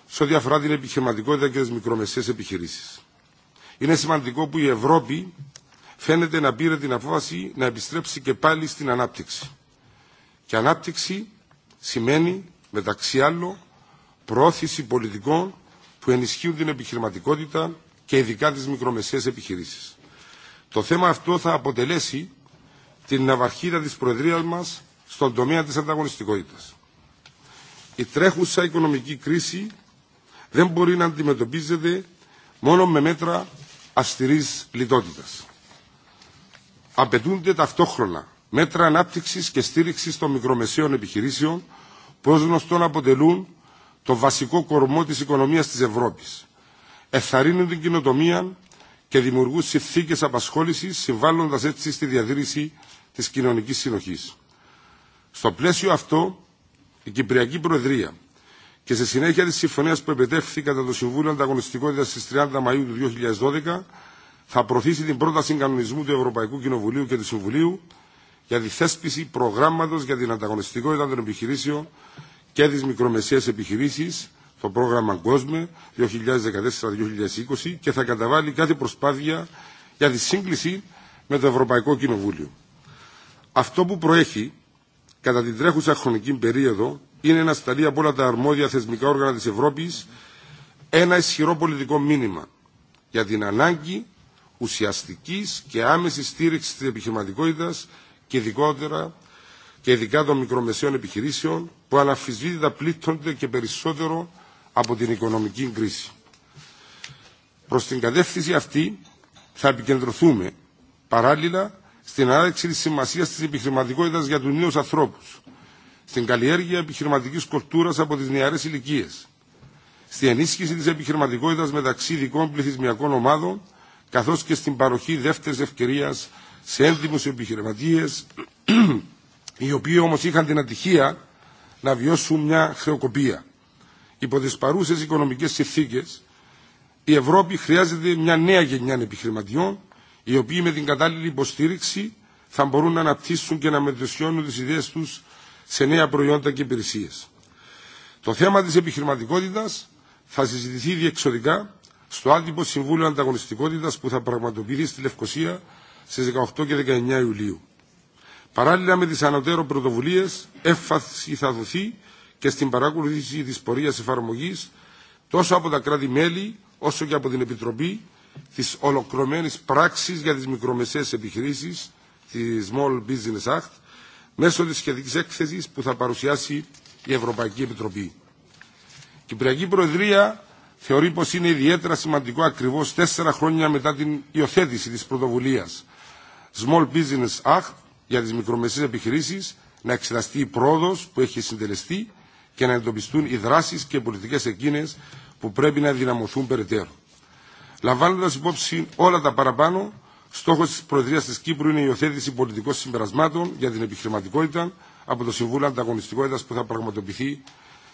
S7: Σε ό,τι αφορά την επιχειρηματικότητα και τι μικρομεσαίε επιχειρήσει. Είναι σημαντικό που η Ευρώπη φαίνεται να πήρε την απόφαση να επιστρέψει και πάλι στην ανάπτυξη. Και ανάπτυξη σημαίνει, μεταξύ άλλων, προώθηση πολιτικών που ενισχύουν την επιχειρηματικότητα και ειδικά τις μικρομεσαίες επιχειρήσεις. Το θέμα αυτό θα αποτελέσει την ναυαρχίδα της Προεδρίας μας στον τομέα της ανταγωνιστικότητας. Η τρέχουσα οικονομική κρίση δεν μπορεί να αντιμετωπίζεται μόνο με μέτρα αυστηρής λιτότητας. Απαιτούνται ταυτόχρονα μέτρα ανάπτυξης και στήριξης των μικρομεσαίων επιχειρήσεων που ως γνωστόν αποτελούν το βασικό κορμό της οικονομίας της Ευρώπης. Εθαρρύνουν την κοινοτομία και δημιουργούν συνθήκε απασχόληση, συμβάλλοντα έτσι στη διατήρηση της κοινωνικής συνοχής. Στο πλαίσιο αυτό, η Κυπριακή Προεδρία και σε συνέχεια της συμφωνίας που επιτεύχθη κατά το Συμβούλιο Ανταγωνιστικότητας στις 30 Μαΐου του 2012 θα προωθήσει την πρόταση κανονισμού του Ευρωπαϊκού Κοινοβουλίου και του Συμβουλίου για τη θέσπιση προγράμματος για την ανταγωνιστικότητα των επιχειρήσεων και τις μικρομεσαίες επιχειρήσεις το πρόγραμμα COSME 2014-2020 και θα καταβάλει κάθε προσπάθεια για τη σύγκληση με το Ευρωπαϊκό Κοινοβούλιο. Αυτό που προέχει κατά την τρέχουσα χρονική περίοδο είναι να σταλεί από όλα τα αρμόδια θεσμικά όργανα της Ευρώπης ένα ισχυρό πολιτικό μήνυμα για την ανάγκη ουσιαστικής και άμεσης στήριξης της επιχειρηματικότητας και ειδικότερα και ειδικά των μικρομεσαίων επιχειρήσεων που αναφυσβήτητα πλήττονται και περισσότερο από την οικονομική κρίση. Προς την κατεύθυνση αυτή θα επικεντρωθούμε παράλληλα στην ανάδειξη τη σημασία τη επιχειρηματικότητα για του νέου ανθρώπου, στην καλλιέργεια επιχειρηματική κουλτούρα από τι νεαρέ ηλικίε, στην ενίσχυση τη επιχειρηματικότητα μεταξύ ειδικών πληθυσμιακών ομάδων, καθώ και στην παροχή δεύτερη ευκαιρία σε έντιμου επιχειρηματίε, οι οποίοι όμω είχαν την ατυχία να βιώσουν μια χρεοκοπία. Υπό τι παρούσε οικονομικέ συνθήκε, η Ευρώπη χρειάζεται μια νέα γενιά επιχειρηματιών οι οποίοι με την κατάλληλη υποστήριξη θα μπορούν να αναπτύσσουν και να μετρησιώνουν τις ιδέες τους σε νέα προϊόντα και υπηρεσίε. Το θέμα της επιχειρηματικότητας θα συζητηθεί διεξοδικά στο άτυπο Συμβούλιο Ανταγωνιστικότητας που θα πραγματοποιηθεί στη Λευκοσία στις 18 και 19 Ιουλίου. Παράλληλα με τις ανωτέρω πρωτοβουλίες, έφαση θα δοθεί και στην παρακολουθήση της πορείας εφαρμογής τόσο από τα κράτη-μέλη όσο και από την Επιτροπή της ολοκληρωμένης πράξης για τις μικρομεσαίες επιχειρήσεις, τη Small Business Act, μέσω της σχετικής έκθεσης που θα παρουσιάσει η Ευρωπαϊκή Επιτροπή. Η Κυπριακή Προεδρία θεωρεί πως είναι ιδιαίτερα σημαντικό ακριβώς τέσσερα χρόνια μετά την υιοθέτηση της πρωτοβουλίας Small Business Act για τις μικρομεσαίες επιχειρήσεις να εξεταστεί η πρόοδος που έχει συντελεστεί και να εντοπιστούν οι δράσεις και οι πολιτικές εκείνες που πρέπει να δυναμωθούν περαιτέρω. Λαμβάνοντα υπόψη όλα τα παραπάνω, στόχο τη Προεδρία τη Κύπρου είναι η υιοθέτηση πολιτικών συμπερασμάτων για την επιχειρηματικότητα από το Συμβούλιο Ανταγωνιστικότητα που θα πραγματοποιηθεί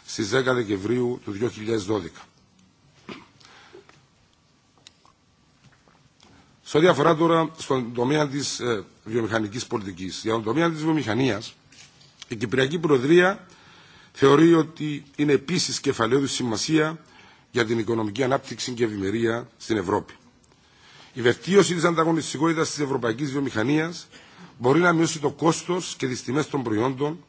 S7: στι 10 Δεκεμβρίου του 2012. Σε ό,τι αφορά τώρα στον τομέα τη ε, βιομηχανική πολιτική. Για τον τομέα τη βιομηχανία, η Κυπριακή Προεδρία θεωρεί ότι είναι επίση κεφαλαίου σημασία για την οικονομική ανάπτυξη και ευημερία στην Ευρώπη. Η βελτίωση τη ανταγωνιστικότητα τη ευρωπαϊκή βιομηχανία μπορεί να μειώσει το κόστο και τι τιμέ των προϊόντων,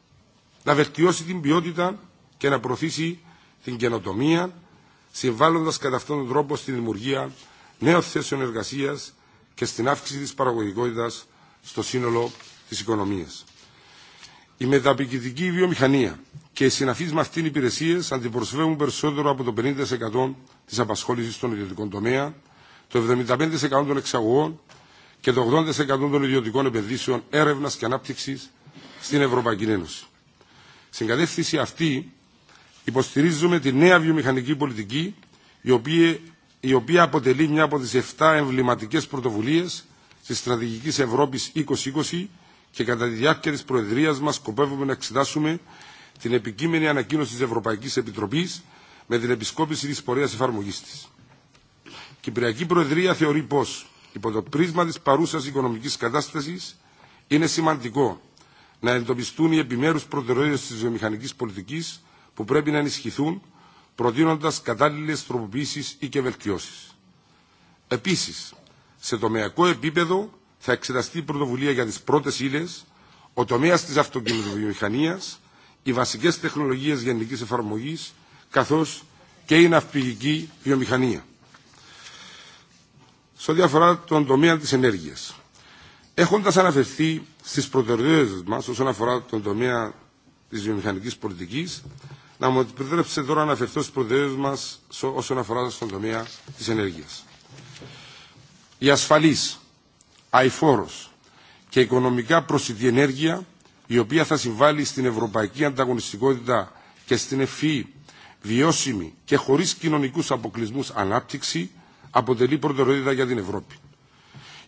S7: να βελτιώσει την ποιότητα και να προωθήσει την καινοτομία, συμβάλλοντα κατά αυτόν τον τρόπο στη δημιουργία νέων θέσεων εργασία και στην αύξηση τη παραγωγικότητα στο σύνολο τη οικονομία. Η μεταπικητική βιομηχανία και οι συναφεί με αυτήν οι υπηρεσίες αντιπροσφεύγουν περισσότερο από το 50% τη απασχόληση στον ιδιωτικό τομέα, το 75% των εξαγωγών και το 80% των ιδιωτικών επενδύσεων έρευνα και ανάπτυξη στην Ευρωπαϊκή Ένωση. Στην κατεύθυνση αυτή υποστηρίζουμε τη νέα βιομηχανική πολιτική η οποία, η οποία αποτελεί μια από τι 7 εμβληματικέ πρωτοβουλίε τη στρατηγική Ευρώπη 2020 και κατά τη διάρκεια τη Προεδρία μα σκοπεύουμε να εξετάσουμε την επικείμενη ανακοίνωση τη Ευρωπαϊκή Επιτροπή με την επισκόπηση τη πορεία εφαρμογή τη. Η Κυπριακή Προεδρία θεωρεί πω υπό το πρίσμα τη παρούσα οικονομική κατάσταση είναι σημαντικό να εντοπιστούν οι επιμέρου προτεραιότητε τη βιομηχανική πολιτική που πρέπει να ενισχυθούν προτείνοντα κατάλληλε τροποποιήσει ή και βελτιώσει. Επίση, σε τομεακό επίπεδο θα εξεταστεί η πρωτοβουλία για τι πρώτε ύλε, ο τομέα τη αυτοκινητοβιομηχανία, οι βασικέ τεχνολογίε γενική εφαρμογή καθώ και η ναυπηγική βιομηχανία. Σε ό,τι αφορά τον τομέα τη ενέργεια, έχοντα αναφερθεί στι προτεραιότητες μα όσον αφορά τον τομέα τη βιομηχανική πολιτική, να μου επιτρέψετε τώρα να αναφερθώ στι προτεραιότητες μα όσον αφορά στον τομέα τη ενέργεια. Η ασφαλής αηφόρος και οικονομικά ενέργεια, η οποία θα συμβάλλει στην ευρωπαϊκή ανταγωνιστικότητα και στην ευφύ βιώσιμη και χωρίς κοινωνικούς αποκλεισμούς ανάπτυξη αποτελεί προτεραιότητα για την Ευρώπη.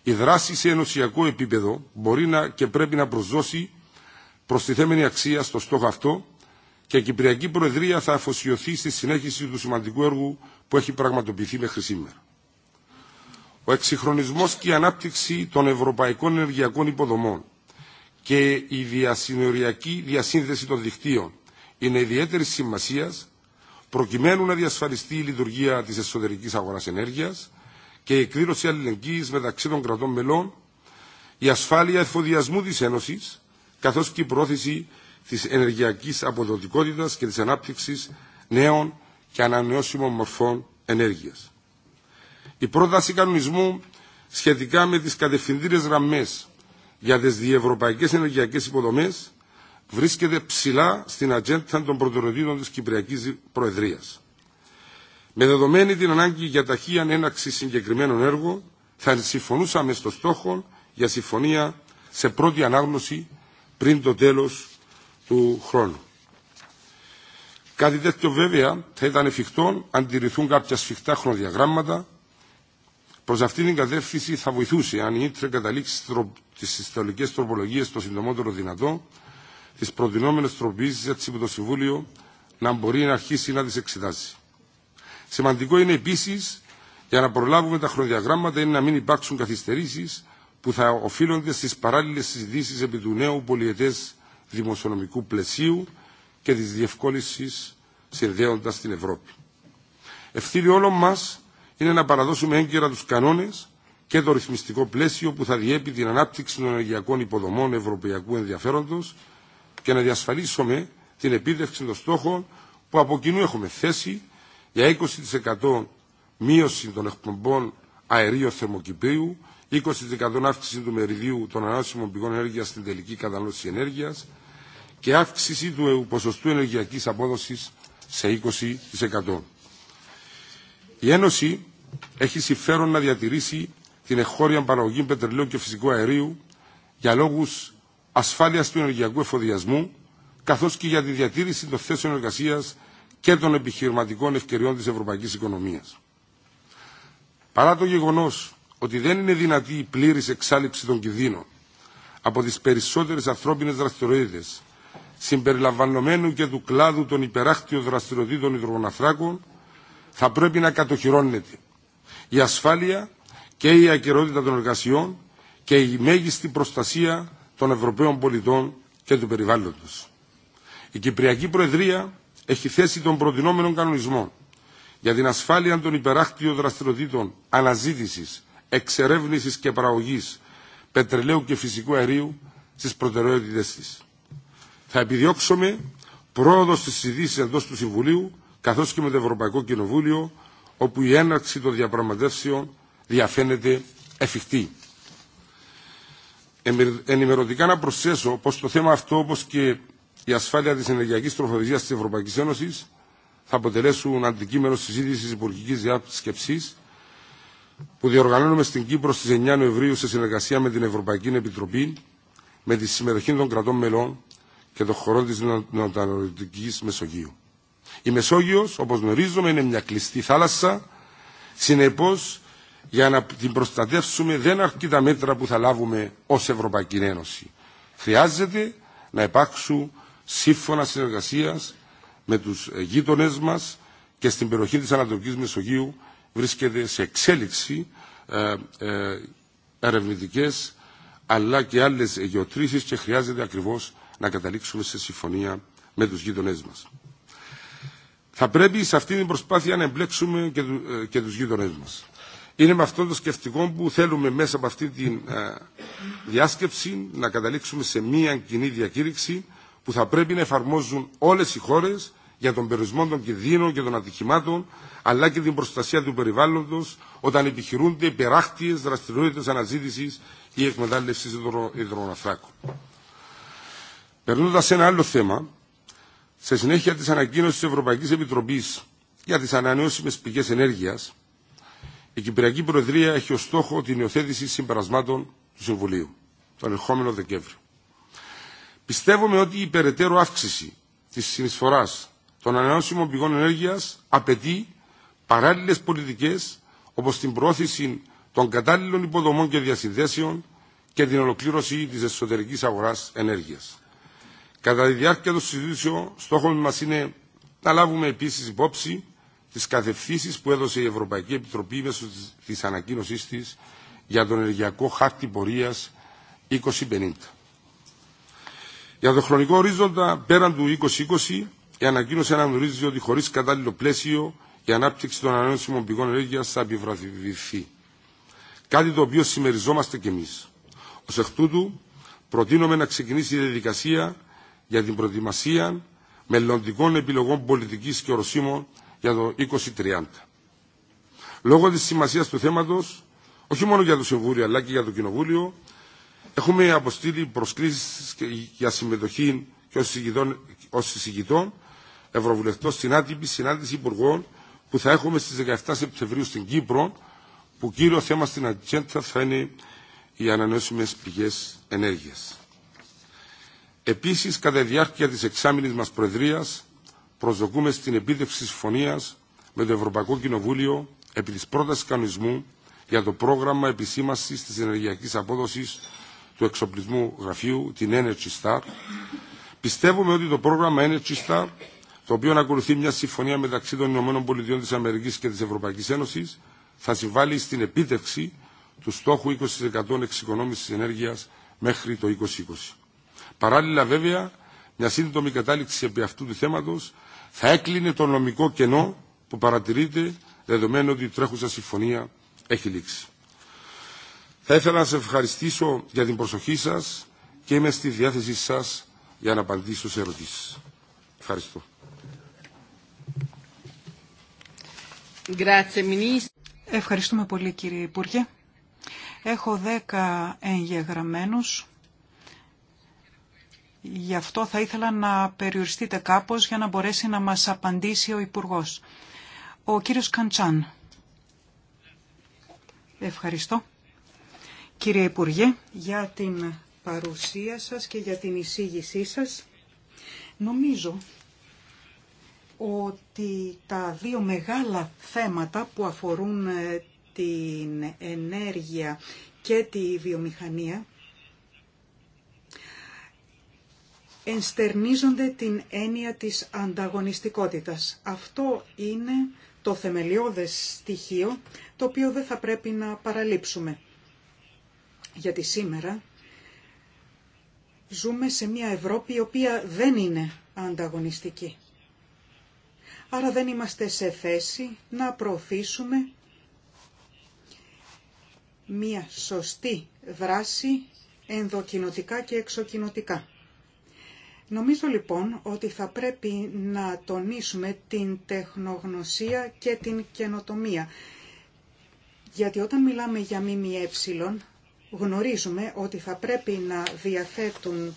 S7: Η δράση σε ενωσιακό επίπεδο μπορεί να και πρέπει να προσδώσει προστιθέμενη αξία στο στόχο αυτό και η Κυπριακή Προεδρία θα αφοσιωθεί στη συνέχιση του σημαντικού έργου που έχει πραγματοποιηθεί μέχρι σήμερα ο εξυγχρονισμός και η ανάπτυξη των ευρωπαϊκών ενεργειακών υποδομών και η διασυνοριακή διασύνδεση των δικτύων είναι ιδιαίτερη σημασία προκειμένου να διασφαλιστεί η λειτουργία της εσωτερικής αγοράς ενέργειας και η εκδήλωση αλληλεγγύης μεταξύ των κρατών μελών, η ασφάλεια εφοδιασμού της Ένωσης, καθώς και η πρόθεση της ενεργειακής αποδοτικότητας και της ανάπτυξης νέων και ανανεώσιμων μορφών ενέργεια. Η πρόταση κανονισμού σχετικά με τις κατευθυντήρες γραμμές για τις διευρωπαϊκές ενεργειακές υποδομές βρίσκεται ψηλά στην ατζέντα των προτεραιοτήτων της Κυπριακής Προεδρίας. Με δεδομένη την ανάγκη για ταχύ ανέναξη συγκεκριμένων έργων, θα συμφωνούσαμε στο στόχο για συμφωνία σε πρώτη ανάγνωση πριν το τέλος του χρόνου. Κάτι τέτοιο βέβαια θα ήταν εφικτό αν τηρηθούν κάποια σφιχτά χρονοδιαγράμματα Προ αυτήν την κατεύθυνση θα βοηθούσε αν η Ήτρε καταλήξει τι συστολικέ τροπολογίε το συντομότερο δυνατό, τι προτινόμενε τροποποιήσει έτσι που το Συμβούλιο να μπορεί να αρχίσει να τι εξετάσει. Σημαντικό είναι επίση για να προλάβουμε τα χρονοδιαγράμματα είναι να μην υπάρξουν καθυστερήσει που θα οφείλονται στι παράλληλε συζητήσει επί του νέου πολιετέ δημοσιονομικού πλαισίου και τη διευκόλυνση συνδέοντα την Ευρώπη. Ευθύνη όλων μα είναι να παραδώσουμε έγκαιρα τους κανόνες και το ρυθμιστικό πλαίσιο που θα διέπει την ανάπτυξη των ενεργειακών υποδομών ευρωπαϊκού ενδιαφέροντος και να διασφαλίσουμε την επίτευξη των στόχων που από κοινού έχουμε θέσει για 20% μείωση των εκπομπών αερίου θερμοκηπίου, 20% αύξηση του μεριδίου των ανάσιμων πηγών ενέργειας στην τελική κατανάλωση ενέργειας και αύξηση του ε, ποσοστού ενεργειακής απόδοση σε 20%. Η Ένωση έχει συμφέρον να διατηρήσει την εχώρια παραγωγή πετρελαίου και φυσικού αερίου για λόγου ασφάλεια του ενεργειακού εφοδιασμού, καθώ και για τη διατήρηση των θέσεων εργασία και των επιχειρηματικών ευκαιριών τη ευρωπαϊκή οικονομία. Παρά το γεγονό ότι δεν είναι δυνατή η πλήρη εξάλληψη των κινδύνων από τι περισσότερε ανθρώπινε δραστηριότητε, συμπεριλαμβανομένου και του κλάδου των υπεράχτιων δραστηριοτήτων υδρογοναθράκων, θα πρέπει να κατοχυρώνεται η ασφάλεια και η ακυρότητα των εργασιών και η μέγιστη προστασία των Ευρωπαίων πολιτών και του περιβάλλοντος. Η Κυπριακή Προεδρία έχει θέσει τον προτινόμενο κανονισμό για την ασφάλεια των υπεράκτιων δραστηριοτήτων αναζήτησης, εξερεύνησης και παραγωγής πετρελαίου και φυσικού αερίου στις προτεραιότητες της. Θα επιδιώξουμε πρόοδο στις ειδήσεις εντός του Συμβουλίου καθώς και με το Ευρωπαϊκό Κοινοβούλιο όπου η έναρξη των διαπραγματεύσεων διαφαίνεται εφικτή. Ενημερωτικά να προσθέσω πως το θέμα αυτό όπως και η ασφάλεια της ενεργειακής τροφοδοσίας της Ευρωπαϊκής Ένωσης θα αποτελέσουν αντικείμενο συζήτησης υπουργικής διάσκεψης που διοργανώνουμε στην Κύπρο στις 9 Νοεμβρίου σε συνεργασία με την Ευρωπαϊκή Επιτροπή με τη συμμετοχή των κρατών μελών και των χωρών της Νοτανοητική Μεσογείου. Η Μεσόγειος, όπως γνωρίζουμε, είναι μια κλειστή θάλασσα. Συνεπώς, για να την προστατεύσουμε δεν αρκεί τα μέτρα που θα λάβουμε ως Ευρωπαϊκή Ένωση. Χρειάζεται να υπάρξουν σύμφωνα συνεργασίας με τους γείτονές μας και στην περιοχή της Ανατολικής Μεσογείου βρίσκεται σε εξέλιξη ερευνητικέ, ερευνητικές αλλά και άλλες γεωτρήσεις και χρειάζεται ακριβώς να καταλήξουμε σε συμφωνία με τους γείτονές μας. Θα πρέπει σε αυτή την προσπάθεια να εμπλέξουμε και, του, ε, και τους γείτονές μας. Είναι με αυτό το σκεφτικό που θέλουμε μέσα από αυτή τη ε, διάσκεψη να καταλήξουμε σε μία κοινή διακήρυξη που θα πρέπει να εφαρμόζουν όλες οι χώρες για τον περιορισμό των κινδύνων και των ατυχημάτων, αλλά και την προστασία του περιβάλλοντο όταν επιχειρούνται υπεράχτιε δραστηριότητε αναζήτηση ή εκμετάλλευση υδροναθράκων. Περνώντα σε ένα άλλο θέμα, σε συνέχεια της ανακοίνωσης της Ευρωπαϊκής Επιτροπής για τις ανανεώσιμες πηγές ενέργειας, η Κυπριακή Προεδρία έχει ως στόχο την υιοθέτηση συμπερασμάτων του Συμβουλίου τον ερχόμενο Δεκέμβριο. Πιστεύουμε ότι η περαιτέρω αύξηση της συνεισφοράς των ανανεώσιμων πηγών ενέργειας απαιτεί παράλληλες πολιτικές όπως την πρόθεση των κατάλληλων υποδομών και διασυνδέσεων και την ολοκλήρωση της εσωτερικής αγοράς ενέργειας. Κατά τη διάρκεια των συζητήσεων, στόχο μα είναι να λάβουμε επίση υπόψη τι κατευθύνσει που έδωσε η Ευρωπαϊκή Επιτροπή μέσω τη ανακοίνωσή τη για τον ενεργειακό χάρτη πορεία 2050. Για τον χρονικό ορίζοντα πέραν του 2020, η ανακοίνωση αναγνωρίζει ότι χωρί κατάλληλο πλαίσιο η ανάπτυξη των ανανεώσιμων πηγών ενέργεια θα επιβραβευθεί. Κάτι το οποίο συμμεριζόμαστε κι εμεί. Ω εκ τούτου, προτείνουμε να ξεκινήσει η διαδικασία για την προετοιμασία μελλοντικών επιλογών πολιτικής και οροσίμων για το 2030. Λόγω της σημασίας του θέματος, όχι μόνο για το Συμβούλιο αλλά και για το Κοινοβούλιο, έχουμε αποστείλει προσκλήσεις για συμμετοχή και ως συζητητών Ευρωβουλευτών στην άτυπη συνάντηση Υπουργών που θα έχουμε στις 17 Σεπτεμβρίου στην Κύπρο, που κύριο θέμα στην ατζέντα θα είναι οι ανανεώσιμες πηγές ενέργειας. Επίσης, κατά τη διάρκεια της εξάμηνης μας Προεδρίας, προσδοκούμε στην επίτευξη συμφωνίας με το Ευρωπαϊκό Κοινοβούλιο επί της πρότασης κανονισμού για το πρόγραμμα επισήμασης της ενεργειακής απόδοσης του εξοπλισμού γραφείου, την Energy Star. Πιστεύουμε ότι το πρόγραμμα Energy Star, το οποίο ακολουθεί μια συμφωνία μεταξύ των ΗΠΑ της Αμερικής και της Ευρωπαϊκής Ένωσης, θα συμβάλλει στην επίτευξη του στόχου 20% εξοικονόμησης ενέργειας μέχρι το 2020. Παράλληλα, βέβαια, μια σύντομη κατάληξη επί αυτού του θέματο θα έκλεινε το νομικό κενό που παρατηρείται δεδομένου ότι η τρέχουσα συμφωνία έχει λήξει. Θα ήθελα να σα ευχαριστήσω για την προσοχή σας και είμαι στη διάθεσή σας για να απαντήσω σε ερωτήσεις. Ευχαριστώ.
S2: Ευχαριστούμε πολύ κύριε Υπουργέ. Έχω δέκα εγγεγραμμένους. Γι' αυτό θα ήθελα να περιοριστείτε κάπως για να μπορέσει να μας απαντήσει ο Υπουργός. Ο κύριος Καντσάν. Ευχαριστώ. Κύριε Υπουργέ, για την παρουσία σας και για την εισήγησή σας. Νομίζω ότι τα δύο μεγάλα θέματα που αφορούν ε, την ενέργεια και τη βιομηχανία ενστερνίζονται την έννοια της ανταγωνιστικότητας. Αυτό είναι το θεμελιώδες στοιχείο το οποίο δεν θα πρέπει να παραλείψουμε. Γιατί σήμερα ζούμε σε μια Ευρώπη η οποία δεν είναι ανταγωνιστική. Άρα δεν είμαστε σε θέση να προωθήσουμε μια σωστή δράση ενδοκινοτικά και εξοκινοτικά. Νομίζω λοιπόν ότι θα πρέπει να τονίσουμε την τεχνογνωσία και την καινοτομία. Γιατί όταν μιλάμε για ΜΜΕ γνωρίζουμε ότι θα πρέπει να διαθέτουν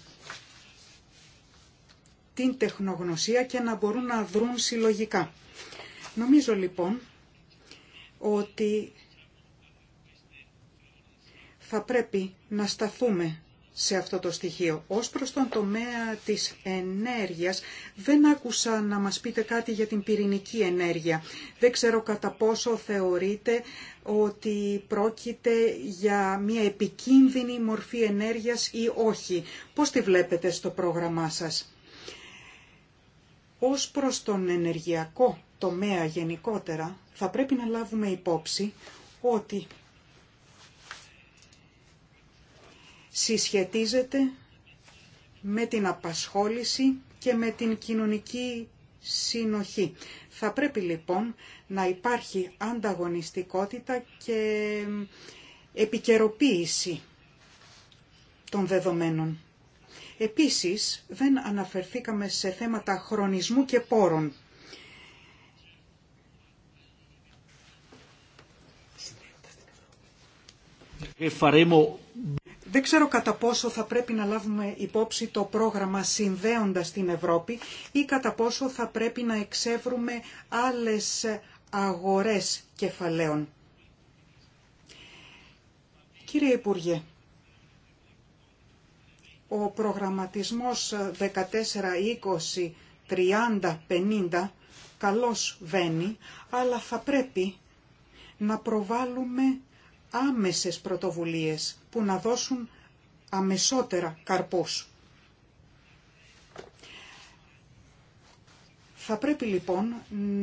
S2: την τεχνογνωσία και να μπορούν να δρουν συλλογικά. Νομίζω λοιπόν ότι θα πρέπει να σταθούμε σε αυτό το στοιχείο. Ως προς τον τομέα της ενέργειας, δεν άκουσα να μας πείτε κάτι για την πυρηνική ενέργεια. Δεν ξέρω κατά πόσο θεωρείτε ότι πρόκειται για μια επικίνδυνη μορφή ενέργειας ή όχι. Πώς τη βλέπετε στο πρόγραμμά σας. Ως προς τον ενεργειακό τομέα γενικότερα, θα πρέπει να λάβουμε υπόψη ότι συσχετίζεται με την απασχόληση και με την κοινωνική συνοχή. Θα πρέπει λοιπόν να υπάρχει ανταγωνιστικότητα και επικαιροποίηση των δεδομένων. Επίσης, δεν αναφερθήκαμε σε θέματα χρονισμού και πόρων. Δεν ξέρω κατά πόσο θα πρέπει να λάβουμε υπόψη το πρόγραμμα συνδέοντας την Ευρώπη ή κατά πόσο θα πρέπει να εξεύρουμε άλλες αγορές κεφαλαίων. Κύριε Υπουργέ, ο προγραμματισμός 14-20 30-50 καλώς βαίνει, αλλά θα πρέπει να προβάλλουμε άμεσες πρωτοβουλίες που να δώσουν αμεσότερα καρπούς. Θα πρέπει λοιπόν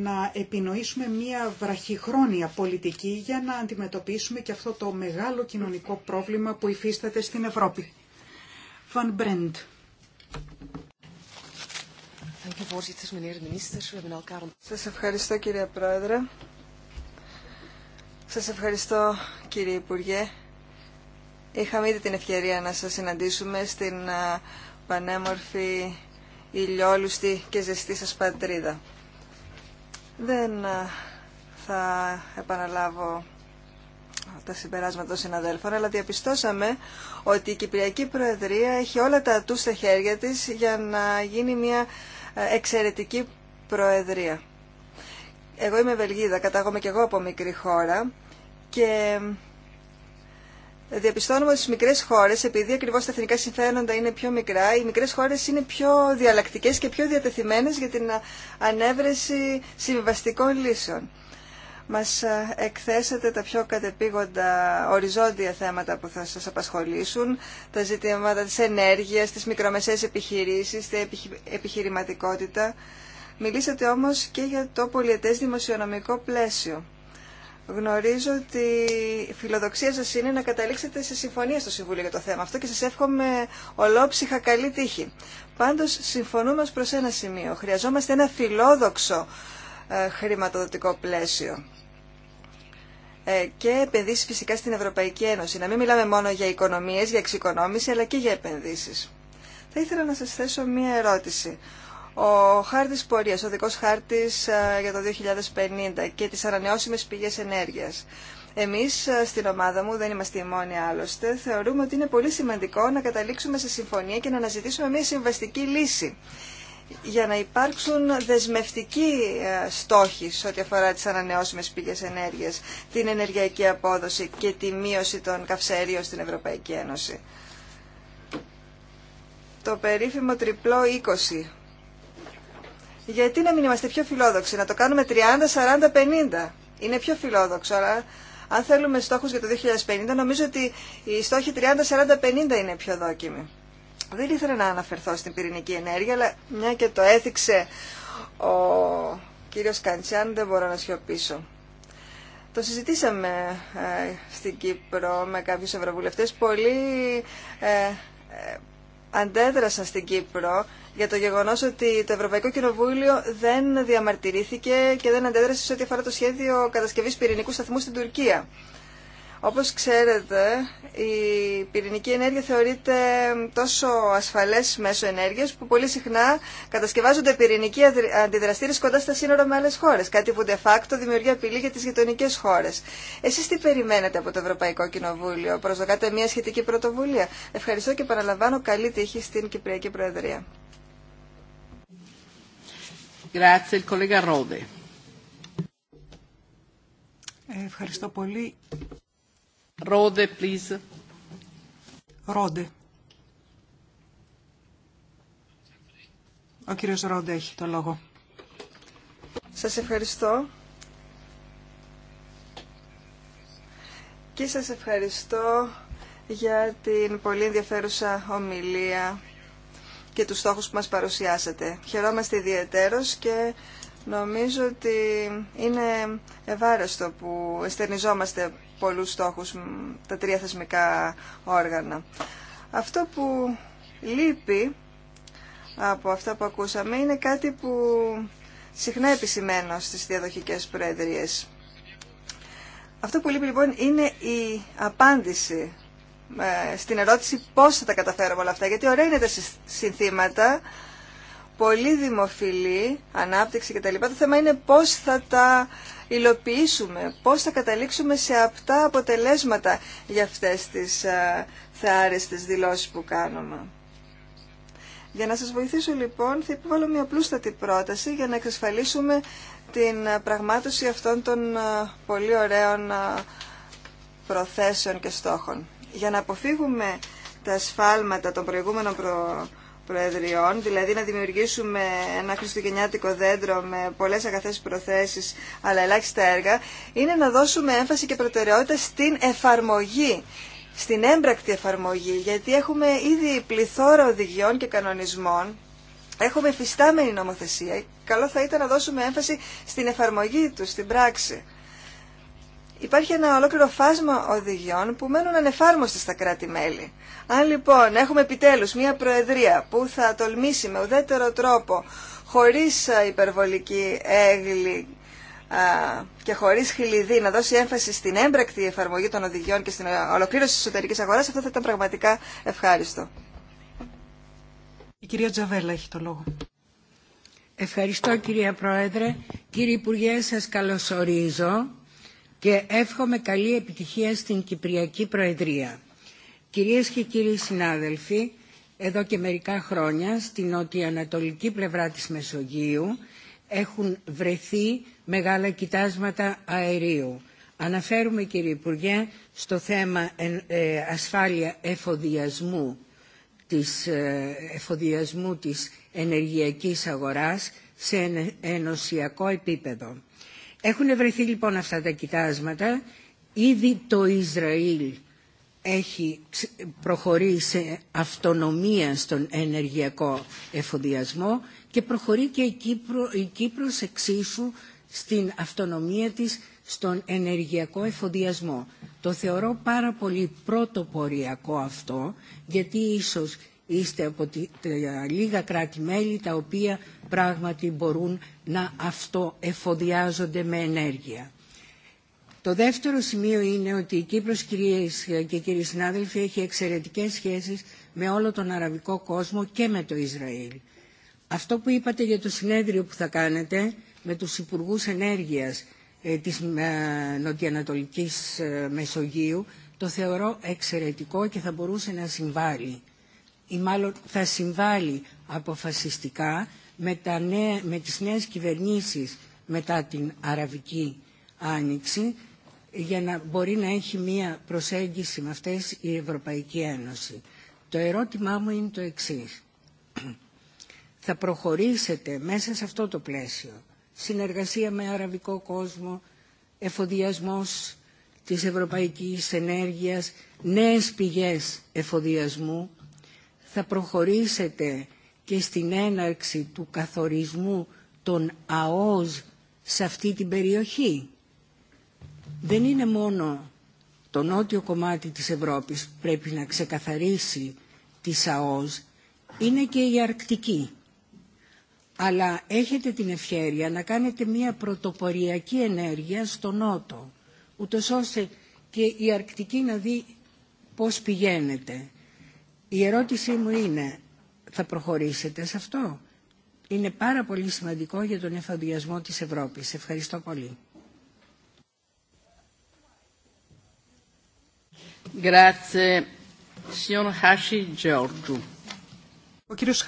S2: να επινοήσουμε μία βραχυχρόνια πολιτική για να αντιμετωπίσουμε και αυτό το μεγάλο κοινωνικό πρόβλημα που υφίσταται στην Ευρώπη. Van Brent. Σας ευχαριστώ
S4: κύριε Πρόεδρε. Σας ευχαριστώ κύριε Υπουργέ. Είχαμε ήδη την ευκαιρία να σας συναντήσουμε στην πανέμορφη, ηλιόλουστη και ζεστή σας πατρίδα. Δεν θα επαναλάβω τα συμπεράσματα των συναδέλφων, αλλά διαπιστώσαμε ότι η Κυπριακή Προεδρία έχει όλα τα ατού στα χέρια της για να γίνει μια εξαιρετική Προεδρία. Εγώ είμαι Βελγίδα, κατάγομαι και εγώ από μικρή χώρα και διαπιστώνουμε ότι στις μικρές χώρες, επειδή ακριβώς τα εθνικά συμφέροντα είναι πιο μικρά, οι μικρές χώρες είναι πιο διαλλακτικές και πιο διατεθειμένες για την ανέβρεση συμβιβαστικών λύσεων. Μας ε, εκθέσατε τα πιο κατεπήγοντα οριζόντια θέματα που θα σας απασχολήσουν, τα ζητήματα της ενέργειας, της μικρομεσαίες επιχειρήσεις, τη επιχειρηματικότητα. Μιλήσατε όμως και για το πολιετές δημοσιονομικό πλαίσιο. Γνωρίζω ότι η φιλοδοξία σας είναι να καταλήξετε σε συμφωνία στο Συμβούλιο για το θέμα αυτό και σας εύχομαι ολόψυχα καλή τύχη. Πάντως, συμφωνούμε προς ένα σημείο. Χρειαζόμαστε ένα φιλόδοξο ε, χρηματοδοτικό πλαίσιο ε, και επενδύσεις φυσικά στην Ευρωπαϊκή Ένωση. Να μην μιλάμε μόνο για οικονομίες, για εξοικονόμηση, αλλά και για επενδύσεις. Θα ήθελα να σας θέσω μία ερώτηση. Ο χάρτης πορείας, ο δικός χάρτης ε, για το 2050 και τις ανανεώσιμες πηγές ενέργειας. Εμείς ε, στην ομάδα μου, δεν είμαστε οι μόνοι άλλωστε, θεωρούμε ότι είναι πολύ σημαντικό να καταλήξουμε σε συμφωνία και να αναζητήσουμε μια συμβαστική λύση για να υπάρξουν δεσμευτικοί ε, στόχοι σε ό,τι αφορά τις ανανεώσιμες πηγές ενέργειας, την ενεργειακή απόδοση και τη μείωση των καυσαερίων στην Ευρωπαϊκή Ένωση. Το περίφημο τριπλό 20 γιατί να μην είμαστε πιο φιλόδοξοι, να το κάνουμε 30, 40, 50. Είναι πιο φιλόδοξο, αλλά αν θέλουμε στόχους για το 2050, νομίζω ότι οι στόχοι 30, 40, 50 είναι πιο δόκιμοι. Δεν ήθελα να αναφερθώ στην πυρηνική ενέργεια, αλλά μια και το έθιξε ο κύριος Καντσιάν, δεν μπορώ να σιωπήσω. Το συζητήσαμε ε, στην Κύπρο με κάποιους ευρωβουλευτές. Πολλοί ε, ε, αντέδρασαν στην Κύπρο για το γεγονός ότι το Ευρωπαϊκό Κοινοβούλιο δεν διαμαρτυρήθηκε και δεν αντέδρασε σε ό,τι αφορά το σχέδιο κατασκευής πυρηνικού σταθμού στην Τουρκία. Όπως ξέρετε, η πυρηνική ενέργεια θεωρείται τόσο ασφαλές μέσω ενέργειας που πολύ συχνά κατασκευάζονται πυρηνικοί αντιδραστήρες κοντά στα σύνορα με άλλες χώρες, κάτι που de facto δημιουργεί απειλή για τις γειτονικέ χώρες. Εσείς τι περιμένετε από το Ευρωπαϊκό Κοινοβούλιο, προσδοκάτε μια σχετική πρωτοβουλία. Ευχαριστώ και παραλαμβάνω καλή τύχη στην Κυπριακή Προεδρία.
S1: Grazie, il collega Ευχαριστώ πολύ. Ρόδε,
S2: please. Ρόντε. Ο κύριος Ρόντε έχει το λόγο.
S4: Σας ευχαριστώ. Και σας ευχαριστώ για την πολύ ενδιαφέρουσα ομιλία και τους στόχους που μας παρουσιάσατε. Χαιρόμαστε ιδιαίτερος και νομίζω ότι είναι ευάρεστο που εστερνιζόμαστε πολλούς στόχους τα τρία θεσμικά όργανα. Αυτό που λείπει από αυτά που ακούσαμε είναι κάτι που συχνά επισημαίνω στις διαδοχικές προεδρίες. Αυτό που λείπει λοιπόν είναι η απάντηση ε, στην ερώτηση πώς θα τα καταφέρουμε όλα αυτά. Γιατί ωραία είναι τα συνθήματα, πολύ δημοφιλή, ανάπτυξη κτλ. Το θέμα είναι πώς θα τα υλοποιήσουμε, πώς θα καταλήξουμε σε αυτά αποτελέσματα για αυτές τις ε, θεάρεστες δηλώσεις που κάνουμε. Για να σας βοηθήσω λοιπόν θα υποβάλω μια πλούστατη πρόταση για να εξασφαλίσουμε την πραγμάτωση αυτών των ε, πολύ ωραίων προθέσεων και στόχων για να αποφύγουμε τα σφάλματα των προηγούμενων προ... προεδριών, δηλαδή να δημιουργήσουμε ένα χριστουγεννιάτικο δέντρο με πολλές αγαθές προθέσεις αλλά ελάχιστα έργα, είναι να δώσουμε έμφαση και προτεραιότητα στην εφαρμογή, στην έμπρακτη εφαρμογή, γιατί έχουμε ήδη πληθώρα οδηγιών και κανονισμών Έχουμε φυστάμενη νομοθεσία. Καλό θα ήταν να δώσουμε έμφαση στην εφαρμογή του, στην πράξη υπάρχει ένα ολόκληρο φάσμα οδηγιών που μένουν ανεφάρμοστε στα κράτη-μέλη. Αν λοιπόν έχουμε επιτέλους μια προεδρία που θα τολμήσει με ουδέτερο τρόπο, χωρίς ε, υπερβολική έγκλη και χωρίς χιλιδί να δώσει έμφαση στην έμπρακτη εφαρμογή των οδηγιών και στην ε, ολοκλήρωση της εσωτερικής αγοράς, αυτό θα ήταν πραγματικά ευχάριστο.
S1: Η κυρία Τζαβέλα έχει το λόγο. Ευχαριστώ κυρία Πρόεδρε. Κύριε Υπουργέ, σα καλωσορίζω και εύχομαι καλή επιτυχία στην Κυπριακή Προεδρία. Κυρίες και κύριοι συνάδελφοι, εδώ και μερικά χρόνια στην ανατολική πλευρά της Μεσογείου έχουν βρεθεί μεγάλα κοιτάσματα αερίου. Αναφέρουμε κύριε Υπουργέ στο θέμα ε, ε, ασφάλεια εφοδιασμού της, ε, εφοδιασμού της ενεργειακής αγοράς σε ενωσιακό επίπεδο. Έχουν βρεθεί λοιπόν αυτά τα κοιτάσματα. Ήδη το Ισραήλ έχει προχωρεί σε αυτονομία στον ενεργειακό εφοδιασμό και προχωρεί και η, Κύπρο, η Κύπρος εξίσου στην αυτονομία της στον ενεργειακό εφοδιασμό. Το θεωρώ πάρα πολύ πρωτοποριακό αυτό, γιατί ίσως είστε από τα λίγα κράτη-μέλη τα οποία πράγματι μπορούν να αυτοεφοδιάζονται με ενέργεια. Το δεύτερο σημείο είναι ότι η Κύπρος, κυρίες και κύριοι συνάδελφοι, έχει εξαιρετικές σχέσεις με όλο τον αραβικό κόσμο και με το Ισραήλ. Αυτό που είπατε για το συνέδριο που θα κάνετε με τους Υπουργούς Ενέργειας ε, της ε, Νοτιοανατολικής ε, Μεσογείου το θεωρώ εξαιρετικό και θα μπορούσε να συμβάλλει ή μάλλον θα συμβάλλει αποφασιστικά με, τα με τις νέες κυβερνήσεις μετά την Αραβική Άνοιξη για να μπορεί να έχει μία προσέγγιση με αυτές η Ευρωπαϊκή Ένωση. Το ερώτημά μου είναι το εξής. Θα προχωρήσετε μέσα σε αυτό το πλαίσιο συνεργασία με αραβικό κόσμο, εφοδιασμός της ευρωπαϊκής ενέργειας, νέες πηγές εφοδιασμού. Θα προχωρήσετε και στην έναρξη του καθορισμού των ΑΟΣ σε αυτή την περιοχή. Δεν είναι μόνο το νότιο κομμάτι της Ευρώπης πρέπει να ξεκαθαρίσει τις ΑΟΣ, είναι και η Αρκτική. Αλλά έχετε την ευχαίρεια να κάνετε μια πρωτοποριακή ενέργεια στο νότο, ούτω ώστε και η Αρκτική να δει πώς πηγαίνετε. Η ερώτησή μου είναι, θα προχωρήσετε σε αυτό. Είναι πάρα πολύ σημαντικό για τον εφαδιασμό της Ευρώπης. Ευχαριστώ πολύ. Ο κύριος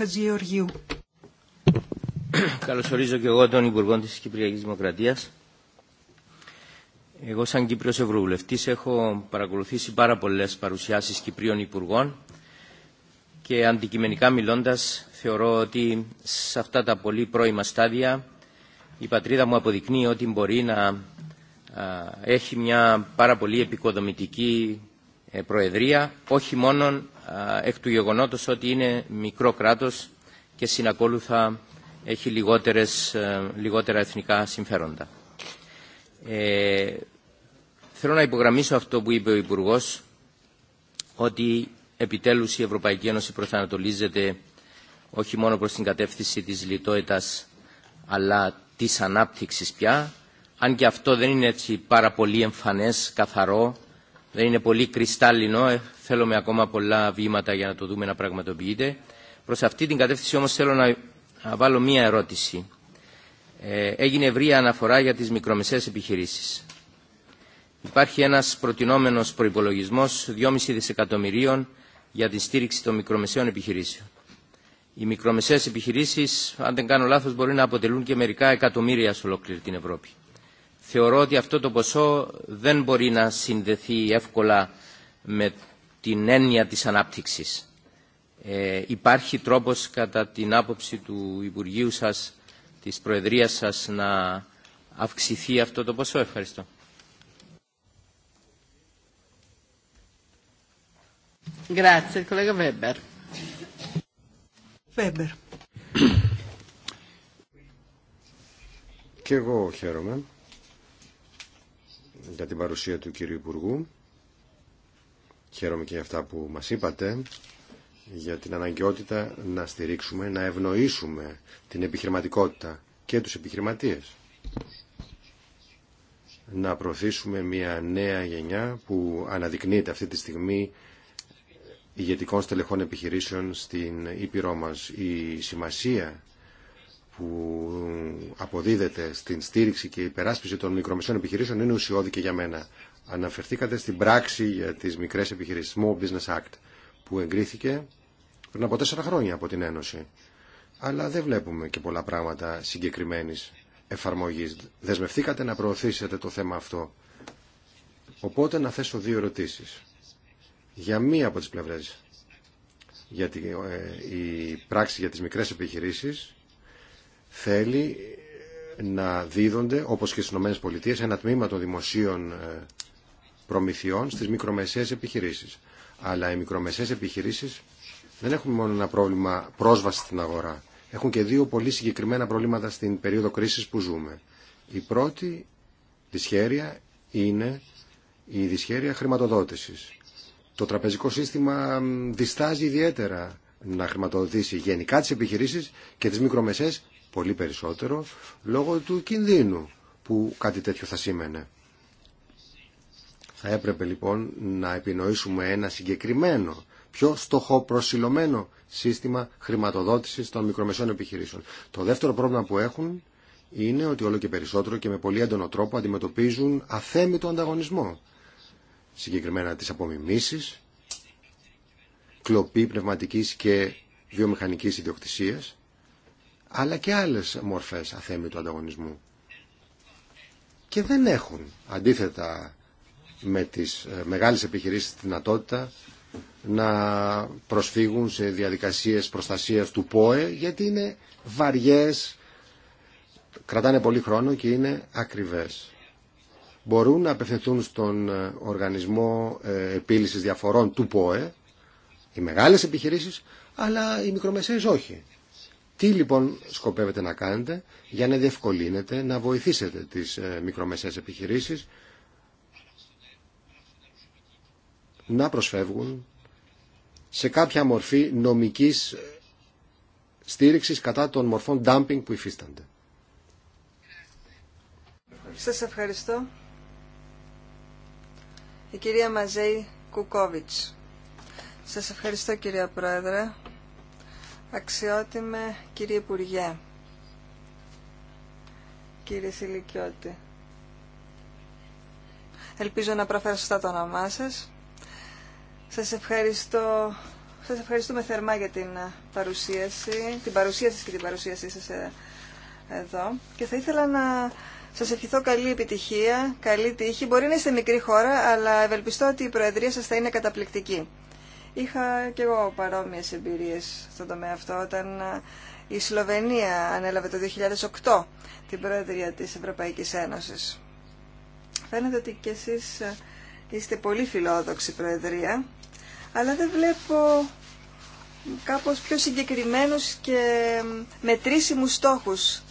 S6: Καλωσορίζω και εγώ τον Υπουργό της Κυπριακής Δημοκρατίας. Εγώ σαν Κύπριος Ευρωβουλευτής έχω παρακολουθήσει πάρα πολλές παρουσιάσεις Κυπρίων Υπουργών και αντικειμενικά μιλώντας θεωρώ ότι σε αυτά τα πολύ πρώιμα στάδια η πατρίδα μου αποδεικνύει ότι μπορεί να έχει μια πάρα πολύ επικοδομητική ε, προεδρία όχι μόνο εκ του γεγονότος ότι είναι μικρό κράτος και συνακόλουθα έχει λιγότερες, ε, λιγότερα εθνικά συμφέροντα. Ε, θέλω να υπογραμμίσω αυτό που είπε ο υπουργό ότι επιτέλους η Ευρωπαϊκή Ένωση προσανατολίζεται όχι μόνο προς την κατεύθυνση της λιτότητας αλλά της ανάπτυξης πια αν και αυτό δεν είναι έτσι πάρα πολύ εμφανές, καθαρό δεν είναι πολύ κρυστάλλινο ε, θέλουμε ακόμα πολλά βήματα για να το δούμε να πραγματοποιείται προς αυτή την κατεύθυνση όμως θέλω να βάλω μία ερώτηση ε, έγινε ευρία αναφορά για τις μικρομεσαίες επιχειρήσεις υπάρχει ένας προτινόμενος προϋπολογισμός 2,5 δισεκατομμυρίων για τη στήριξη των μικρομεσαίων επιχειρήσεων. Οι μικρομεσαίες επιχειρήσεις, αν δεν κάνω λάθος, μπορεί να αποτελούν και μερικά εκατομμύρια σε ολόκληρη την Ευρώπη. Θεωρώ ότι αυτό το ποσό δεν μπορεί να συνδεθεί εύκολα με την έννοια της ανάπτυξης. Ε, υπάρχει τρόπος κατά την άποψη του Υπουργείου σας, της Προεδρίας σας, να αυξηθεί αυτό το ποσό. Ευχαριστώ.
S1: Grazie, collega Weber.
S3: Και εγώ χαίρομαι για την παρουσία του κύριου Υπουργού. Χαίρομαι και για αυτά που μας είπατε για την αναγκαιότητα να στηρίξουμε, να ευνοήσουμε την επιχειρηματικότητα και τους επιχειρηματίες. Να προωθήσουμε μια νέα γενιά που αναδεικνύεται αυτή τη στιγμή ηγετικών στελεχών επιχειρήσεων στην Ήπειρό μας. Η σημασία που αποδίδεται στην στήριξη και υπεράσπιση των μικρομεσαίων επιχειρήσεων είναι ουσιώδη και για μένα. Αναφερθήκατε στην πράξη για τις μικρές επιχειρήσεις, Small Business Act, που εγκρίθηκε πριν από τέσσερα χρόνια από την Ένωση. Αλλά δεν βλέπουμε και πολλά πράγματα συγκεκριμένης εφαρμογής. Δεσμευθήκατε να προωθήσετε το θέμα αυτό. Οπότε να θέσω δύο ερωτήσεις για μία από τις πλευρές. Γιατί ε, η πράξη για τις μικρές επιχειρήσεις θέλει να δίδονται, όπως και στις ΗΠΑ, ένα τμήμα των δημοσίων ε, προμηθειών στις μικρομεσαίες επιχειρήσεις. Αλλά οι μικρομεσαίες επιχειρήσεις δεν έχουν μόνο ένα πρόβλημα πρόσβαση στην αγορά. Έχουν και δύο πολύ συγκεκριμένα προβλήματα στην περίοδο κρίσης που ζούμε. Η πρώτη δυσχέρεια είναι η δυσχέρεια χρηματοδότησης το τραπεζικό σύστημα διστάζει ιδιαίτερα να χρηματοδοτήσει γενικά τις επιχειρήσεις και τις μικρομεσές πολύ περισσότερο λόγω του κινδύνου που κάτι τέτοιο θα σήμαινε. Θα έπρεπε λοιπόν να επινοήσουμε ένα συγκεκριμένο, πιο στοχοπροσιλωμένο σύστημα χρηματοδότησης των μικρομεσαίων επιχειρήσεων. Το δεύτερο πρόβλημα που έχουν είναι ότι όλο και περισσότερο και με πολύ έντονο τρόπο αντιμετωπίζουν αθέμητο ανταγωνισμό συγκεκριμένα τις απομιμήσεις, κλοπή πνευματικής και βιομηχανικής ιδιοκτησίας, αλλά και άλλες μορφές του ανταγωνισμού. Και δεν έχουν, αντίθετα με τις ε, μεγάλες επιχειρήσεις, τη δυνατότητα να προσφύγουν σε διαδικασίες προστασίας του ΠΟΕ, γιατί είναι βαριές, κρατάνε πολύ χρόνο και είναι ακριβές μπορούν να απευθυνθούν στον ε, οργανισμό ε, επίλυσης διαφορών του ΠΟΕ, οι μεγάλες επιχειρήσεις, αλλά οι μικρομεσαίες όχι. Τι λοιπόν σκοπεύετε να κάνετε για να διευκολύνετε, να βοηθήσετε τις ε, μικρομεσαίες επιχειρήσεις να προσφεύγουν σε κάποια μορφή νομικής στήριξης κατά των μορφών dumping που υφίστανται.
S4: Σας ευχαριστώ η κυρία Μαζέη Κουκόβιτς. Σας ευχαριστώ κυρία Πρόεδρε. Αξιότιμε κύριε Υπουργέ. Κύριε Σιλικιώτη. Ελπίζω να προφέρω σωστά το όνομά σας. Σας ευχαριστώ σας ευχαριστούμε θερμά για την ε, παρουσίαση, την παρουσία σας και την παρουσίασή σας ε, εδώ. Και θα ήθελα να σας ευχηθώ καλή επιτυχία, καλή τύχη. Μπορεί να είστε μικρή χώρα, αλλά ευελπιστώ ότι η Προεδρία σας θα είναι καταπληκτική. Είχα και εγώ παρόμοιες εμπειρίες στον τομέα αυτό, όταν η Σλοβενία ανέλαβε το 2008 την Προεδρία της Ευρωπαϊκής Ένωσης. Φαίνεται ότι κι εσείς είστε πολύ φιλόδοξη Προεδρία, αλλά δεν βλέπω κάπως πιο συγκεκριμένους και μετρήσιμους στόχους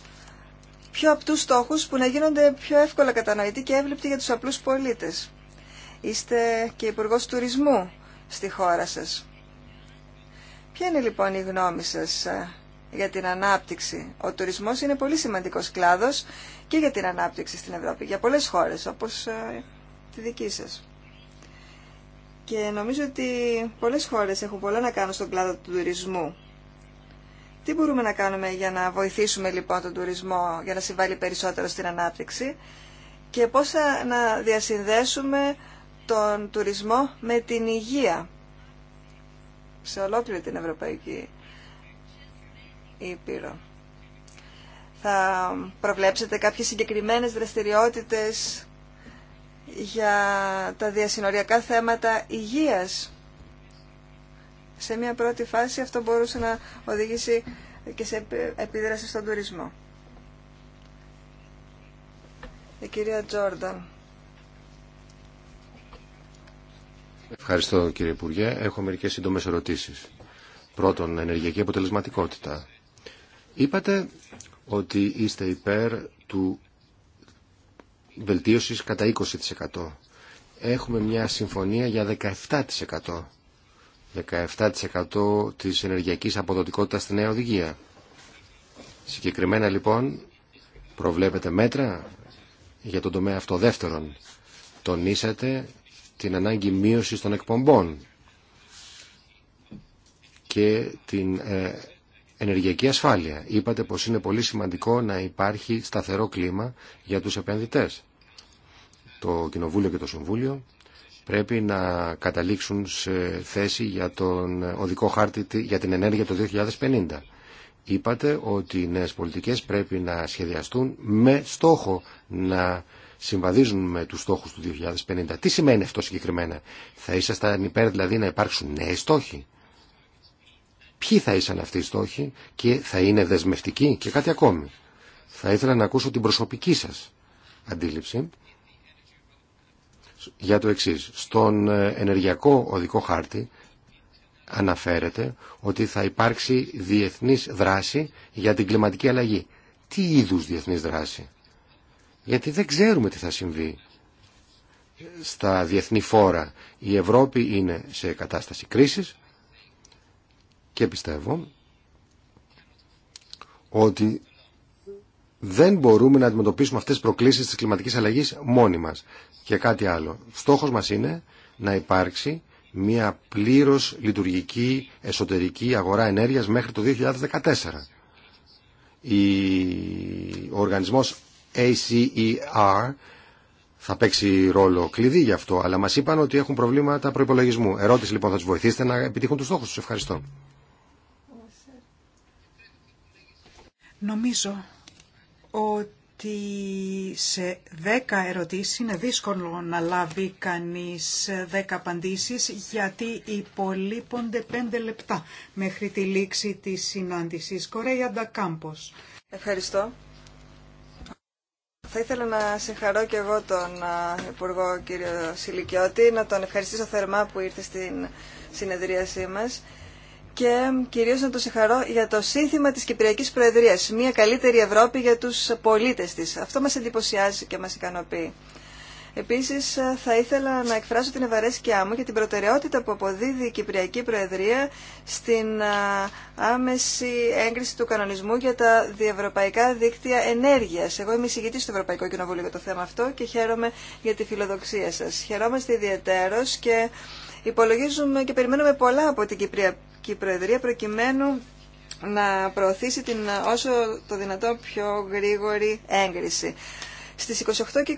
S4: πιο απτούς στόχους που να γίνονται πιο εύκολα κατανοητοί και εύληπτοι για τους απλούς πολίτες. Είστε και υπουργό τουρισμού στη χώρα σας. Ποια είναι λοιπόν η γνώμη σας ε, για την ανάπτυξη. Ο τουρισμός είναι πολύ σημαντικός κλάδος και για την ανάπτυξη στην Ευρώπη, για πολλές χώρες όπως ε, τη δική σας. Και νομίζω ότι πολλές χώρες έχουν πολλά να κάνουν στον κλάδο του τουρισμού. Τι μπορούμε να κάνουμε για να βοηθήσουμε λοιπόν τον τουρισμό για να συμβάλλει περισσότερο στην ανάπτυξη και πώς να διασυνδέσουμε τον τουρισμό με την υγεία σε ολόκληρη την Ευρωπαϊκή Ήπειρο. Θα προβλέψετε κάποιες συγκεκριμένες δραστηριότητες για τα διασυνοριακά θέματα υγείας σε μια πρώτη φάση αυτό μπορούσε να οδηγήσει και σε επίδραση στον τουρισμό. Η κυρία Τζόρνταν.
S3: Ευχαριστώ κύριε Υπουργέ. Έχω μερικές σύντομες ερωτήσεις. Πρώτον, ενεργειακή αποτελεσματικότητα. Είπατε ότι είστε υπέρ του βελτίωσης κατά 20%. Έχουμε μια συμφωνία για 17%. 17% της ενεργειακής αποδοτικότητας στη νέα οδηγία. Συγκεκριμένα λοιπόν προβλέπετε μέτρα για τον τομέα αυτό. Δεύτερον, τονίσατε την ανάγκη μείωσης των εκπομπών και την ε, ενεργειακή ασφάλεια. Είπατε πως είναι πολύ σημαντικό να υπάρχει σταθερό κλίμα για τους επενδυτές. Το Κοινοβούλιο και το Συμβούλιο πρέπει να καταλήξουν σε θέση για τον οδικό χάρτη για την ενέργεια το 2050. Είπατε ότι οι νέες πολιτικές πρέπει να σχεδιαστούν με στόχο να συμβαδίζουν με τους στόχους του 2050. Τι σημαίνει αυτό συγκεκριμένα. Θα ήσασταν υπέρ δηλαδή να υπάρξουν νέοι στόχοι. Ποιοι θα ήσαν αυτοί οι στόχοι και θα είναι δεσμευτικοί και κάτι ακόμη. Θα ήθελα να ακούσω την προσωπική σας αντίληψη για το εξής. Στον ε, ενεργειακό οδικό χάρτη αναφέρεται ότι θα υπάρξει διεθνής δράση για την κλιματική αλλαγή. Τι είδους διεθνής δράση. Γιατί δεν ξέρουμε τι θα συμβεί στα διεθνή φόρα. Η Ευρώπη είναι σε κατάσταση κρίσης και πιστεύω ότι δεν μπορούμε να αντιμετωπίσουμε αυτές τις προκλήσεις της κλιματικής αλλαγής μόνοι μας. Και κάτι άλλο. Στόχος μας είναι να υπάρξει μια πλήρως λειτουργική εσωτερική αγορά ενέργειας μέχρι το 2014. Ο οργανισμός ACER θα παίξει ρόλο κλειδί γι' αυτό, αλλά μας είπαν ότι έχουν προβλήματα προϋπολογισμού. Ερώτηση λοιπόν θα τους βοηθήσετε να επιτύχουν τους στόχους τους. Ευχαριστώ.
S2: Νομίζω ότι σε δέκα ερωτήσεις είναι δύσκολο να λάβει κανείς δέκα απαντήσεις γιατί υπολείπονται πέντε λεπτά μέχρι τη λήξη της συνάντησης. Κορέια Ντακάμπος. Ευχαριστώ. Θα ήθελα να συγχαρώ
S4: και εγώ τον Υπουργό κύριο Σιλικιώτη, να τον ευχαριστήσω θερμά που ήρθε στην συνεδρίασή μας και κυρίως να το συγχαρώ για το σύνθημα της Κυπριακής Προεδρίας, μια καλύτερη Ευρώπη για τους πολίτες της. Αυτό μας εντυπωσιάζει και μας ικανοποιεί. Επίσης θα ήθελα να εκφράσω την ευαρέσκειά μου για την προτεραιότητα που αποδίδει η Κυπριακή Προεδρία στην άμεση έγκριση του κανονισμού για τα διευρωπαϊκά δίκτυα ενέργειας. Εγώ είμαι εισηγητή στο Ευρωπαϊκό Κοινοβούλιο για το θέμα αυτό και χαίρομαι για τη φιλοδοξία σας. Χαιρόμαστε ιδιαίτερος και υπολογίζουμε και περιμένουμε πολλά από την η Προεδρία προκειμένου να προωθήσει την όσο το δυνατόν πιο γρήγορη έγκριση. Στις 28 και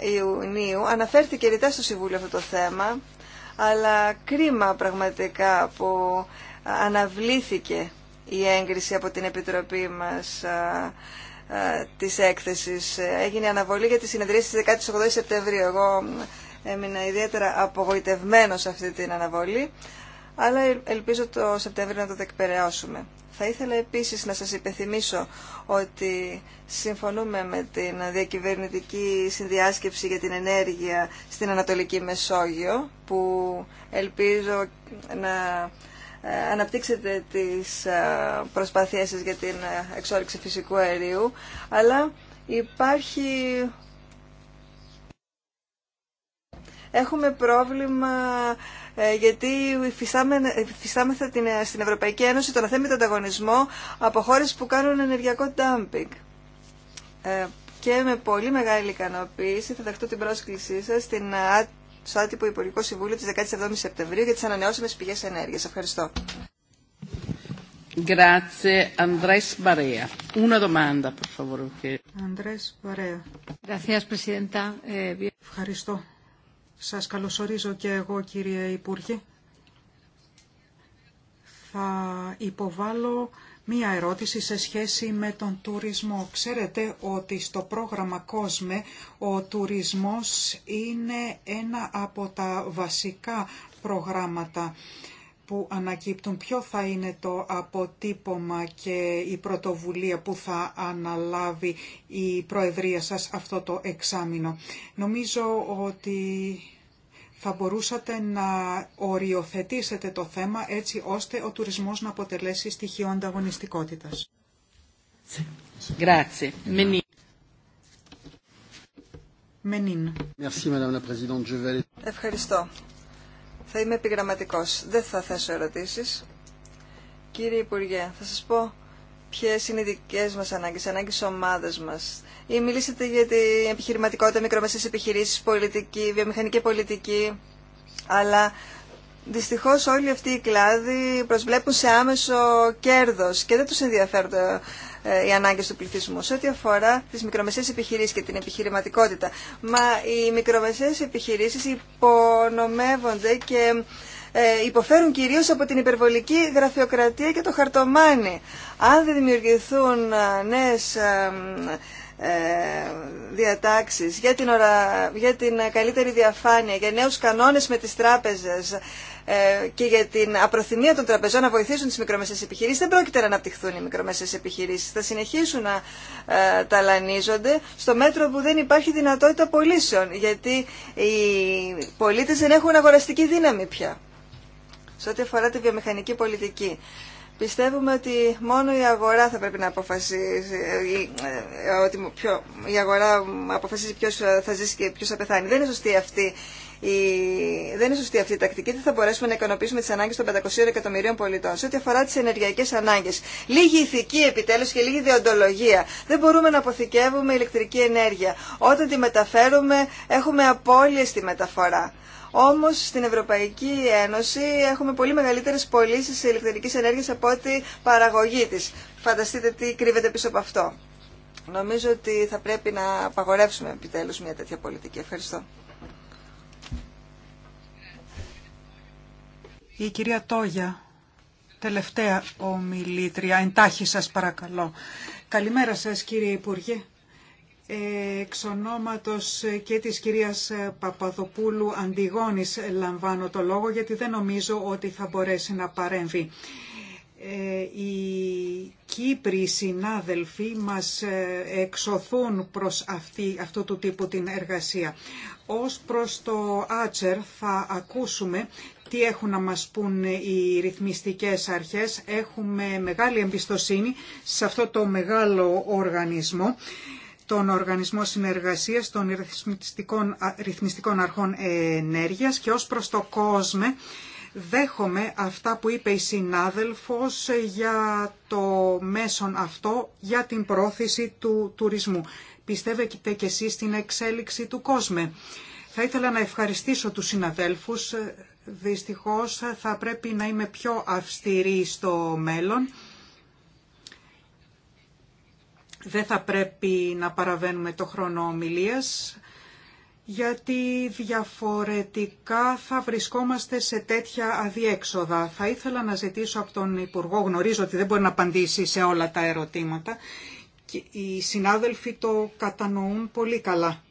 S4: 29 Ιουνίου αναφέρθηκε ρητά στο Συμβούλιο αυτό το θέμα, αλλά κρίμα πραγματικά που αναβλήθηκε η έγκριση από την Επιτροπή μας της έκθεσης. Έγινε αναβολή για τη συνεδρία στις 18 Σεπτεμβρίου. Εγώ έμεινα ιδιαίτερα απογοητευμένος αυτή την αναβολή, αλλά ελπίζω το Σεπτέμβριο να το δεκπεραιώσουμε. Θα ήθελα επίσης να σας υπενθυμίσω ότι συμφωνούμε με την διακυβερνητική συνδιάσκεψη για την ενέργεια στην Ανατολική Μεσόγειο, που ελπίζω να ε, αναπτύξετε τις ε, προσπάθειές σας για την ε, εξόρυξη φυσικού αερίου, αλλά υπάρχει έχουμε πρόβλημα ε, γιατί υφιστάμεθα ε, στην Ευρωπαϊκή Ένωση τον αθέμητο ανταγωνισμό από χώρε που κάνουν ενεργειακό dumping. Ε, και με πολύ μεγάλη ικανοποίηση θα δεχτώ την πρόσκλησή σα στην στο άτυπο Υπουργικό Συμβούλιο της 17 η Σεπτεμβρίου για τι ανανεώσιμε πηγές ενέργειας. Ευχαριστώ.
S2: Ευχαριστώ. Σας καλωσορίζω και εγώ κύριε Υπουργέ. Θα υποβάλω μία ερώτηση σε σχέση με τον τουρισμό. Ξέρετε ότι στο πρόγραμμα COSME ο τουρισμός είναι ένα από τα βασικά προγράμματα που ανακύπτουν, ποιο θα είναι το αποτύπωμα και η πρωτοβουλία που θα αναλάβει η Προεδρία σας αυτό το εξάμεινο. Νομίζω ότι θα μπορούσατε να οριοθετήσετε το θέμα έτσι ώστε ο τουρισμός να αποτελέσει στοιχείο ανταγωνιστικότητας.
S1: Ευχαριστώ. Θα είμαι
S4: επιγραμματικός. Δεν θα θέσω ερωτήσεις. Κύριε Υπουργέ, θα σας πω ποιες είναι οι δικές μας ανάγκες, ανάγκες ομάδες μας. Ή μιλήσατε για την επιχειρηματικότητα, μικρομεσαίες επιχειρήσεις, πολιτική, βιομηχανική πολιτική, αλλά δυστυχώς όλοι αυτοί οι κλάδοι προσβλέπουν σε άμεσο κέρδος και δεν τους ενδιαφέρουν ε, οι ανάγκε του πληθυσμού. Σε ό,τι αφορά τις μικρομεσαίε επιχειρήσεις και την επιχειρηματικότητα. Μα οι μικρομεσαίε επιχειρήσεις υπονομεύονται και ε, υποφέρουν κυρίως από την υπερβολική γραφειοκρατία και το χαρτομάνι. Αν δεν δημιουργηθούν ε, νέες διατάξεις για την, ωρα... για την καλύτερη διαφάνεια, για νέους κανόνες με τις τράπεζες, ε, και για την απροθυμία των τραπεζών να βοηθήσουν τι μικρομεσαίες επιχειρήσεις, δεν πρόκειται να αναπτυχθούν οι μικρομεσαίες επιχειρήσει. Θα συνεχίσουν να ε, ταλανίζονται στο μέτρο που δεν υπάρχει δυνατότητα πωλήσεων, γιατί οι πολίτε δεν έχουν αγοραστική δύναμη πια. Σε ό,τι αφορά τη βιομηχανική πολιτική. Πιστεύουμε ότι μόνο η αγορά θα πρέπει να αποφασίσει, ε, ότι η αγορά αποφασίζει ποιος θα ζήσει και ποιος θα πεθάνει. Δεν είναι σωστή αυτή δεν είναι σωστή αυτή η τακτική, δεν θα μπορέσουμε να ικανοποιήσουμε τι ανάγκε των 500 εκατομμυρίων πολιτών. Σε ό,τι αφορά τι ενεργειακέ ανάγκε, λίγη ηθική επιτέλου και λίγη διοντολογία. Δεν μπορούμε να αποθηκεύουμε ηλεκτρική ενέργεια. Όταν τη μεταφέρουμε, έχουμε απώλειε στη μεταφορά. Όμω στην Ευρωπαϊκή Ένωση έχουμε πολύ μεγαλύτερε πωλήσει ηλεκτρική ενέργεια από ό,τι παραγωγή τη. Φανταστείτε τι κρύβεται πίσω από αυτό. Νομίζω ότι θα πρέπει να απαγορεύσουμε επιτέλους μια τέτοια πολιτική. Ευχαριστώ.
S2: Η κυρία Τόγια, τελευταία ομιλήτρια, εντάχει σας παρακαλώ. Καλημέρα σας κύριε Υπουργέ. Εξ ονόματος και της κυρίας Παπαδοπούλου Αντιγόνης λαμβάνω το λόγο γιατί δεν νομίζω ότι θα μπορέσει να παρέμβει. Ε, οι Κύπροι συνάδελφοι μας ε, εξωθούν προς αυτή, αυτού του τύπου την εργασία. Ως προς το Άτσερ θα ακούσουμε τι έχουν να μας πούν οι ρυθμιστικές αρχές. Έχουμε μεγάλη εμπιστοσύνη σε αυτό το μεγάλο οργανισμό, τον Οργανισμό Συνεργασίας των Ρυθμιστικών, Ρυθμιστικών Αρχών Ενέργειας και ως προς το κόσμο δέχομαι αυτά που είπε η συνάδελφος για το μέσον αυτό, για την πρόθεση του τουρισμού. Πιστεύετε και εσείς στην εξέλιξη του κόσμου. Θα ήθελα να ευχαριστήσω τους συναδέλφους Δυστυχώς θα πρέπει να είμαι πιο αυστηρή στο μέλλον. Δεν θα πρέπει να παραβαίνουμε το χρόνο ομιλίας, γιατί διαφορετικά θα βρισκόμαστε σε τέτοια αδιέξοδα. Θα ήθελα να ζητήσω από τον Υπουργό, γνωρίζω ότι δεν μπορεί να απαντήσει σε όλα τα ερωτήματα, και οι συνάδελφοι το κατανοούν πολύ καλά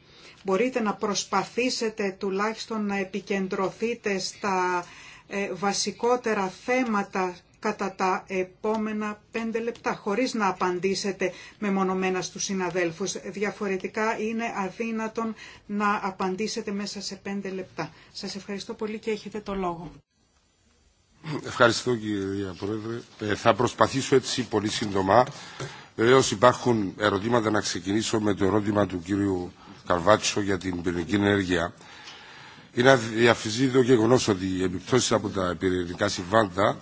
S2: μπορείτε να προσπαθήσετε τουλάχιστον να επικεντρωθείτε στα ε, βασικότερα θέματα κατά τα επόμενα πέντε λεπτά, χωρίς να απαντήσετε μεμονωμένα στους συναδέλφους. Διαφορετικά είναι αδύνατον να απαντήσετε μέσα σε πέντε λεπτά. Σας ευχαριστώ πολύ και έχετε το λόγο.
S7: Ευχαριστώ κυρία Πρόεδρε. Ε, θα προσπαθήσω έτσι πολύ σύντομα. Βεβαίω υπάρχουν ερωτήματα να ξεκινήσω με το ερώτημα του κύριου Καρβάτσο για την πυρηνική ενέργεια. Είναι το γεγονό ότι οι επιπτώσει από τα πυρηνικά συμβάντα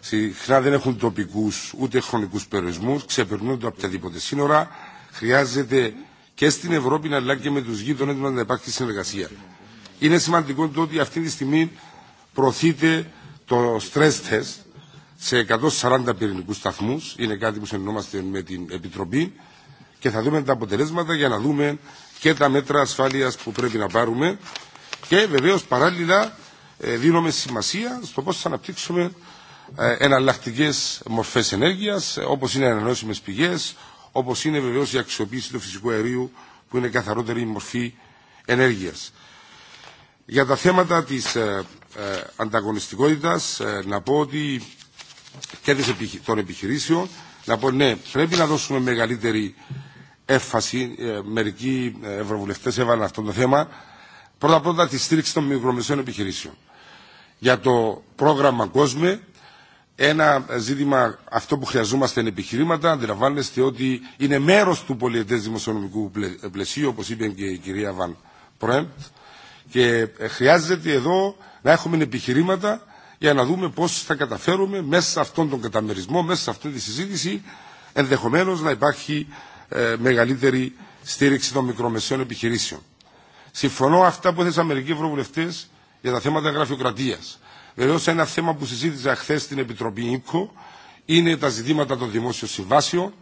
S7: συχνά δεν έχουν τοπικού ούτε χρονικού περιορισμού, ξεπερνούν από οποιαδήποτε σύνορα. Χρειάζεται και στην Ευρώπη να αλλά και με του γείτονε μα να υπάρχει συνεργασία. Είναι σημαντικό το ότι αυτή τη στιγμή προωθείται το stress test σε 140 πυρηνικού σταθμού. Είναι κάτι που συνεννόμαστε με την Επιτροπή και θα δούμε τα αποτελέσματα για να δούμε και τα μέτρα ασφάλειας που πρέπει να πάρουμε και βεβαίως παράλληλα ε, δίνουμε σημασία στο πώς θα αναπτύξουμε ε, εναλλακτικέ μορφές ενέργειας ε, όπως είναι ανανεώσιμες πηγές, όπως είναι βεβαίως η αξιοποίηση του φυσικού αερίου που είναι καθαρότερη μορφή ενέργειας. Για τα θέματα της ανταγωνιστικότητας να πω ότι και των επιχειρήσεων να πω ναι πρέπει να δώσουμε μεγαλύτερη έφαση, ε, μερικοί ε, ευρωβουλευτέ έβαλαν αυτό το θέμα, πρώτα-πρώτα τη στήριξη των μικρομεσαίων επιχειρήσεων. Για το πρόγραμμα COSME, ένα ζήτημα αυτό που χρειαζόμαστε είναι επιχειρήματα. Αντιλαμβάνεστε ότι είναι μέρο του πολιετέ δημοσιονομικού πλαισίου, όπω είπε και η κυρία Βαν Πρόεμπτ, και ε, χρειάζεται εδώ να έχουμε επιχειρήματα για να δούμε πώ θα καταφέρουμε μέσα σε αυτόν τον καταμερισμό, μέσα σε αυτή τη συζήτηση, ενδεχομένω να υπάρχει ε, μεγαλύτερη στήριξη των μικρομεσαίων επιχειρήσεων. Συμφωνώ αυτά που έθεσαν μερικοί ευρωβουλευτέ για τα θέματα γραφειοκρατία. Βεβαίω, ένα θέμα που συζήτησα χθε στην Επιτροπή ΙΚΟ είναι τα ζητήματα των δημόσιων συμβάσεων,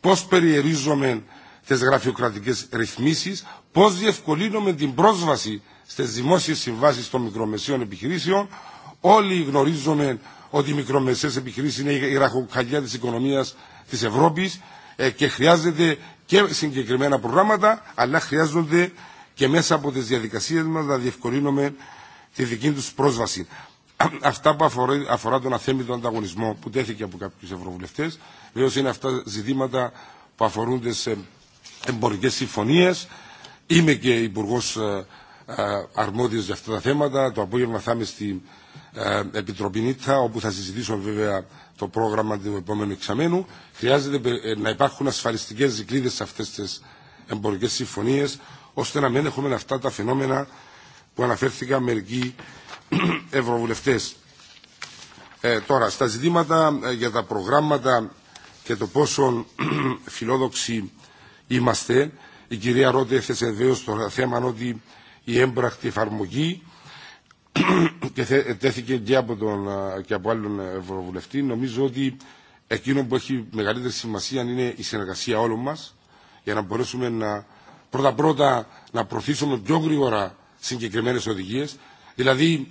S7: πώ περιερίζομαι τι γραφειοκρατικέ ρυθμίσει, πώ διευκολύνουμε την πρόσβαση στι δημόσιε συμβάσει των μικρομεσαίων επιχειρήσεων. Όλοι γνωρίζουμε ότι οι μικρομεσαίε επιχειρήσει είναι η ραχοκαλιά τη οικονομία τη Ευρώπη ε, και χρειάζεται και συγκεκριμένα προγράμματα, αλλά χρειάζονται και μέσα από τις διαδικασίες μας να διευκολύνουμε τη δική τους πρόσβαση. Αυτά που αφορά τον αθέμητο ανταγωνισμό που τέθηκε από κάποιους ευρωβουλευτές, βέβαια είναι αυτά ζητήματα που αφορούν τις εμπορικές συμφωνίες. Είμαι και υπουργό ε, ε, αρμόδιος για αυτά τα θέματα. Το απόγευμα θα είμαι στην Επιτροπή ΝΙΤΑ, όπου θα συζητήσω βέβαια το πρόγραμμα του επόμενου εξαμένου. Χρειάζεται ε, να υπάρχουν ασφαλιστικές δικλείδες σε αυτές τις εμπορικές συμφωνίες, ώστε να μην έχουμε αυτά τα φαινόμενα που αναφέρθηκαν μερικοί ευρωβουλευτές. Ε, τώρα, στα ζητήματα ε, για τα προγράμματα και το πόσο φιλόδοξοι είμαστε, η κυρία Ρώτη έθεσε βέβαιο στο θέμα ότι η έμπρακτη εφαρμογή και τέθηκε και από, τον, και από άλλον Ευρωβουλευτή, νομίζω ότι εκείνο που έχει μεγαλύτερη σημασία είναι η συνεργασία όλων μας για να μπορέσουμε να πρώτα-πρώτα να προωθήσουμε πιο γρήγορα συγκεκριμένες οδηγίες. Δηλαδή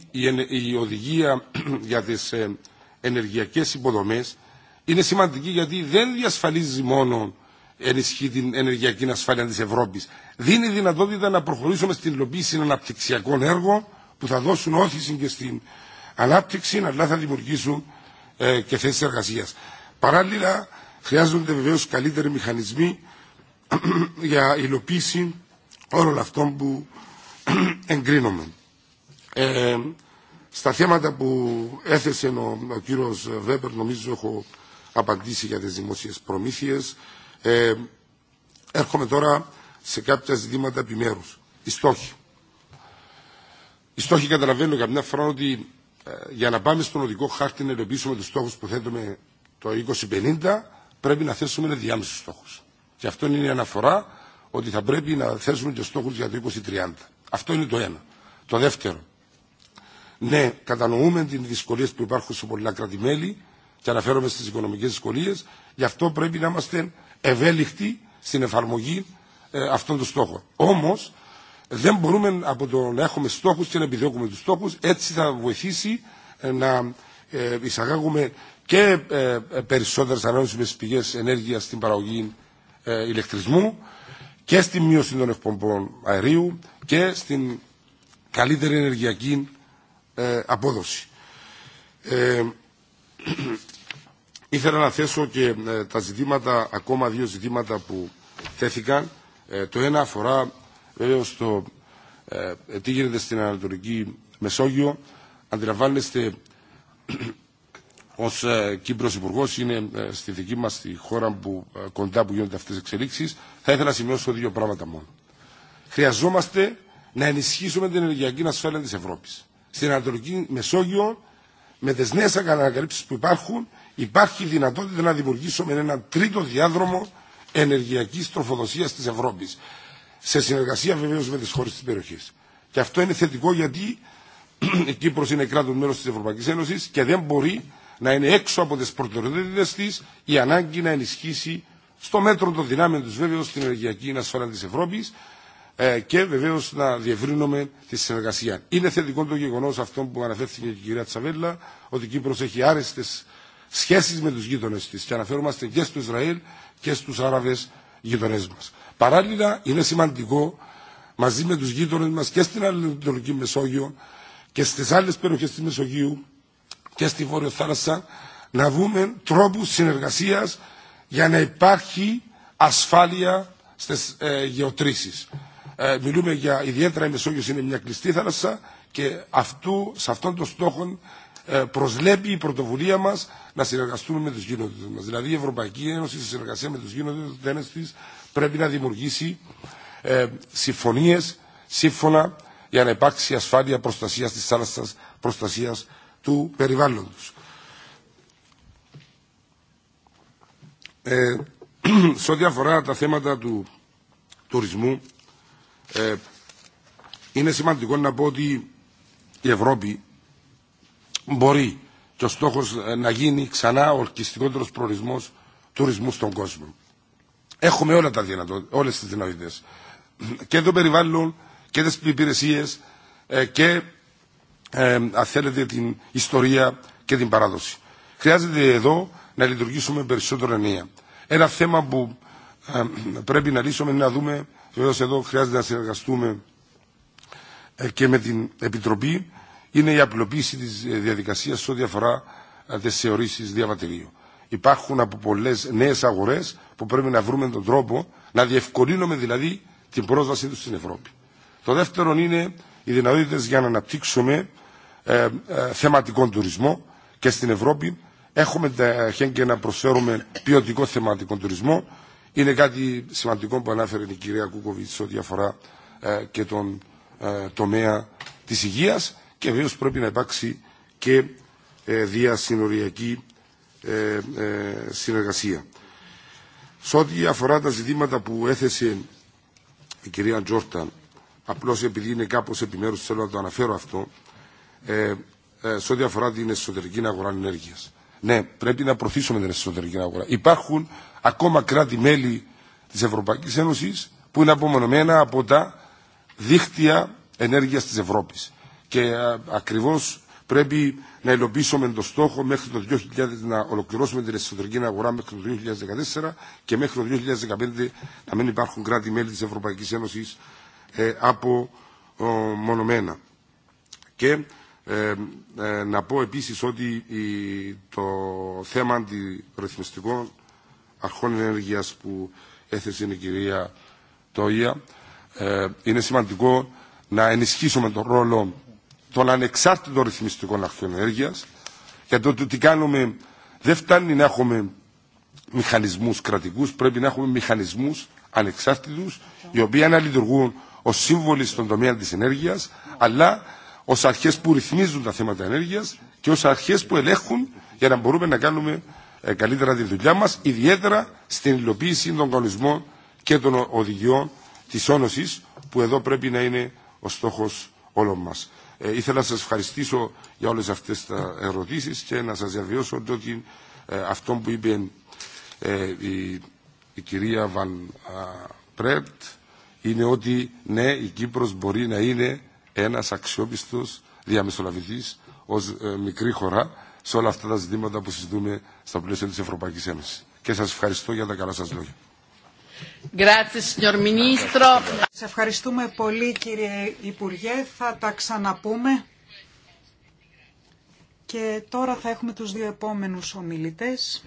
S7: η οδηγία για τις ε, ενεργειακές υποδομές είναι σημαντική γιατί δεν διασφαλίζει μόνο ενισχύει την ενεργειακή ασφάλεια της Ευρώπης. Δίνει δυνατότητα να προχωρήσουμε στην υλοποίηση αναπτυξιακών έργων που θα δώσουν όθηση και στην ανάπτυξη, αλλά θα δημιουργήσουν ε, και θέσει εργασία. Παράλληλα, χρειάζονται βεβαίω καλύτεροι μηχανισμοί για υλοποίηση όλων αυτών που εγκρίνομαι. Ε, στα θέματα που έθεσε ο, ο κύριος Βέμπερ νομίζω έχω απαντήσει για τις δημόσιες προμήθειες. Ε, έρχομαι τώρα σε κάποια ζητήματα επιμέρους. Οι στόχοι καταλαβαίνουν καμιά φορά ότι ε, για να πάμε στον οδικό χάρτη να υλοποιήσουμε του στόχου που θέτουμε το 2050, πρέπει να θέσουμε διάμεσου στόχου. Και αυτό είναι η αναφορά ότι θα πρέπει να θέσουμε και στόχου για το 2030. Αυτό είναι το ένα. Το δεύτερο. Ναι, κατανοούμε τι δυσκολίε που υπάρχουν σε πολλά κράτη-μέλη και αναφέρομαι στι οικονομικέ δυσκολίε. Γι' αυτό πρέπει να είμαστε ευέλικτοι στην εφαρμογή ε, αυτών των στόχων. Όμω, δεν μπορούμε από το να έχουμε στόχους και να επιδιώκουμε τους στόχους. Έτσι θα βοηθήσει ε, να ε, εισαγάγουμε και ε, περισσότερες ανανεώσιμες πηγές ενέργειας στην παραγωγή ηλεκτρισμού και στη μείωση των εκπομπών αερίου και στην καλύτερη ενεργειακή απόδοση. Ε, ήθελα να θέσω και τα ζητήματα, ακόμα δύο ζητήματα που θέθηκαν. το ένα αφορά Βέβαια, στο ε, τι γίνεται στην Ανατολική Μεσόγειο, αντιλαμβάνεστε ω ε, Κύπρο Υπουργό, είναι ε, στη δική μας τη χώρα που, ε, κοντά που γίνονται αυτές τι εξελίξεις, Θα ήθελα να σημειώσω δύο πράγματα μόνο. Χρειαζόμαστε να ενισχύσουμε την ενεργειακή ασφάλεια της Ευρώπης. Στην Ανατολική Μεσόγειο, με τι νέε ανακαλύψεις που υπάρχουν, υπάρχει δυνατότητα να δημιουργήσουμε έναν τρίτο διάδρομο ενεργειακής τροφοδοσίας τη Ευρώπη σε συνεργασία βεβαίω με τι χώρε τη περιοχή. Και αυτό είναι θετικό γιατί η Κύπρος είναι κράτο μέλο τη Ευρωπαϊκή Ένωση και δεν μπορεί να είναι έξω από τι προτεραιότητε τη η ανάγκη να ενισχύσει στο μέτρο των δυνάμεων του βέβαια την ενεργειακή ασφάλεια τη Ευρώπη ε, και βεβαίω να διευρύνουμε τη συνεργασία. Είναι θετικό το γεγονό αυτό που αναφέρθηκε και η κυρία Τσαβέλλα ότι η Κύπρος έχει άρεστε σχέσει με του γείτονε τη και αναφέρομαστε και στο Ισραήλ και στου Άραβε γειτονέ μα. Παράλληλα, είναι σημαντικό μαζί με του γείτονε μα και στην Ανατολική Μεσόγειο και στι άλλε περιοχέ τη Μεσογείου και στη Βόρεια Θάλασσα να δούμε τρόπου συνεργασία για να υπάρχει ασφάλεια στι ε, γεωτρήσει. Ε, μιλούμε για ιδιαίτερα η Μεσόγειο είναι μια κλειστή θάλασσα και αυτού, σε αυτόν τον στόχο ε, προσλέπει η πρωτοβουλία μα να συνεργαστούμε με του γείτονε μα. Δηλαδή η Ευρωπαϊκή Ένωση στη συνεργασία με του γείτονε τη πρέπει να δημιουργήσει ε, συμφωνίε, σύμφωνα για να υπάρξει ασφάλεια προστασία τη θάλασσα, προστασία του περιβάλλοντο. Ε, σε ό,τι αφορά τα θέματα του τουρισμού, ε, είναι σημαντικό να πω ότι η Ευρώπη μπορεί και ο στόχος ε, να γίνει ξανά ο ορκιστικότερος προορισμός τουρισμού στον κόσμο. Έχουμε όλα τα δυνατότητα, όλες τις δυνατότητες. Και το περιβάλλον και τις υπηρεσίε ε, και ε, αν θέλετε την ιστορία και την παράδοση. Χρειάζεται εδώ να λειτουργήσουμε περισσότερο ενία. Ένα θέμα που ε, πρέπει να λύσουμε είναι να δούμε, βεβαίω εδώ χρειάζεται να συνεργαστούμε ε, και με την Επιτροπή, είναι η απλοποίηση της διαδικασίας ό,τι αφορά τις θεωρήσεις διαβατηρίου. Υπάρχουν από πολλές νέες αγορές που πρέπει να βρούμε τον τρόπο να διευκολύνουμε δηλαδή την πρόσβασή του στην Ευρώπη. Το δεύτερο είναι οι δυνατότητε για να αναπτύξουμε ε, ε, θεματικό τουρισμό και στην Ευρώπη έχουμε τα χέρια να προσφέρουμε ποιοτικό θεματικό τουρισμό. Είναι κάτι σημαντικό που ανάφερε η κυρία Κούκοβιτ ό,τι αφορά ε, και τον τομέα τη υγεία, και βεβαίω πρέπει να υπάρξει και διασυνοριακή συνεργασία. Σε ό,τι αφορά τα ζητήματα που έθεσε η κυρία Τζόρταν, απλώ επειδή είναι κάπω επιμέρου θέλω να το αναφέρω αυτό, ε, σε ό,τι αφορά την εσωτερική αγορά ενέργεια. Ναι, πρέπει να προωθήσουμε την εσωτερική αγορά. Υπάρχουν ακόμα κράτη-μέλη τη Ευρωπαϊκή Ένωση που είναι απομονωμένα από τα δίχτυα ενέργεια τη Ευρώπη. Και ε, ακριβώ Πρέπει να υλοποιήσουμε το στόχο μέχρι το 2000 να ολοκληρώσουμε την εσωτερική αγορά μέχρι το 2014 και μέχρι το 2015 να μην υπάρχουν κράτη-μέλη της Ευρωπαϊκής Ένωσης ε, από μονομένα. Και ε, ε, να πω επίσης ότι το θέμα αντιρρυθμιστικών αρχών ενέργειας που έθεσε η κυρία Τόια ε, είναι σημαντικό να ενισχύσουμε τον ρόλο των ανεξάρτητων ρυθμιστικών αρχών ενέργεια, για το ότι κάνουμε δεν φτάνει να έχουμε μηχανισμούς κρατικούς, πρέπει να έχουμε μηχανισμούς ανεξάρτητους, οι οποίοι να λειτουργούν ω σύμβολοι στον τομέα της ενέργειας, αλλά ως αρχές που ρυθμίζουν τα θέματα ενέργειας και ως αρχές που ελέγχουν για να μπορούμε να κάνουμε ε, καλύτερα τη δουλειά μας, ιδιαίτερα στην υλοποίηση των κανονισμών και των οδηγιών της όνωσης, που εδώ πρέπει να είναι ο στόχος όλων μας. Ε, ήθελα να σας ευχαριστήσω για όλες αυτές τα ερωτήσεις και να σας διαβιώσω ότι ε, αυτό που είπε ε, η, η, κυρία Βαν Πρέπτ είναι ότι ναι, η Κύπρος μπορεί να είναι ένας αξιόπιστος διαμεσολαβητής ως ε, μικρή χώρα σε όλα αυτά τα ζητήματα που συζητούμε στα πλαίσια της Ευρωπαϊκής Ένωσης. Και σας ευχαριστώ για τα καλά σας λόγια.
S2: Σε ευχαριστούμε πολύ κύριε Υπουργέ. Θα τα ξαναπούμε. Και τώρα θα έχουμε τους δύο επόμενους ομιλητές.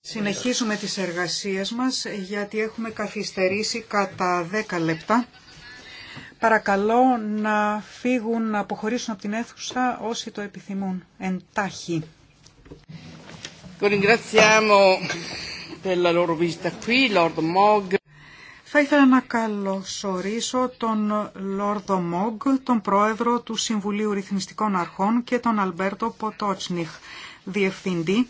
S2: Συνεχίζουμε τις εργασίες μας γιατί έχουμε καθυστερήσει κατά 10 λεπτά. Παρακαλώ να φύγουν, να αποχωρήσουν από την αίθουσα όσοι το επιθυμούν. Εντάχει ήθελα να καλωσορίσω τον Λόρδο Μόγκ, τον πρόεδρο του Συμβουλίου Ρυθμιστικών Αρχών και τον Αλμπέρτο Ποτότσνιχ, διευθυντή,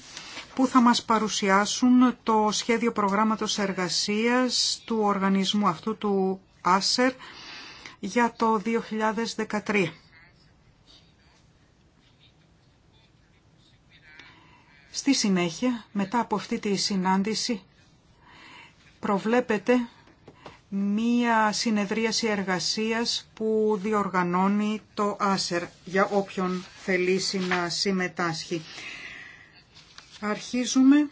S2: που θα μας παρουσιάσουν το σχέδιο προγράμματος εργασίας του οργανισμού αυτού του ΆΣΕΡ για το 2013. Στη συνέχεια, μετά από αυτή τη συνάντηση, προβλέπεται μία συνεδρίαση εργασίας που διοργανώνει το ΆΣΕΡ για όποιον θελήσει να συμμετάσχει. Αρχίζουμε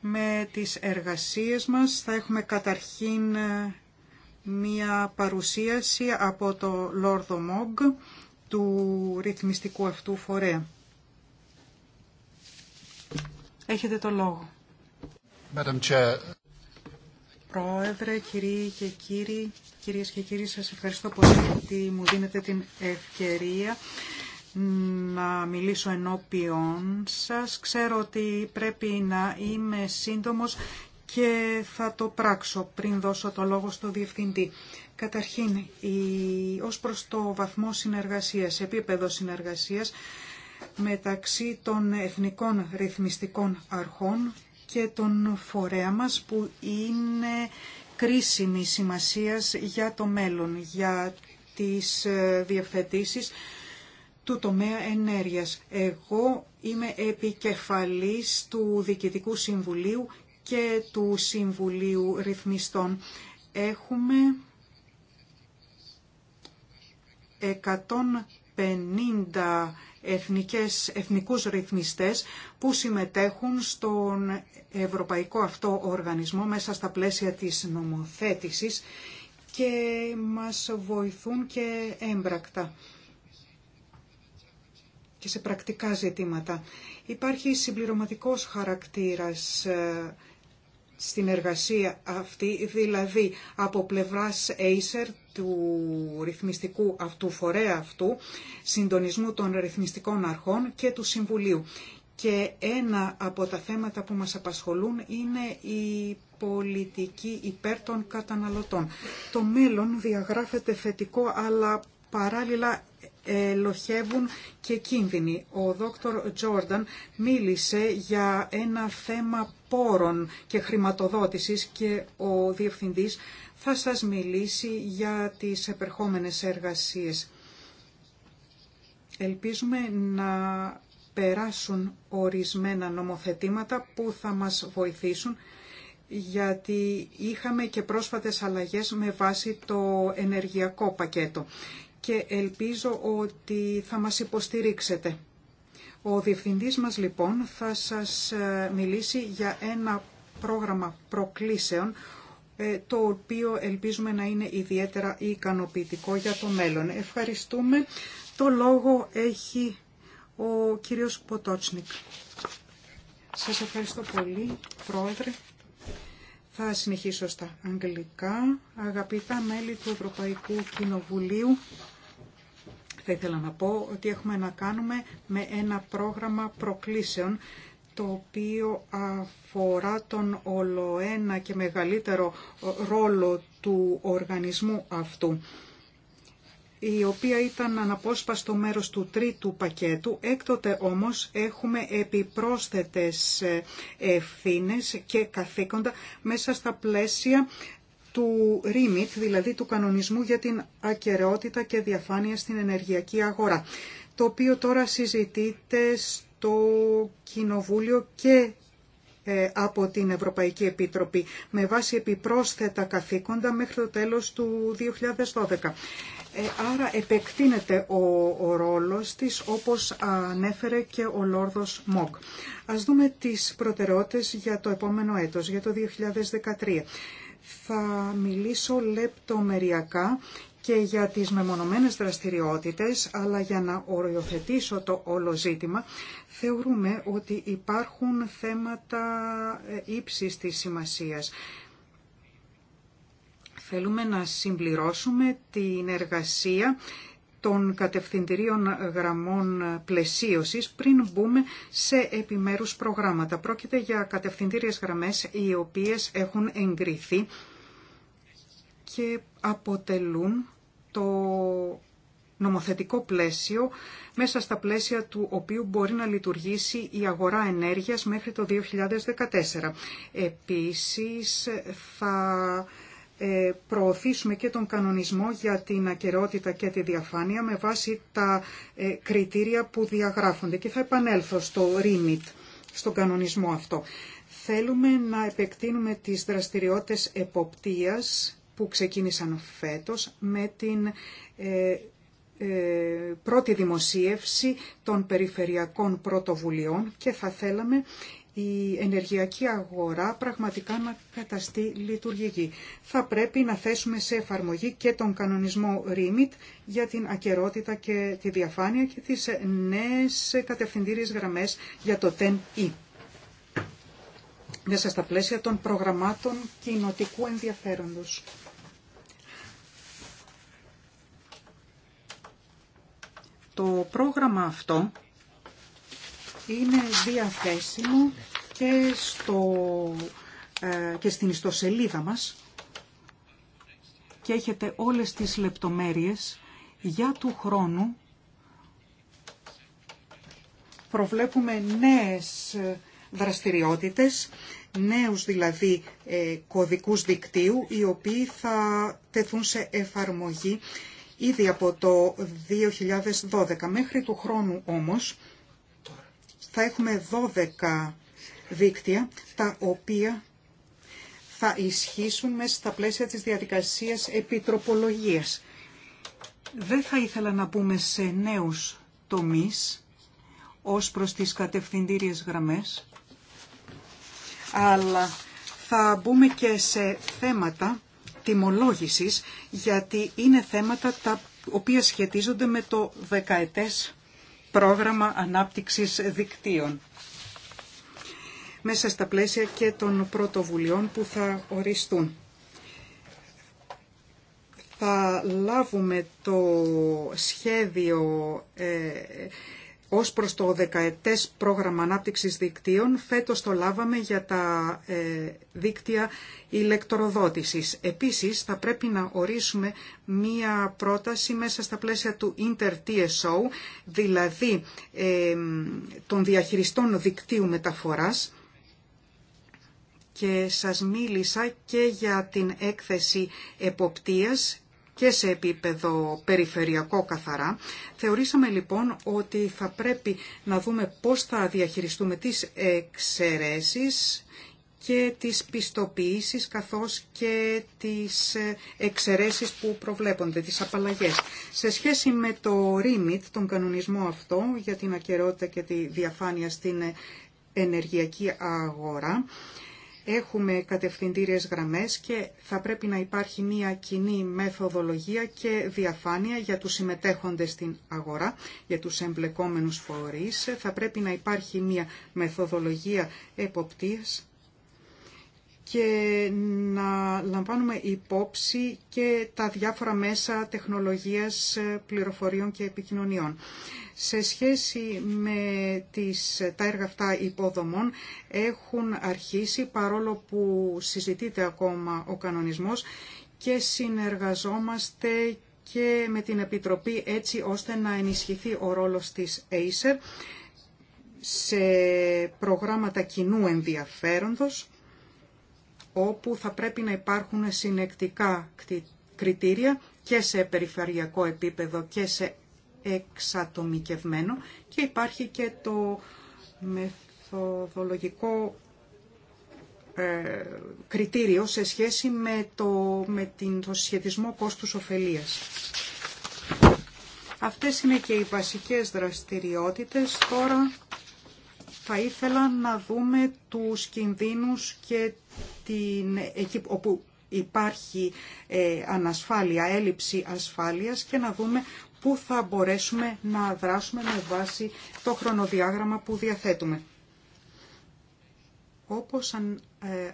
S2: με τις εργασίες μας. Θα έχουμε καταρχήν ε, μία παρουσίαση από το Λόρδο Μόγκ του ρυθμιστικού αυτού φορέα. Έχετε το λόγο.
S5: Madam Chair.
S2: Πρόεδρε, κύριε και κύριοι, κυρίες και κύριοι, σας ευχαριστώ πολύ γιατί μου δίνετε την ευκαιρία να μιλήσω ενώπιον σας. Ξέρω ότι πρέπει να είμαι σύντομος και θα το πράξω πριν δώσω το λόγο στο Διευθυντή. Καταρχήν, η, ως προς το βαθμό συνεργασίας, επίπεδο συνεργασίας μεταξύ των εθνικών ρυθμιστικών αρχών και τον φορέα μας που είναι κρίσιμη σημασίας για το μέλλον, για τις ε, διευθετήσεις του τομέα ενέργειας. Εγώ είμαι επικεφαλής του Διοικητικού Συμβουλίου και του Συμβουλίου Ρυθμιστών. Έχουμε 150 εθνικές, εθνικούς ρυθμιστές που συμμετέχουν στον ευρωπαϊκό αυτό οργανισμό μέσα στα πλαίσια της νομοθέτησης και μας βοηθούν και έμπρακτα και σε πρακτικά ζητήματα. Υπάρχει συμπληρωματικός χαρακτήρας ε, στην εργασία αυτή, δηλαδή από πλευράς Acer του ρυθμιστικού αυτού φορέα αυτού, συντονισμού των ρυθμιστικών αρχών και του Συμβουλίου. Και ένα από τα θέματα που μας απασχολούν είναι η πολιτική υπέρ των καταναλωτών. Το μέλλον διαγράφεται θετικό, αλλά παράλληλα ελοχεύουν και κίνδυνοι. Ο δόκτωρ Τζόρνταν μίλησε για ένα θέμα πόρων και χρηματοδότησης και ο Διευθυντής θα σας μιλήσει για τις επερχόμενες εργασίες. Ελπίζουμε να περάσουν ορισμένα νομοθετήματα που θα μας βοηθήσουν γιατί είχαμε και πρόσφατες αλλαγές με βάση το ενεργειακό πακέτο και ελπίζω ότι θα μας υποστηρίξετε. Ο διευθυντής μας λοιπόν θα σας ε, μιλήσει για ένα πρόγραμμα προκλήσεων ε, το οποίο ελπίζουμε να είναι ιδιαίτερα ικανοποιητικό για το μέλλον. Ευχαριστούμε. Το λόγο έχει ο κύριος Ποτότσνικ. Σας ευχαριστώ πολύ, Πρόεδρε. Θα συνεχίσω στα αγγλικά. Αγαπητά μέλη του Ευρωπαϊκού Κοινοβουλίου, θα ήθελα να πω ότι έχουμε να κάνουμε με ένα πρόγραμμα προκλήσεων το οποίο αφορά τον ολοένα και μεγαλύτερο ρόλο του οργανισμού αυτού η οποία ήταν αναπόσπαστο μέρος του τρίτου πακέτου. Έκτοτε όμως έχουμε επιπρόσθετες ευθύνες και καθήκοντα μέσα στα πλαίσια του REMIT, δηλαδή του κανονισμού για την ακαιρεότητα και διαφάνεια στην ενεργειακή αγορά, το οποίο τώρα συζητείται στο Κοινοβούλιο και ε, από την Ευρωπαϊκή Επίτροπη με βάση επιπρόσθετα καθήκοντα μέχρι το τέλος του 2012. Ε, άρα επεκτείνεται ο, ο ρόλος της όπως ανέφερε και ο Λόρδος Μοκ. Ας δούμε τις προτεραιότητες για το επόμενο έτος, για το 2013 θα μιλήσω λεπτομεριακά και για τις μεμονωμένες δραστηριότητες, αλλά για να οριοθετήσω το όλο ζήτημα, θεωρούμε ότι υπάρχουν θέματα ε, ύψης της σημασίας. Θέλουμε να συμπληρώσουμε την εργασία των κατευθυντηρίων γραμμών πλαισίωσης πριν μπούμε σε επιμέρους προγράμματα. Πρόκειται για κατευθυντήριες γραμμές οι οποίες έχουν εγκριθεί και αποτελούν το νομοθετικό πλαίσιο μέσα στα πλαίσια του οποίου μπορεί να λειτουργήσει η αγορά ενέργειας μέχρι το 2014. Επίσης θα ε, προωθήσουμε και τον κανονισμό για την ακαιρεότητα και τη διαφάνεια με βάση τα ε, κριτήρια που διαγράφονται. Και θα επανέλθω στο REMIT, στον κανονισμό αυτό. Θέλουμε να επεκτείνουμε τις δραστηριότητες εποπτείας που ξεκίνησαν φέτος με την ε, πρώτη δημοσίευση των περιφερειακών πρωτοβουλειών και θα θέλαμε η ενεργειακή αγορά πραγματικά να καταστεί λειτουργική. Θα πρέπει να θέσουμε σε εφαρμογή και τον κανονισμό REMIT για την ακαιρότητα και τη διαφάνεια και τις νέες κατευθυντήριες γραμμές για το TEN-E μέσα στα πλαίσια των προγραμμάτων κοινοτικού ενδιαφέροντος. Το πρόγραμμα αυτό είναι διαθέσιμο και, στο, ε, και στην ιστοσελίδα μας και έχετε όλες τις λεπτομέρειες για του χρόνου προβλέπουμε νέες δραστηριότητες, νέους δηλαδή ε, κωδικούς δικτύου, οι οποίοι θα τεθούν σε εφαρμογή ήδη από το 2012. Μέχρι του χρόνου όμως θα έχουμε 12 δίκτυα, τα οποία θα ισχύσουν μέσα στα πλαίσια της διαδικασίας επιτροπολογίας. Δεν θα ήθελα να μπούμε σε νέους τομείς ως προς τις κατευθυντήριες γραμμές, αλλά θα μπούμε και σε θέματα τιμολόγησης, γιατί είναι θέματα τα οποία σχετίζονται με το δεκαετές πρόγραμμα ανάπτυξης δικτύων μέσα στα πλαίσια και των πρωτοβουλειών που θα οριστούν. Θα λάβουμε το σχέδιο ε, Ω προς το δεκαετέ πρόγραμμα ανάπτυξη δικτύων, φέτος το λάβαμε για τα ε, δίκτυα ηλεκτροδότησης. Επίσης, θα πρέπει να ορίσουμε μία πρόταση μέσα στα πλαίσια του Inter-TSO, δηλαδή ε, των διαχειριστών δικτύου μεταφοράς, και σας μίλησα και για την έκθεση εποπτείας και σε επίπεδο περιφερειακό καθαρά. Θεωρήσαμε λοιπόν ότι θα πρέπει να δούμε πώς θα διαχειριστούμε τις εξαιρέσεις και τις πιστοποιήσεις καθώς και τις εξαιρέσεις που προβλέπονται, τις απαλλαγές. Σε σχέση με το REMIT, τον κανονισμό αυτό για την ακαιρότητα και τη διαφάνεια στην ενεργειακή αγορά, Έχουμε κατευθυντήριες γραμμές και θα πρέπει να υπάρχει μία κοινή μεθοδολογία και διαφάνεια για τους συμμετέχοντες στην αγορά, για τους εμπλεκόμενους φορείς. Θα πρέπει να υπάρχει μία μεθοδολογία εποπτείας και να λαμβάνουμε υπόψη και τα διάφορα μέσα τεχνολογίας πληροφοριών και επικοινωνιών σε σχέση με τις, τα έργα αυτά υποδομών έχουν αρχίσει παρόλο που συζητείται ακόμα ο κανονισμός και συνεργαζόμαστε και με την Επιτροπή έτσι ώστε να ενισχυθεί ο ρόλος της Acer σε προγράμματα κοινού ενδιαφέροντος όπου θα πρέπει να υπάρχουν συνεκτικά κριτήρια και σε περιφερειακό επίπεδο και σε εξατομικευμένο και υπάρχει και το μεθοδολογικό ε, κριτήριο σε σχέση με το, με την, το σχετισμό κόστους ωφελίας. Αυτές είναι και οι βασικές δραστηριότητες. Τώρα θα ήθελα να δούμε τους κινδύνους και την, όπου υπάρχει ε, ανασφάλεια, έλλειψη ασφάλειας και να δούμε που θα μπορέσουμε να δράσουμε με βάση το χρονοδιάγραμμα που διαθέτουμε. Όπως ε,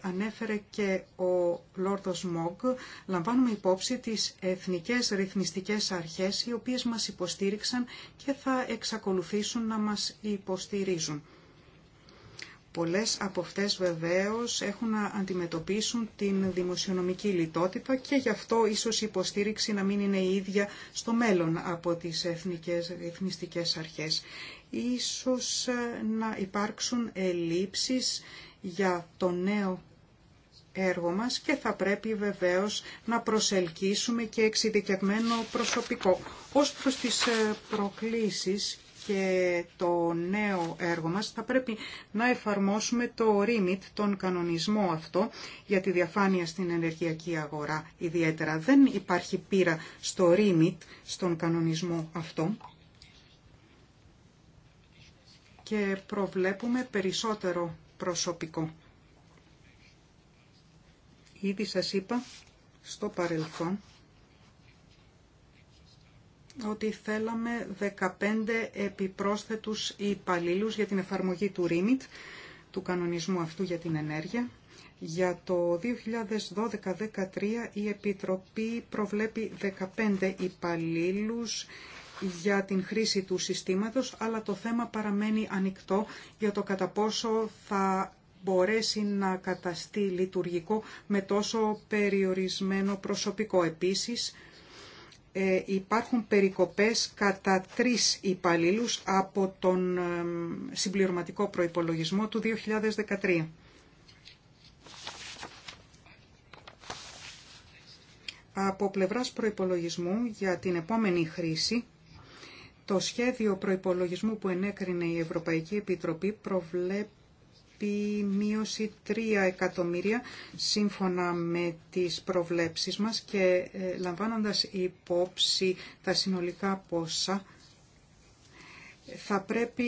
S2: ανέφερε και ο Λόρδος Μόγκ, λαμβάνουμε υπόψη τις εθνικές ρυθμιστικές αρχές οι οποίες μας υποστήριξαν και θα εξακολουθήσουν να μας υποστηρίζουν. Πολλές από αυτές βεβαίως έχουν να αντιμετωπίσουν την δημοσιονομική λιτότητα και γι' αυτό ίσως η υποστήριξη να μην είναι η ίδια στο μέλλον από τις εθνικές Εθνιστικές αρχές. Ίσως ε, να υπάρξουν ελλείψεις για το νέο έργο μας και θα πρέπει βεβαίως να προσελκύσουμε και εξειδικευμένο προσωπικό. Ως προς τις ε, προκλήσεις και το νέο έργο μας θα πρέπει να εφαρμόσουμε το REMIT, τον κανονισμό αυτό για τη διαφάνεια στην ενεργειακή αγορά ιδιαίτερα. Δεν υπάρχει πείρα στο REMIT, στον κανονισμό αυτό και προβλέπουμε περισσότερο προσωπικό. Ήδη σας είπα στο παρελθόν ότι θέλαμε 15 επιπρόσθετους υπαλλήλου για την εφαρμογή του REMIT, του κανονισμού αυτού για την ενέργεια. Για το 2012-2013 η Επιτροπή προβλέπει 15 υπαλλήλου για την χρήση του συστήματος, αλλά το θέμα παραμένει ανοιχτό για το κατά πόσο θα μπορέσει να καταστεί λειτουργικό με τόσο περιορισμένο προσωπικό. Επίσης, ε, υπάρχουν περικοπές κατά τρεις υπαλλήλου από τον συμπληρωματικό προϋπολογισμό του 2013. Από πλευράς προϋπολογισμού για την επόμενη χρήση, το σχέδιο προϋπολογισμού που ενέκρινε η Ευρωπαϊκή Επιτροπή προβλέπει πει μείωση 3 εκατομμύρια σύμφωνα με τις προβλέψεις μας και ε, λαμβάνοντας υπόψη τα συνολικά πόσα θα πρέπει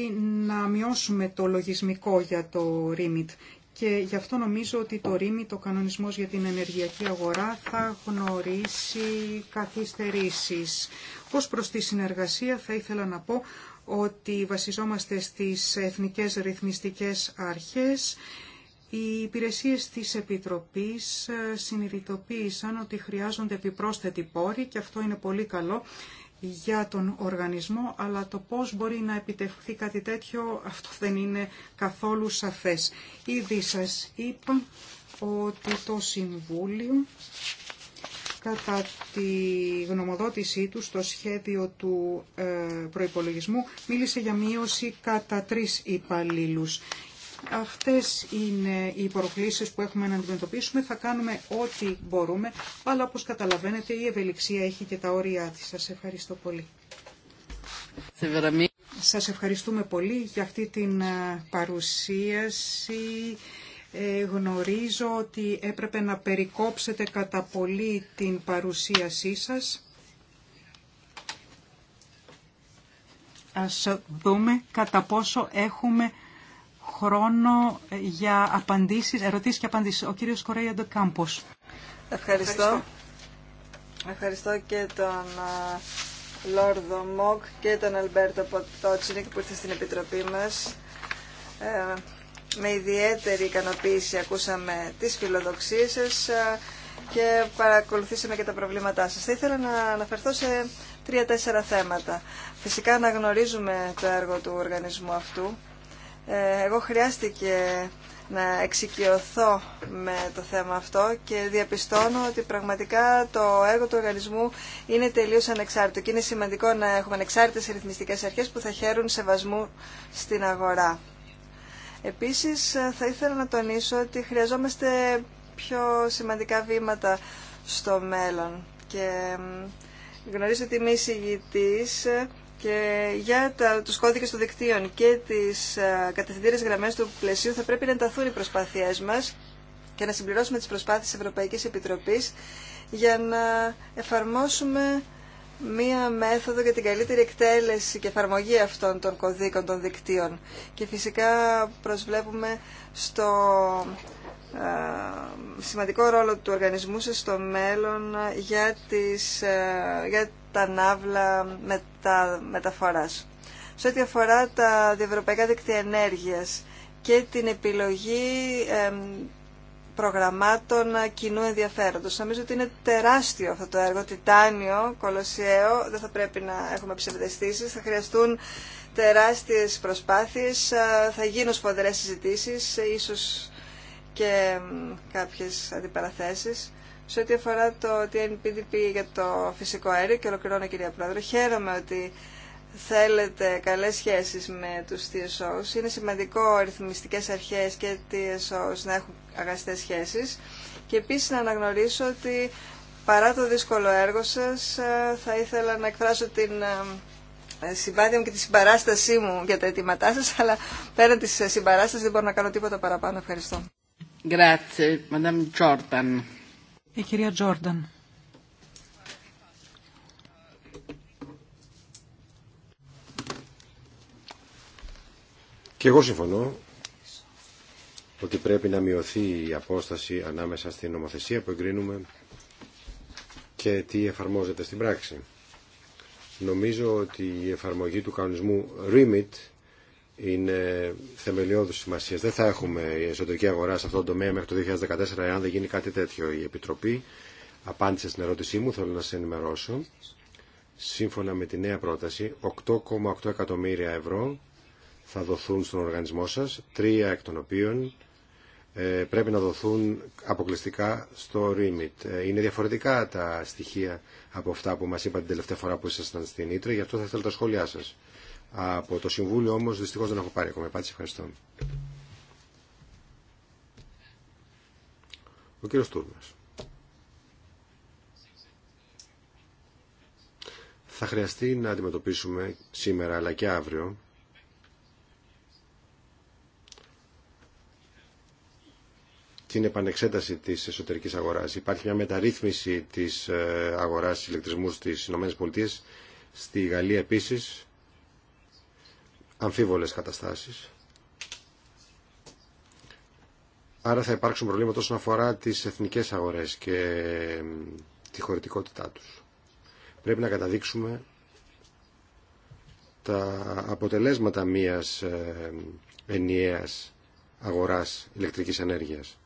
S2: να μειώσουμε το λογισμικό για το REMIT και γι' αυτό νομίζω ότι το REMIT, ο κανονισμός για την ενεργειακή αγορά, θα γνωρίσει καθυστερήσεις. Ως προς τη συνεργασία θα ήθελα να πω ότι βασιζόμαστε στις εθνικές ρυθμιστικές αρχές. Οι υπηρεσίες της Επιτροπής ε, συνειδητοποίησαν ότι χρειάζονται επιπρόσθετη πόρη και αυτό είναι πολύ καλό για τον οργανισμό, αλλά το πώς μπορεί να επιτευχθεί κάτι τέτοιο, αυτό δεν είναι καθόλου σαφές. Ήδη σας είπα ότι το Συμβούλιο κατά τη γνωμοδότησή του στο σχέδιο του ε, μίλησε για μείωση κατά τρεις υπαλλήλου. Αυτές είναι οι προκλήσεις που έχουμε να αντιμετωπίσουμε. Θα κάνουμε ό,τι μπορούμε, αλλά όπως καταλαβαίνετε η ευελιξία έχει και τα όρια της. Σας ευχαριστώ πολύ. Σας ευχαριστούμε πολύ για αυτή την ε, παρουσίαση ε, γνωρίζω ότι έπρεπε να περικόψετε κατά πολύ την παρουσίασή σας. Ας δούμε κατά πόσο έχουμε χρόνο για απαντήσεις, ερωτήσεις και απαντήσεις. Ο κύριος Κορέια Ντοκάμπος. Ευχαριστώ.
S4: Ευχαριστώ. και τον Λόρδο Μοκ και τον Αλμπέρτο Ποτότσινικ που ήρθε στην Επιτροπή μας. Ε, με ιδιαίτερη ικανοποίηση ακούσαμε τις φιλοδοξίες σας και παρακολουθήσαμε και τα προβλήματά σας. Θα ήθελα να αναφερθώ σε τρία-τέσσερα θέματα. Φυσικά να γνωρίζουμε το έργο του οργανισμού αυτού. Ε, εγώ χρειάστηκε να εξοικειωθώ με το θέμα αυτό και διαπιστώνω ότι πραγματικά το έργο του οργανισμού είναι τελείως ανεξάρτητο και είναι σημαντικό να έχουμε ανεξάρτητες ρυθμιστικές αρχές που θα χαίρουν σεβασμού στην αγορά. Επίσης θα ήθελα να τονίσω ότι χρειαζόμαστε πιο σημαντικά βήματα στο μέλλον και γνωρίζω ότι είμαι εισηγητής ε, και για τα, τους κώδικες των δικτύων και τις ε, κατευθυντήρες γραμμές του πλαισίου θα πρέπει να ενταθούν οι προσπάθειές μας και να συμπληρώσουμε τις προσπάθειες της Ευρωπαϊκής Επιτροπής για να εφαρμόσουμε μία μέθοδο για την καλύτερη εκτέλεση και εφαρμογή αυτών των κωδίκων των δικτύων. Και φυσικά προσβλέπουμε στο ε, σημαντικό ρόλο του οργανισμού σας στο μέλλον για, τις, ε, για τα ναύλα μετα, μεταφοράς. Σε ό,τι αφορά τα διευρωπαϊκά δίκτυα ενέργειας και την επιλογή ε, προγραμμάτων κοινού ενδιαφέροντος. Νομίζω ότι είναι τεράστιο αυτό το έργο, τιτάνιο, κολοσιαίο, δεν θα πρέπει να έχουμε ψευδεστήσεις, θα χρειαστούν τεράστιες προσπάθειες, θα γίνουν σφοδρές συζητήσεις, ίσως και κάποιες αντιπαραθέσεις. Σε ό,τι αφορά το TNPDP για το φυσικό αέριο, και ολοκληρώνω κυρία Πρόεδρε, χαίρομαι ότι θέλετε καλές σχέσεις με τους TSOs. Είναι σημαντικό ρυθμιστικές αρχές και TSOs να έχουν αγαστές σχέσεις και επίσης να αναγνωρίσω ότι παρά το δύσκολο έργο σας ε, θα ήθελα να εκφράσω την ε, ε, συμπάθεια μου και τη συμπαράστασή μου για τα αιτήματά σας αλλά πέραν της συμπαράστασης δεν μπορώ να κάνω τίποτα παραπάνω. Ευχαριστώ.
S1: Η κυρία Τζόρνταν.
S3: Και εγώ συμφωνώ ότι πρέπει να μειωθεί η απόσταση ανάμεσα στην νομοθεσία που εγκρίνουμε και τι εφαρμόζεται στην πράξη. Νομίζω ότι η εφαρμογή του κανονισμού REMIT είναι θεμελιώδους σημασίας. Δεν θα έχουμε η εσωτερική αγορά σε αυτό το τομέα μέχρι το 2014 εάν δεν γίνει κάτι τέτοιο. Η Επιτροπή απάντησε στην ερώτησή μου, θέλω να σε ενημερώσω. Σύμφωνα με τη νέα πρόταση, 8,8 εκατομμύρια ευρώ θα δοθούν στον οργανισμό σας, τρία εκ των οποίων ε, πρέπει να δοθούν αποκλειστικά στο REMIT. Ε, είναι διαφορετικά τα στοιχεία από αυτά που μας είπατε την τελευταία φορά που ήσασταν στην Ήτρε, γι' αυτό θα ήθελα τα σχόλιά σας. Από το Συμβούλιο όμως δυστυχώς δεν έχω πάρει ακόμα επάντηση. Ευχαριστώ. Ο κύριος Τούρμας. Θα χρειαστεί να αντιμετωπίσουμε σήμερα αλλά και αύριο είναι επανεξέταση της εσωτερικής αγοράς. Υπάρχει μια μεταρρύθμιση της ε, αγοράς ηλεκτρισμού στις ΗΠΑ, στη Γαλλία επίσης, αμφίβολες καταστάσεις. Άρα θα υπάρξουν προβλήματα όσον αφορά τις εθνικές αγορές και τη χωρητικότητά τους. Πρέπει να καταδείξουμε τα αποτελέσματα μιας ε, ενιαίας αγοράς ηλεκτρικής ενέργειας.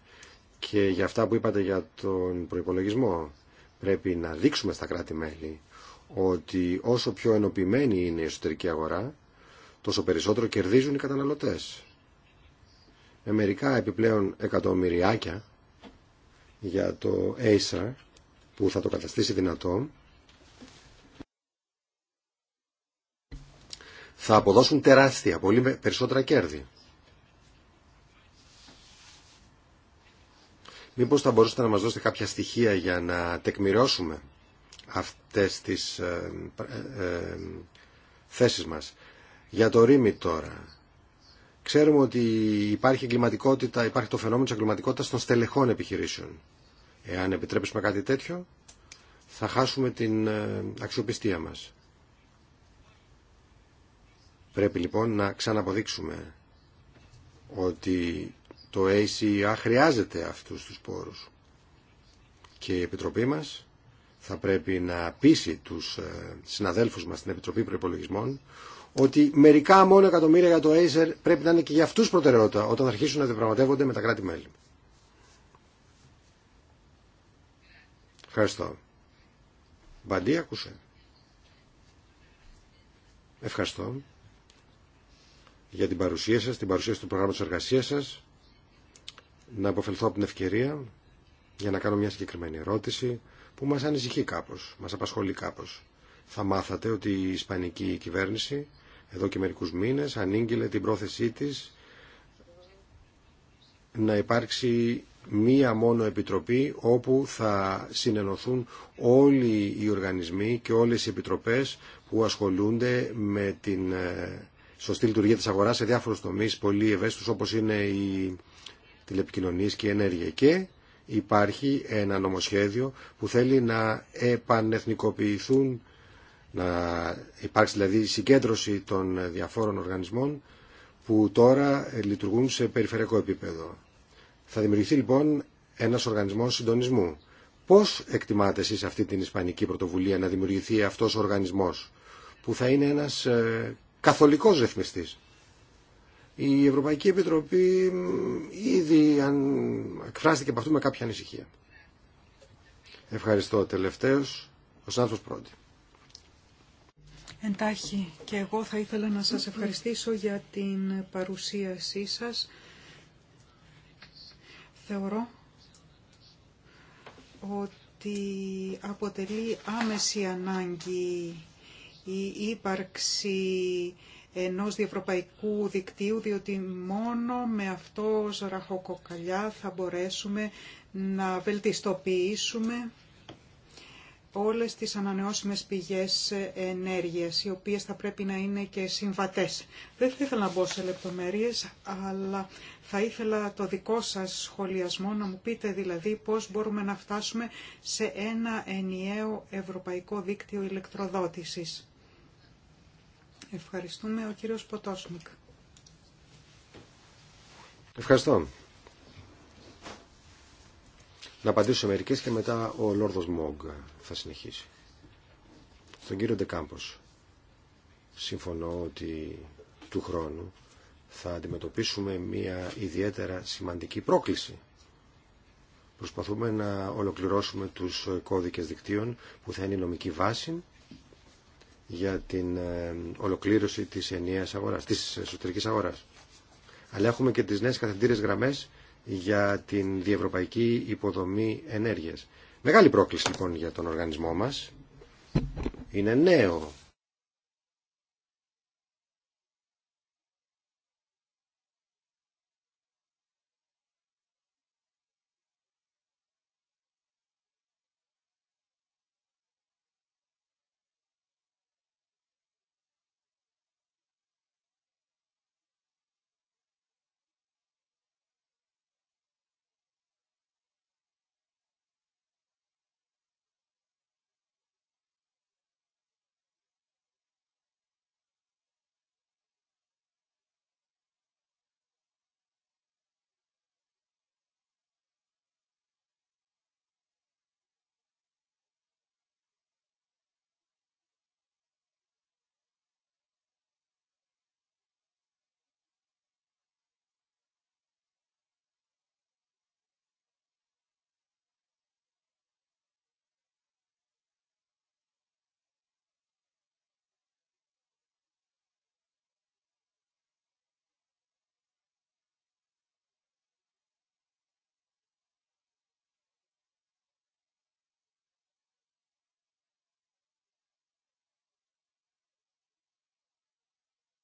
S3: Και για αυτά που είπατε για τον προϋπολογισμό, πρέπει να δείξουμε στα κράτη-μέλη ότι όσο πιο ενοποιημένη είναι η εσωτερική αγορά, τόσο περισσότερο κερδίζουν οι καταναλωτές. Με μερικά επιπλέον εκατομμυριάκια για το Acer που θα το καταστήσει δυνατό, θα αποδώσουν τεράστια, πολύ περισσότερα κέρδη. Μήπως θα μπορούσατε να μας δώσετε κάποια στοιχεία για να τεκμηρώσουμε αυτές τις ε, ε, ε, θέσεις μας. Για το ρήμι τώρα. Ξέρουμε ότι υπάρχει, εγκληματικότητα, υπάρχει το φαινόμενο της εγκληματικότητας των στελεχών επιχειρήσεων. Εάν επιτρέψουμε κάτι τέτοιο, θα χάσουμε την ε, αξιοπιστία μας. Πρέπει λοιπόν να ξαναποδείξουμε ότι το ACEA e χρειάζεται αυτούς τους πόρους και η Επιτροπή μας θα πρέπει να πείσει τους ε, συναδέλφους μας στην Επιτροπή Προϋπολογισμών ότι μερικά μόνο εκατομμύρια για το Acer πρέπει να είναι και για αυτούς προτεραιότητα όταν αρχίσουν να διαπραγματεύονται με τα κράτη-μέλη. Ευχαριστώ. Μπαντή, ακούσε. Ευχαριστώ για την παρουσία σας, την παρουσία του προγράμματος εργασίας σας να αποφελθώ από την ευκαιρία για να κάνω μια συγκεκριμένη ερώτηση που μας ανησυχεί κάπως, μας απασχολεί κάπως. Θα μάθατε ότι η Ισπανική κυβέρνηση εδώ και μερικούς μήνες ανήγγειλε την πρόθεσή της να υπάρξει μία μόνο επιτροπή όπου θα συνενωθούν όλοι οι οργανισμοί και όλες οι επιτροπές που ασχολούνται με την ε, σωστή λειτουργία της αγοράς σε διάφορους τομείς πολύ ευαίσθητους όπως είναι η τηλεπικοινωνίες και ενέργεια. Και υπάρχει ένα νομοσχέδιο που θέλει να επανεθνικοποιηθούν, να υπάρξει δηλαδή συγκέντρωση των διαφόρων οργανισμών που τώρα λειτουργούν σε περιφερειακό επίπεδο. Θα δημιουργηθεί λοιπόν ένας οργανισμός συντονισμού. Πώς εκτιμάτε εσείς αυτή την Ισπανική πρωτοβουλία να δημιουργηθεί αυτός ο οργανισμός που θα είναι ένας ε, καθολικός ρυθμιστής. Η Ευρωπαϊκή Επιτροπή ήδη αν... εκφράστηκε από αυτού με κάποια ανησυχία. Ευχαριστώ τελευταίος, ο Σάνθος Πρώτη.
S2: Εντάχει και εγώ θα ήθελα να σας ευχαριστήσω για την παρουσίασή σας. Θεωρώ ότι αποτελεί άμεση ανάγκη η ύπαρξη ενός διευρωπαϊκού δικτύου, διότι μόνο με αυτό ραχοκοκαλιά θα μπορέσουμε να βελτιστοποιήσουμε όλες τις ανανεώσιμες πηγές ενέργειας, οι οποίες θα πρέπει να είναι και συμβατές. Δεν θα ήθελα να μπω σε λεπτομέρειες, αλλά θα ήθελα το δικό σας σχολιασμό να μου πείτε δηλαδή πώς μπορούμε να φτάσουμε σε ένα ενιαίο ευρωπαϊκό δίκτυο ηλεκτροδότησης. Ευχαριστούμε. Ο κύριος Ποτόσμικ.
S3: Ευχαριστώ. Να απαντήσω μερικέ και μετά ο Λόρδος Μόγκ θα συνεχίσει. Στον κύριο Ντεκάμπος συμφωνώ ότι του χρόνου θα αντιμετωπίσουμε μια ιδιαίτερα σημαντική πρόκληση. Προσπαθούμε να ολοκληρώσουμε τους κώδικες δικτύων που θα είναι η νομική βάση για την ε, ολοκλήρωση της ενιαίας αγοράς, της εσωτερικής αγοράς. Αλλά έχουμε και τις νέες καθεντήρες γραμμές για την διευρωπαϊκή υποδομή ενέργειας. Μεγάλη πρόκληση λοιπόν για τον οργανισμό μας. Είναι νέο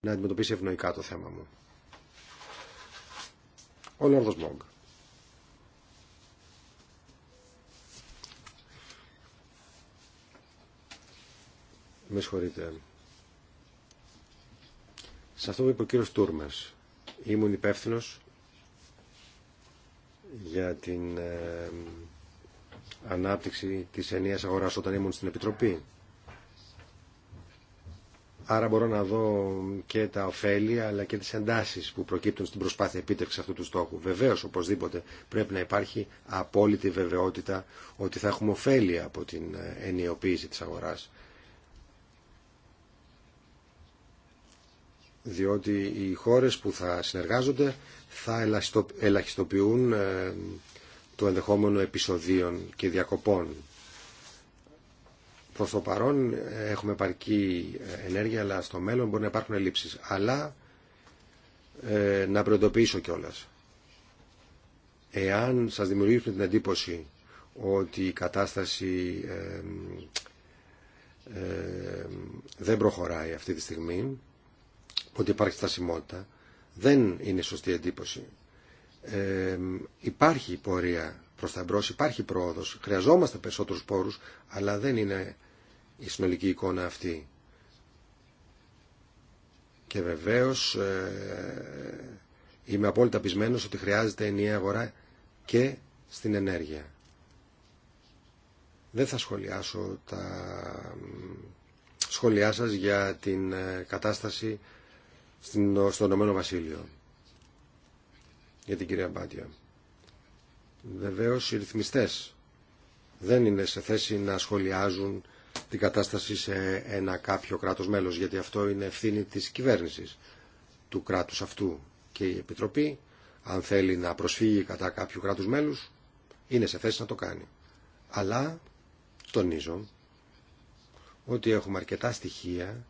S3: να αντιμετωπίσει ευνοϊκά το θέμα μου. Ο Λόρδος Μόγκ. Με συγχωρείτε. Σε αυτό που είπε ο κύριος Τούρμες, ήμουν υπεύθυνο για την ε, ανάπτυξη της ενίας αγοράς όταν ήμουν στην Επιτροπή. Άρα μπορώ να δω και τα ωφέλη αλλά και τις εντάσεις που προκύπτουν στην προσπάθεια επίτευξης αυτού του στόχου. Βεβαίως, οπωσδήποτε, πρέπει να υπάρχει απόλυτη βεβαιότητα ότι θα έχουμε ωφέλη από την ε, ενιοποίηση της αγοράς. Διότι οι χώρες που θα συνεργάζονται θα ελαχιστοποιούν ε, το ενδεχόμενο επεισοδίων και διακοπών Προς το παρόν έχουμε επαρκή ενέργεια, αλλά στο μέλλον μπορεί να υπάρχουν ελλείψεις. Αλλά ε, να προειδοποιήσω κιόλα. Εάν σας δημιουργήσουν την εντύπωση ότι η κατάσταση ε, ε, δεν προχωράει αυτή τη στιγμή, ότι υπάρχει στασιμότητα, δεν είναι σωστή εντύπωση. Ε, υπάρχει πορεία προς τα μπρος, υπάρχει πρόοδος, χρειαζόμαστε περισσότερους πόρους, αλλά δεν είναι η συνολική εικόνα αυτή. Και βεβαίως ε, είμαι απόλυτα πεισμένος ότι χρειάζεται ενιαία αγορά και στην ενέργεια. Δεν θα σχολιάσω τα σχόλιά σας για την ε, κατάσταση στον στο Βασίλειο. Για την κυρία Μπάτια. Βεβαίως οι ρυθμιστές δεν είναι σε θέση να σχολιάζουν την κατάσταση σε ένα κάποιο κράτος μέλος, γιατί αυτό είναι ευθύνη της κυβέρνησης του κράτους αυτού και η Επιτροπή, αν θέλει να προσφύγει κατά κάποιου κράτους μέλους, είναι σε θέση να το κάνει. Αλλά τονίζω ότι έχουμε αρκετά στοιχεία,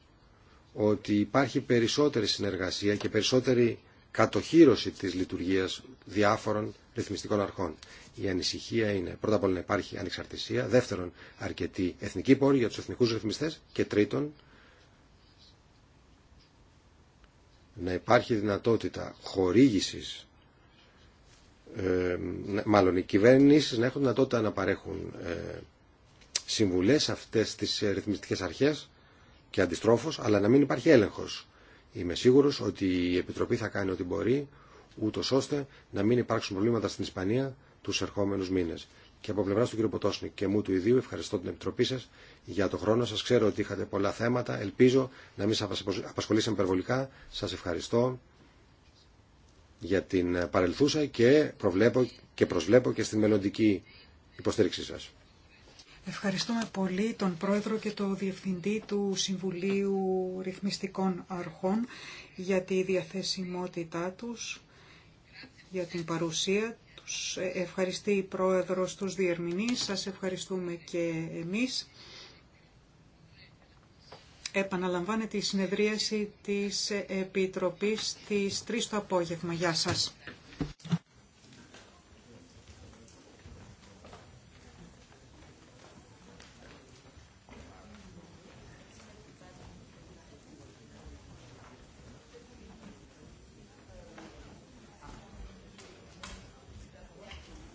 S3: ότι υπάρχει περισσότερη συνεργασία και περισσότερη κατοχήρωση της λειτουργίας διάφορων ρυθμιστικών αρχών. Η ανησυχία είναι πρώτα απ' όλα να υπάρχει ανεξαρτησία, δεύτερον αρκετή εθνική πόροι για τους εθνικούς ρυθμιστές και τρίτον να υπάρχει δυνατότητα χορήγηση, ε, μάλλον οι κυβέρνησεις να έχουν δυνατότητα να παρέχουν ε, συμβουλές σε αυτές τις ε, ρυθμιστικές αρχές και αντιστρόφως, αλλά να μην υπάρχει έλεγχο. Είμαι σίγουρος ότι η Επιτροπή θα κάνει ό,τι μπορεί, ούτω ώστε να μην υπάρξουν προβλήματα στην Ισπανία του ερχόμενου μήνε. Και από πλευρά του κ. Ποτόσνη και μου του ιδίου ευχαριστώ την Επιτροπή σα για το χρόνο σα. Ξέρω ότι είχατε πολλά θέματα. Ελπίζω να μην σα απασχολήσαμε υπερβολικά. Σα ευχαριστώ για την παρελθούσα και, προβλέπω και προσβλέπω και στην μελλοντική υποστήριξή σα.
S2: Ευχαριστούμε πολύ τον Πρόεδρο και τον Διευθυντή του Συμβουλίου Ρυθμιστικών Αρχών για τη διαθεσιμότητά τους για την παρουσία τους. Ε, ευχαριστεί η Πρόεδρος τους Διερμηνείς. Σας ευχαριστούμε και εμείς. Επαναλαμβάνεται η συνεδρίαση της Επιτροπής της 3 το απόγευμα. Γεια σας.